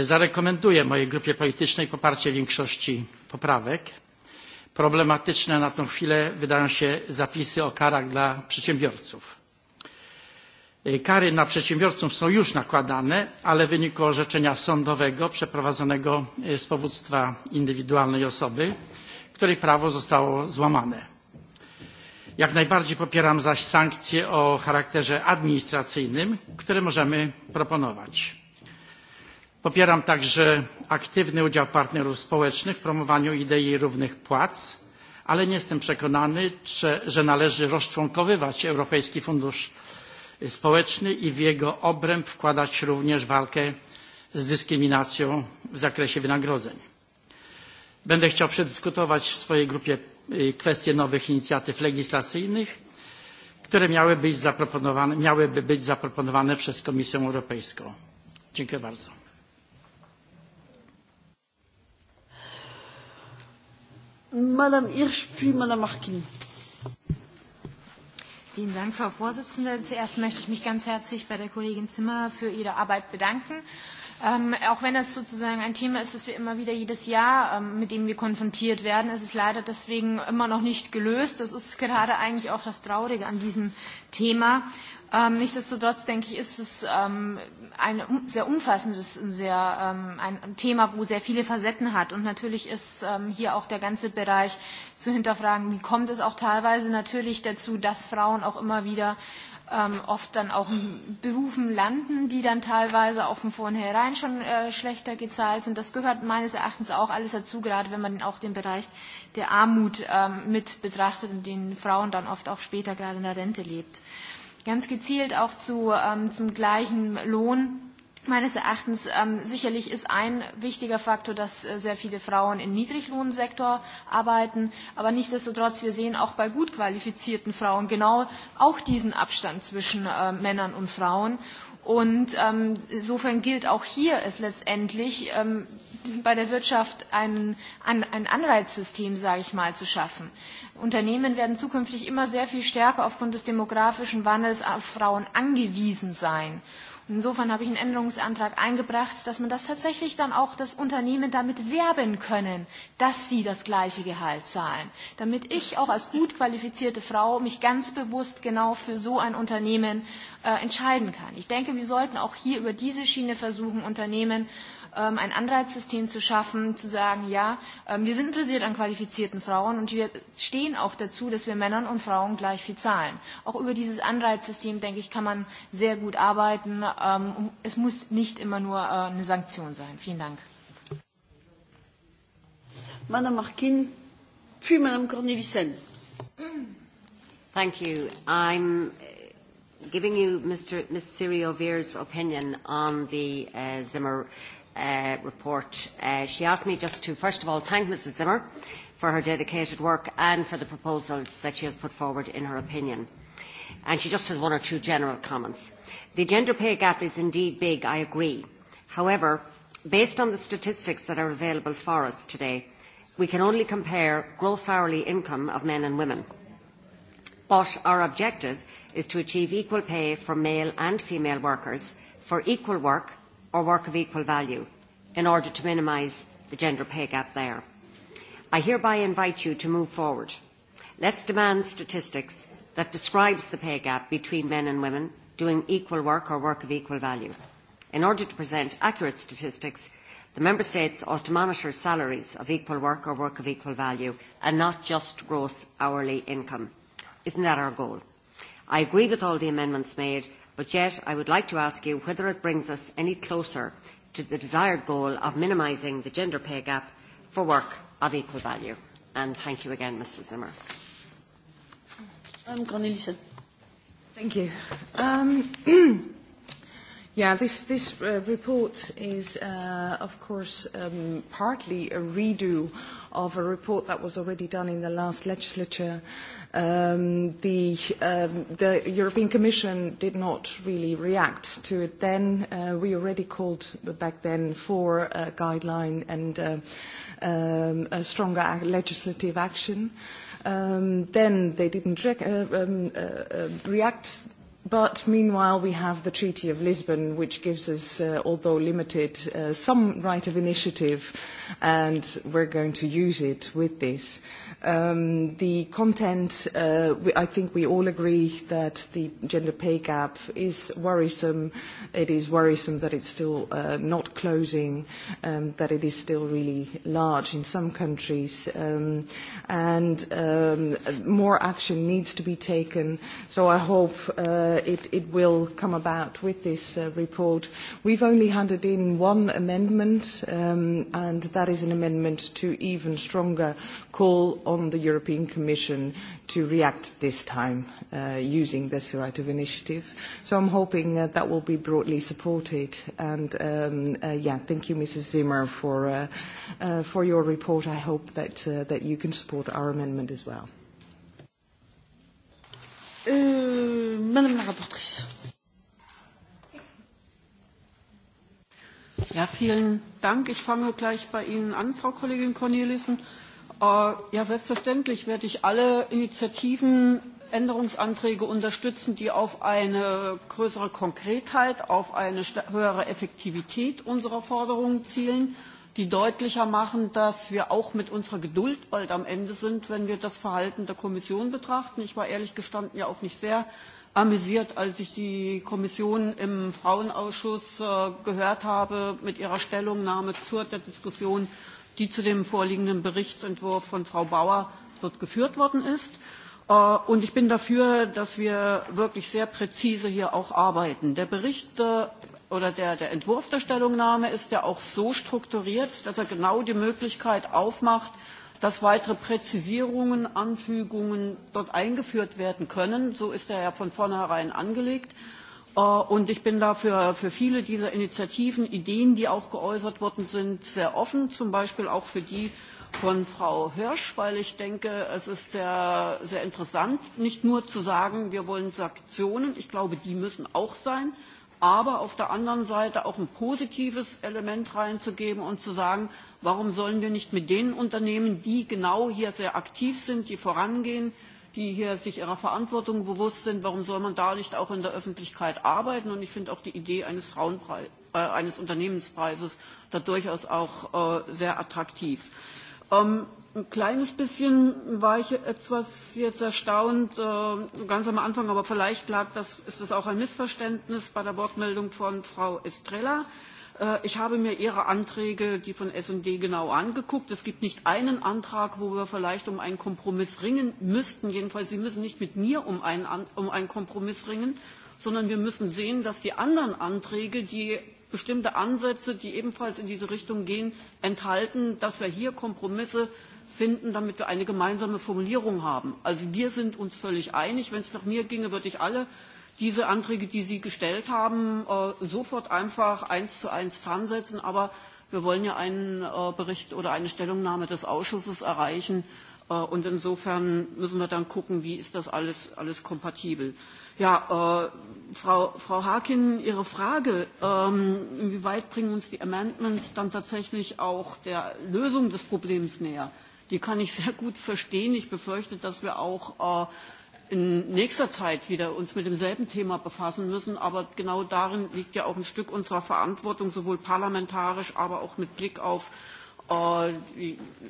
Zarekomenduję mojej grupie politycznej poparcie większości poprawek problematyczne na tą chwilę wydają się zapisy o karach dla przedsiębiorców. E, kary na przedsiębiorców są już nakładane, ale w wyniku orzeczenia sądowego przeprowadzonego e, z powództwa indywidualnej osoby, której prawo zostało złamane. Jak najbardziej popieram zaś sankcje o charakterze administracyjnym, które możemy proponować. Popieram także aktywny udział partnerów społecznych w promowaniu idei równych płac, ale nie jestem przekonany, że należy rozczłonkowywać Europejski Fundusz Społeczny i w jego obręb wkładać również walkę z dyskryminacją w zakresie wynagrodzeń. Będę chciał przedyskutować w swojej grupie kwestie nowych inicjatyw legislacyjnych, które miały być zaproponowane, miałyby być zaproponowane przez Komisję Europejską. Dziękuję bardzo. Madame Hirsch, puis Madame Vielen Dank, Frau Vorsitzende. Zuerst möchte ich mich ganz herzlich bei der Kollegin Zimmer für ihre Arbeit bedanken. Ähm, auch wenn das sozusagen ein Thema ist, das wir immer wieder jedes Jahr ähm, mit dem wir konfrontiert werden, ist es leider deswegen immer noch nicht gelöst. Das ist gerade eigentlich auch das Traurige an diesem Thema. Ähm, nichtsdestotrotz denke ich, ist es ähm, ein um, sehr umfassendes, ein, sehr, ähm, ein Thema, wo sehr viele Facetten hat. Und natürlich ist ähm, hier auch der ganze Bereich zu hinterfragen, wie kommt es auch teilweise natürlich dazu, dass Frauen auch immer wieder ähm, oft dann auch in Berufen landen, die dann teilweise auch von vornherein schon äh, schlechter gezahlt sind. Das gehört meines Erachtens auch alles dazu, gerade wenn man auch den Bereich der Armut ähm, mit betrachtet, in den Frauen dann oft auch später gerade in der Rente lebt ganz gezielt auch zu, ähm, zum gleichen Lohn. Meines Erachtens ähm, sicherlich ist ein wichtiger Faktor, dass äh, sehr viele Frauen im Niedriglohnsektor arbeiten, aber nichtsdestotrotz, wir sehen auch bei gut qualifizierten Frauen genau auch diesen Abstand zwischen äh, Männern und Frauen. Und ähm, insofern gilt auch hier es letztendlich, ähm, bei der Wirtschaft ein, ein, ein Anreizsystem, sage ich mal, zu schaffen. Unternehmen werden zukünftig immer sehr viel stärker aufgrund des demografischen Wandels auf Frauen angewiesen sein. Insofern habe ich einen Änderungsantrag eingebracht, dass man das tatsächlich dann auch das Unternehmen damit werben können, dass sie das gleiche Gehalt zahlen. Damit ich auch als gut qualifizierte Frau mich ganz bewusst genau für so ein Unternehmen äh, entscheiden kann. Ich denke, wir sollten auch hier über diese Schiene versuchen, Unternehmen ähm, ein Anreizsystem zu schaffen, zu sagen, ja, ähm, wir sind interessiert an qualifizierten Frauen und wir stehen auch dazu, dass wir Männern und Frauen gleich viel zahlen. Auch über dieses Anreizsystem, denke ich, kann man sehr gut arbeiten. Ähm, es muss nicht immer nur äh, eine Sanktion sein. Vielen Dank. Madame Marquin, puis Madame Cornelissen. Thank you. I'm uh, giving you Mr. Ms. Siri opinion on the uh, Zimmer uh, report. Uh, she asked me just to, first of all, thank Mrs Zimmer for her dedicated work and for the proposals that she has put forward in her opinion. And she just has one or two general comments. The gender pay gap is indeed big, I agree. However, based on the statistics that are available for us today, we can only compare gross hourly income of men and women. But our objective is to achieve equal pay for male and female workers for equal work or work of equal value in order to minimise the gender pay gap there. I hereby invite you to move forward. Let us demand statistics that describes the pay gap between men and women doing equal work or work of equal value. In order to present accurate statistics, the Member States ought to monitor salaries of equal work or work of equal value and not just gross hourly income. Isn't that our goal? I agree with all the amendments made but yet I would like to ask you whether it brings us any closer to the desired goal of minimising the gender pay gap for work of equal value. And thank you again, Mrs. Zimmer. Um, Yeah, this, this uh, report is, uh, of course, um, partly a redo of a report that was already done in the last legislature. Um, the, um, the European Commission did not really react to it then. Uh, we already called back then for a guideline and uh, um, a stronger legislative action. Um, then they didn't re- uh, um, uh, uh, react But meanwhile, we have the Treaty of Lisbon, which gives us, uh, although limited, uh, some right of initiative, and we're going to use it with this. Um, the content, uh, we, I think we all agree that the gender pay gap is worrisome. It is worrisome that it's still uh, not closing, um, that it is still really large in some countries, um, and um, more action needs to be taken. So I hope. Uh, it, it will come about with this uh, report. We've only handed in one amendment, um, and that is an amendment to even stronger call on the European Commission to react this time uh, using this right of initiative. So I'm hoping uh, that will be broadly supported. And um, uh, yeah, thank you, Mrs. Zimmer, for, uh, uh, for your report. I hope that, uh, that you can support our amendment as well. Euh, Madame la rapporteure. Ja, vielen Dank. Ich fange gleich bei Ihnen an, Frau Kollegin Cornelissen. Äh, ja, selbstverständlich werde ich alle Initiativen, Änderungsanträge unterstützen, die auf eine größere Konkretheit, auf eine höhere Effektivität unserer Forderungen zielen die deutlicher machen, dass wir auch mit unserer Geduld bald am Ende sind, wenn wir das Verhalten der Kommission betrachten. Ich war ehrlich gestanden ja auch nicht sehr amüsiert, als ich die Kommission im Frauenausschuss äh, gehört habe mit ihrer Stellungnahme zur der Diskussion, die zu dem vorliegenden Berichtsentwurf von Frau Bauer dort geführt worden ist. Äh, und ich bin dafür, dass wir wirklich sehr präzise hier auch arbeiten. Der Bericht äh, oder der, der Entwurf der Stellungnahme ist ja auch so strukturiert, dass er genau die Möglichkeit aufmacht, dass weitere Präzisierungen, Anfügungen dort eingeführt werden können. So ist er ja von vornherein angelegt. Äh, und ich bin dafür für viele dieser Initiativen, Ideen, die auch geäußert worden sind, sehr offen, zum Beispiel auch für die von Frau Hirsch, weil ich denke, es ist sehr, sehr interessant, nicht nur zu sagen, wir wollen Sanktionen, ich glaube, die müssen auch sein, aber auf der anderen Seite auch ein positives Element reinzugeben und zu sagen, warum sollen wir nicht mit den Unternehmen, die genau hier sehr aktiv sind, die vorangehen, die hier sich ihrer Verantwortung bewusst sind, warum soll man da nicht auch in der Öffentlichkeit arbeiten? Und ich finde auch die Idee eines, äh, eines Unternehmenspreises da durchaus auch äh, sehr attraktiv. Ähm, ein kleines bisschen war ich etwas jetzt erstaunt, äh, ganz am Anfang, aber vielleicht lag das, ist das auch ein Missverständnis bei der Wortmeldung von Frau Estrella. Äh, ich habe mir Ihre Anträge, die von S&D, genau angeguckt. Es gibt nicht einen Antrag, wo wir vielleicht um einen Kompromiss ringen müssten. Jedenfalls, Sie müssen nicht mit mir um einen, um einen Kompromiss ringen, sondern wir müssen sehen, dass die anderen Anträge, die bestimmte Ansätze, die ebenfalls in diese Richtung gehen, enthalten, dass wir hier Kompromisse finden, damit wir eine gemeinsame Formulierung haben. Also wir sind uns völlig einig. Wenn es nach mir ginge, würde ich alle diese Anträge, die Sie gestellt haben, äh, sofort einfach eins zu eins dran setzen. Aber wir wollen ja einen äh, Bericht oder eine Stellungnahme des Ausschusses erreichen. Äh, und insofern müssen wir dann gucken, wie ist das alles, alles kompatibel. Ja, äh, Frau, Frau Harkin, Ihre Frage, ähm, inwieweit bringen uns die Amendments dann tatsächlich auch der Lösung des Problems näher? die kann ich sehr gut verstehen. Ich befürchte, dass wir auch äh, in nächster Zeit wieder uns mit demselben Thema befassen müssen. Aber genau darin liegt ja auch ein Stück unserer Verantwortung, sowohl parlamentarisch, aber auch mit Blick auf äh,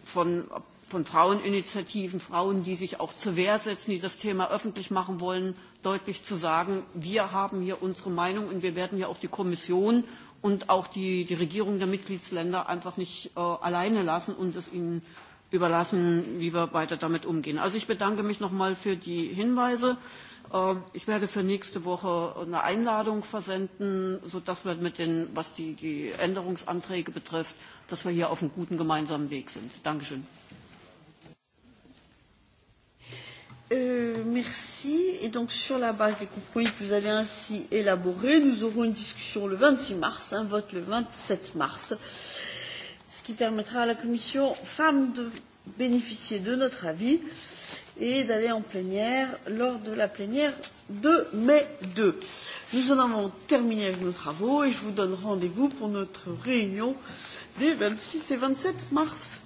von, von Fraueninitiativen, Frauen, die sich auch zur Wehr setzen, die das Thema öffentlich machen wollen, deutlich zu sagen, wir haben hier unsere Meinung und wir werden ja auch die Kommission und auch die, die Regierung der Mitgliedsländer einfach nicht äh, alleine lassen und es ihnen überlassen, wie wir weiter damit umgehen. Also ich bedanke mich nochmal für die Hinweise. Ähm, ich werde für nächste Woche eine Einladung versenden, sodass wir mit den, was die, die Änderungsanträge betrifft, dass wir hier auf einem guten gemeinsamen Weg sind. Dankeschön. Euh, merci. Et donc sur la base des compromis que vous avez ainsi élaborés, nous aurons une discussion le 26 mars, un vote le 27 mars ce qui permettra à la commission FAM de bénéficier de notre avis et d'aller en plénière lors de la plénière de mai ii. Nous en avons terminé avec nos travaux et je vous donne rendez-vous pour notre réunion des vingt six et vingt sept mars.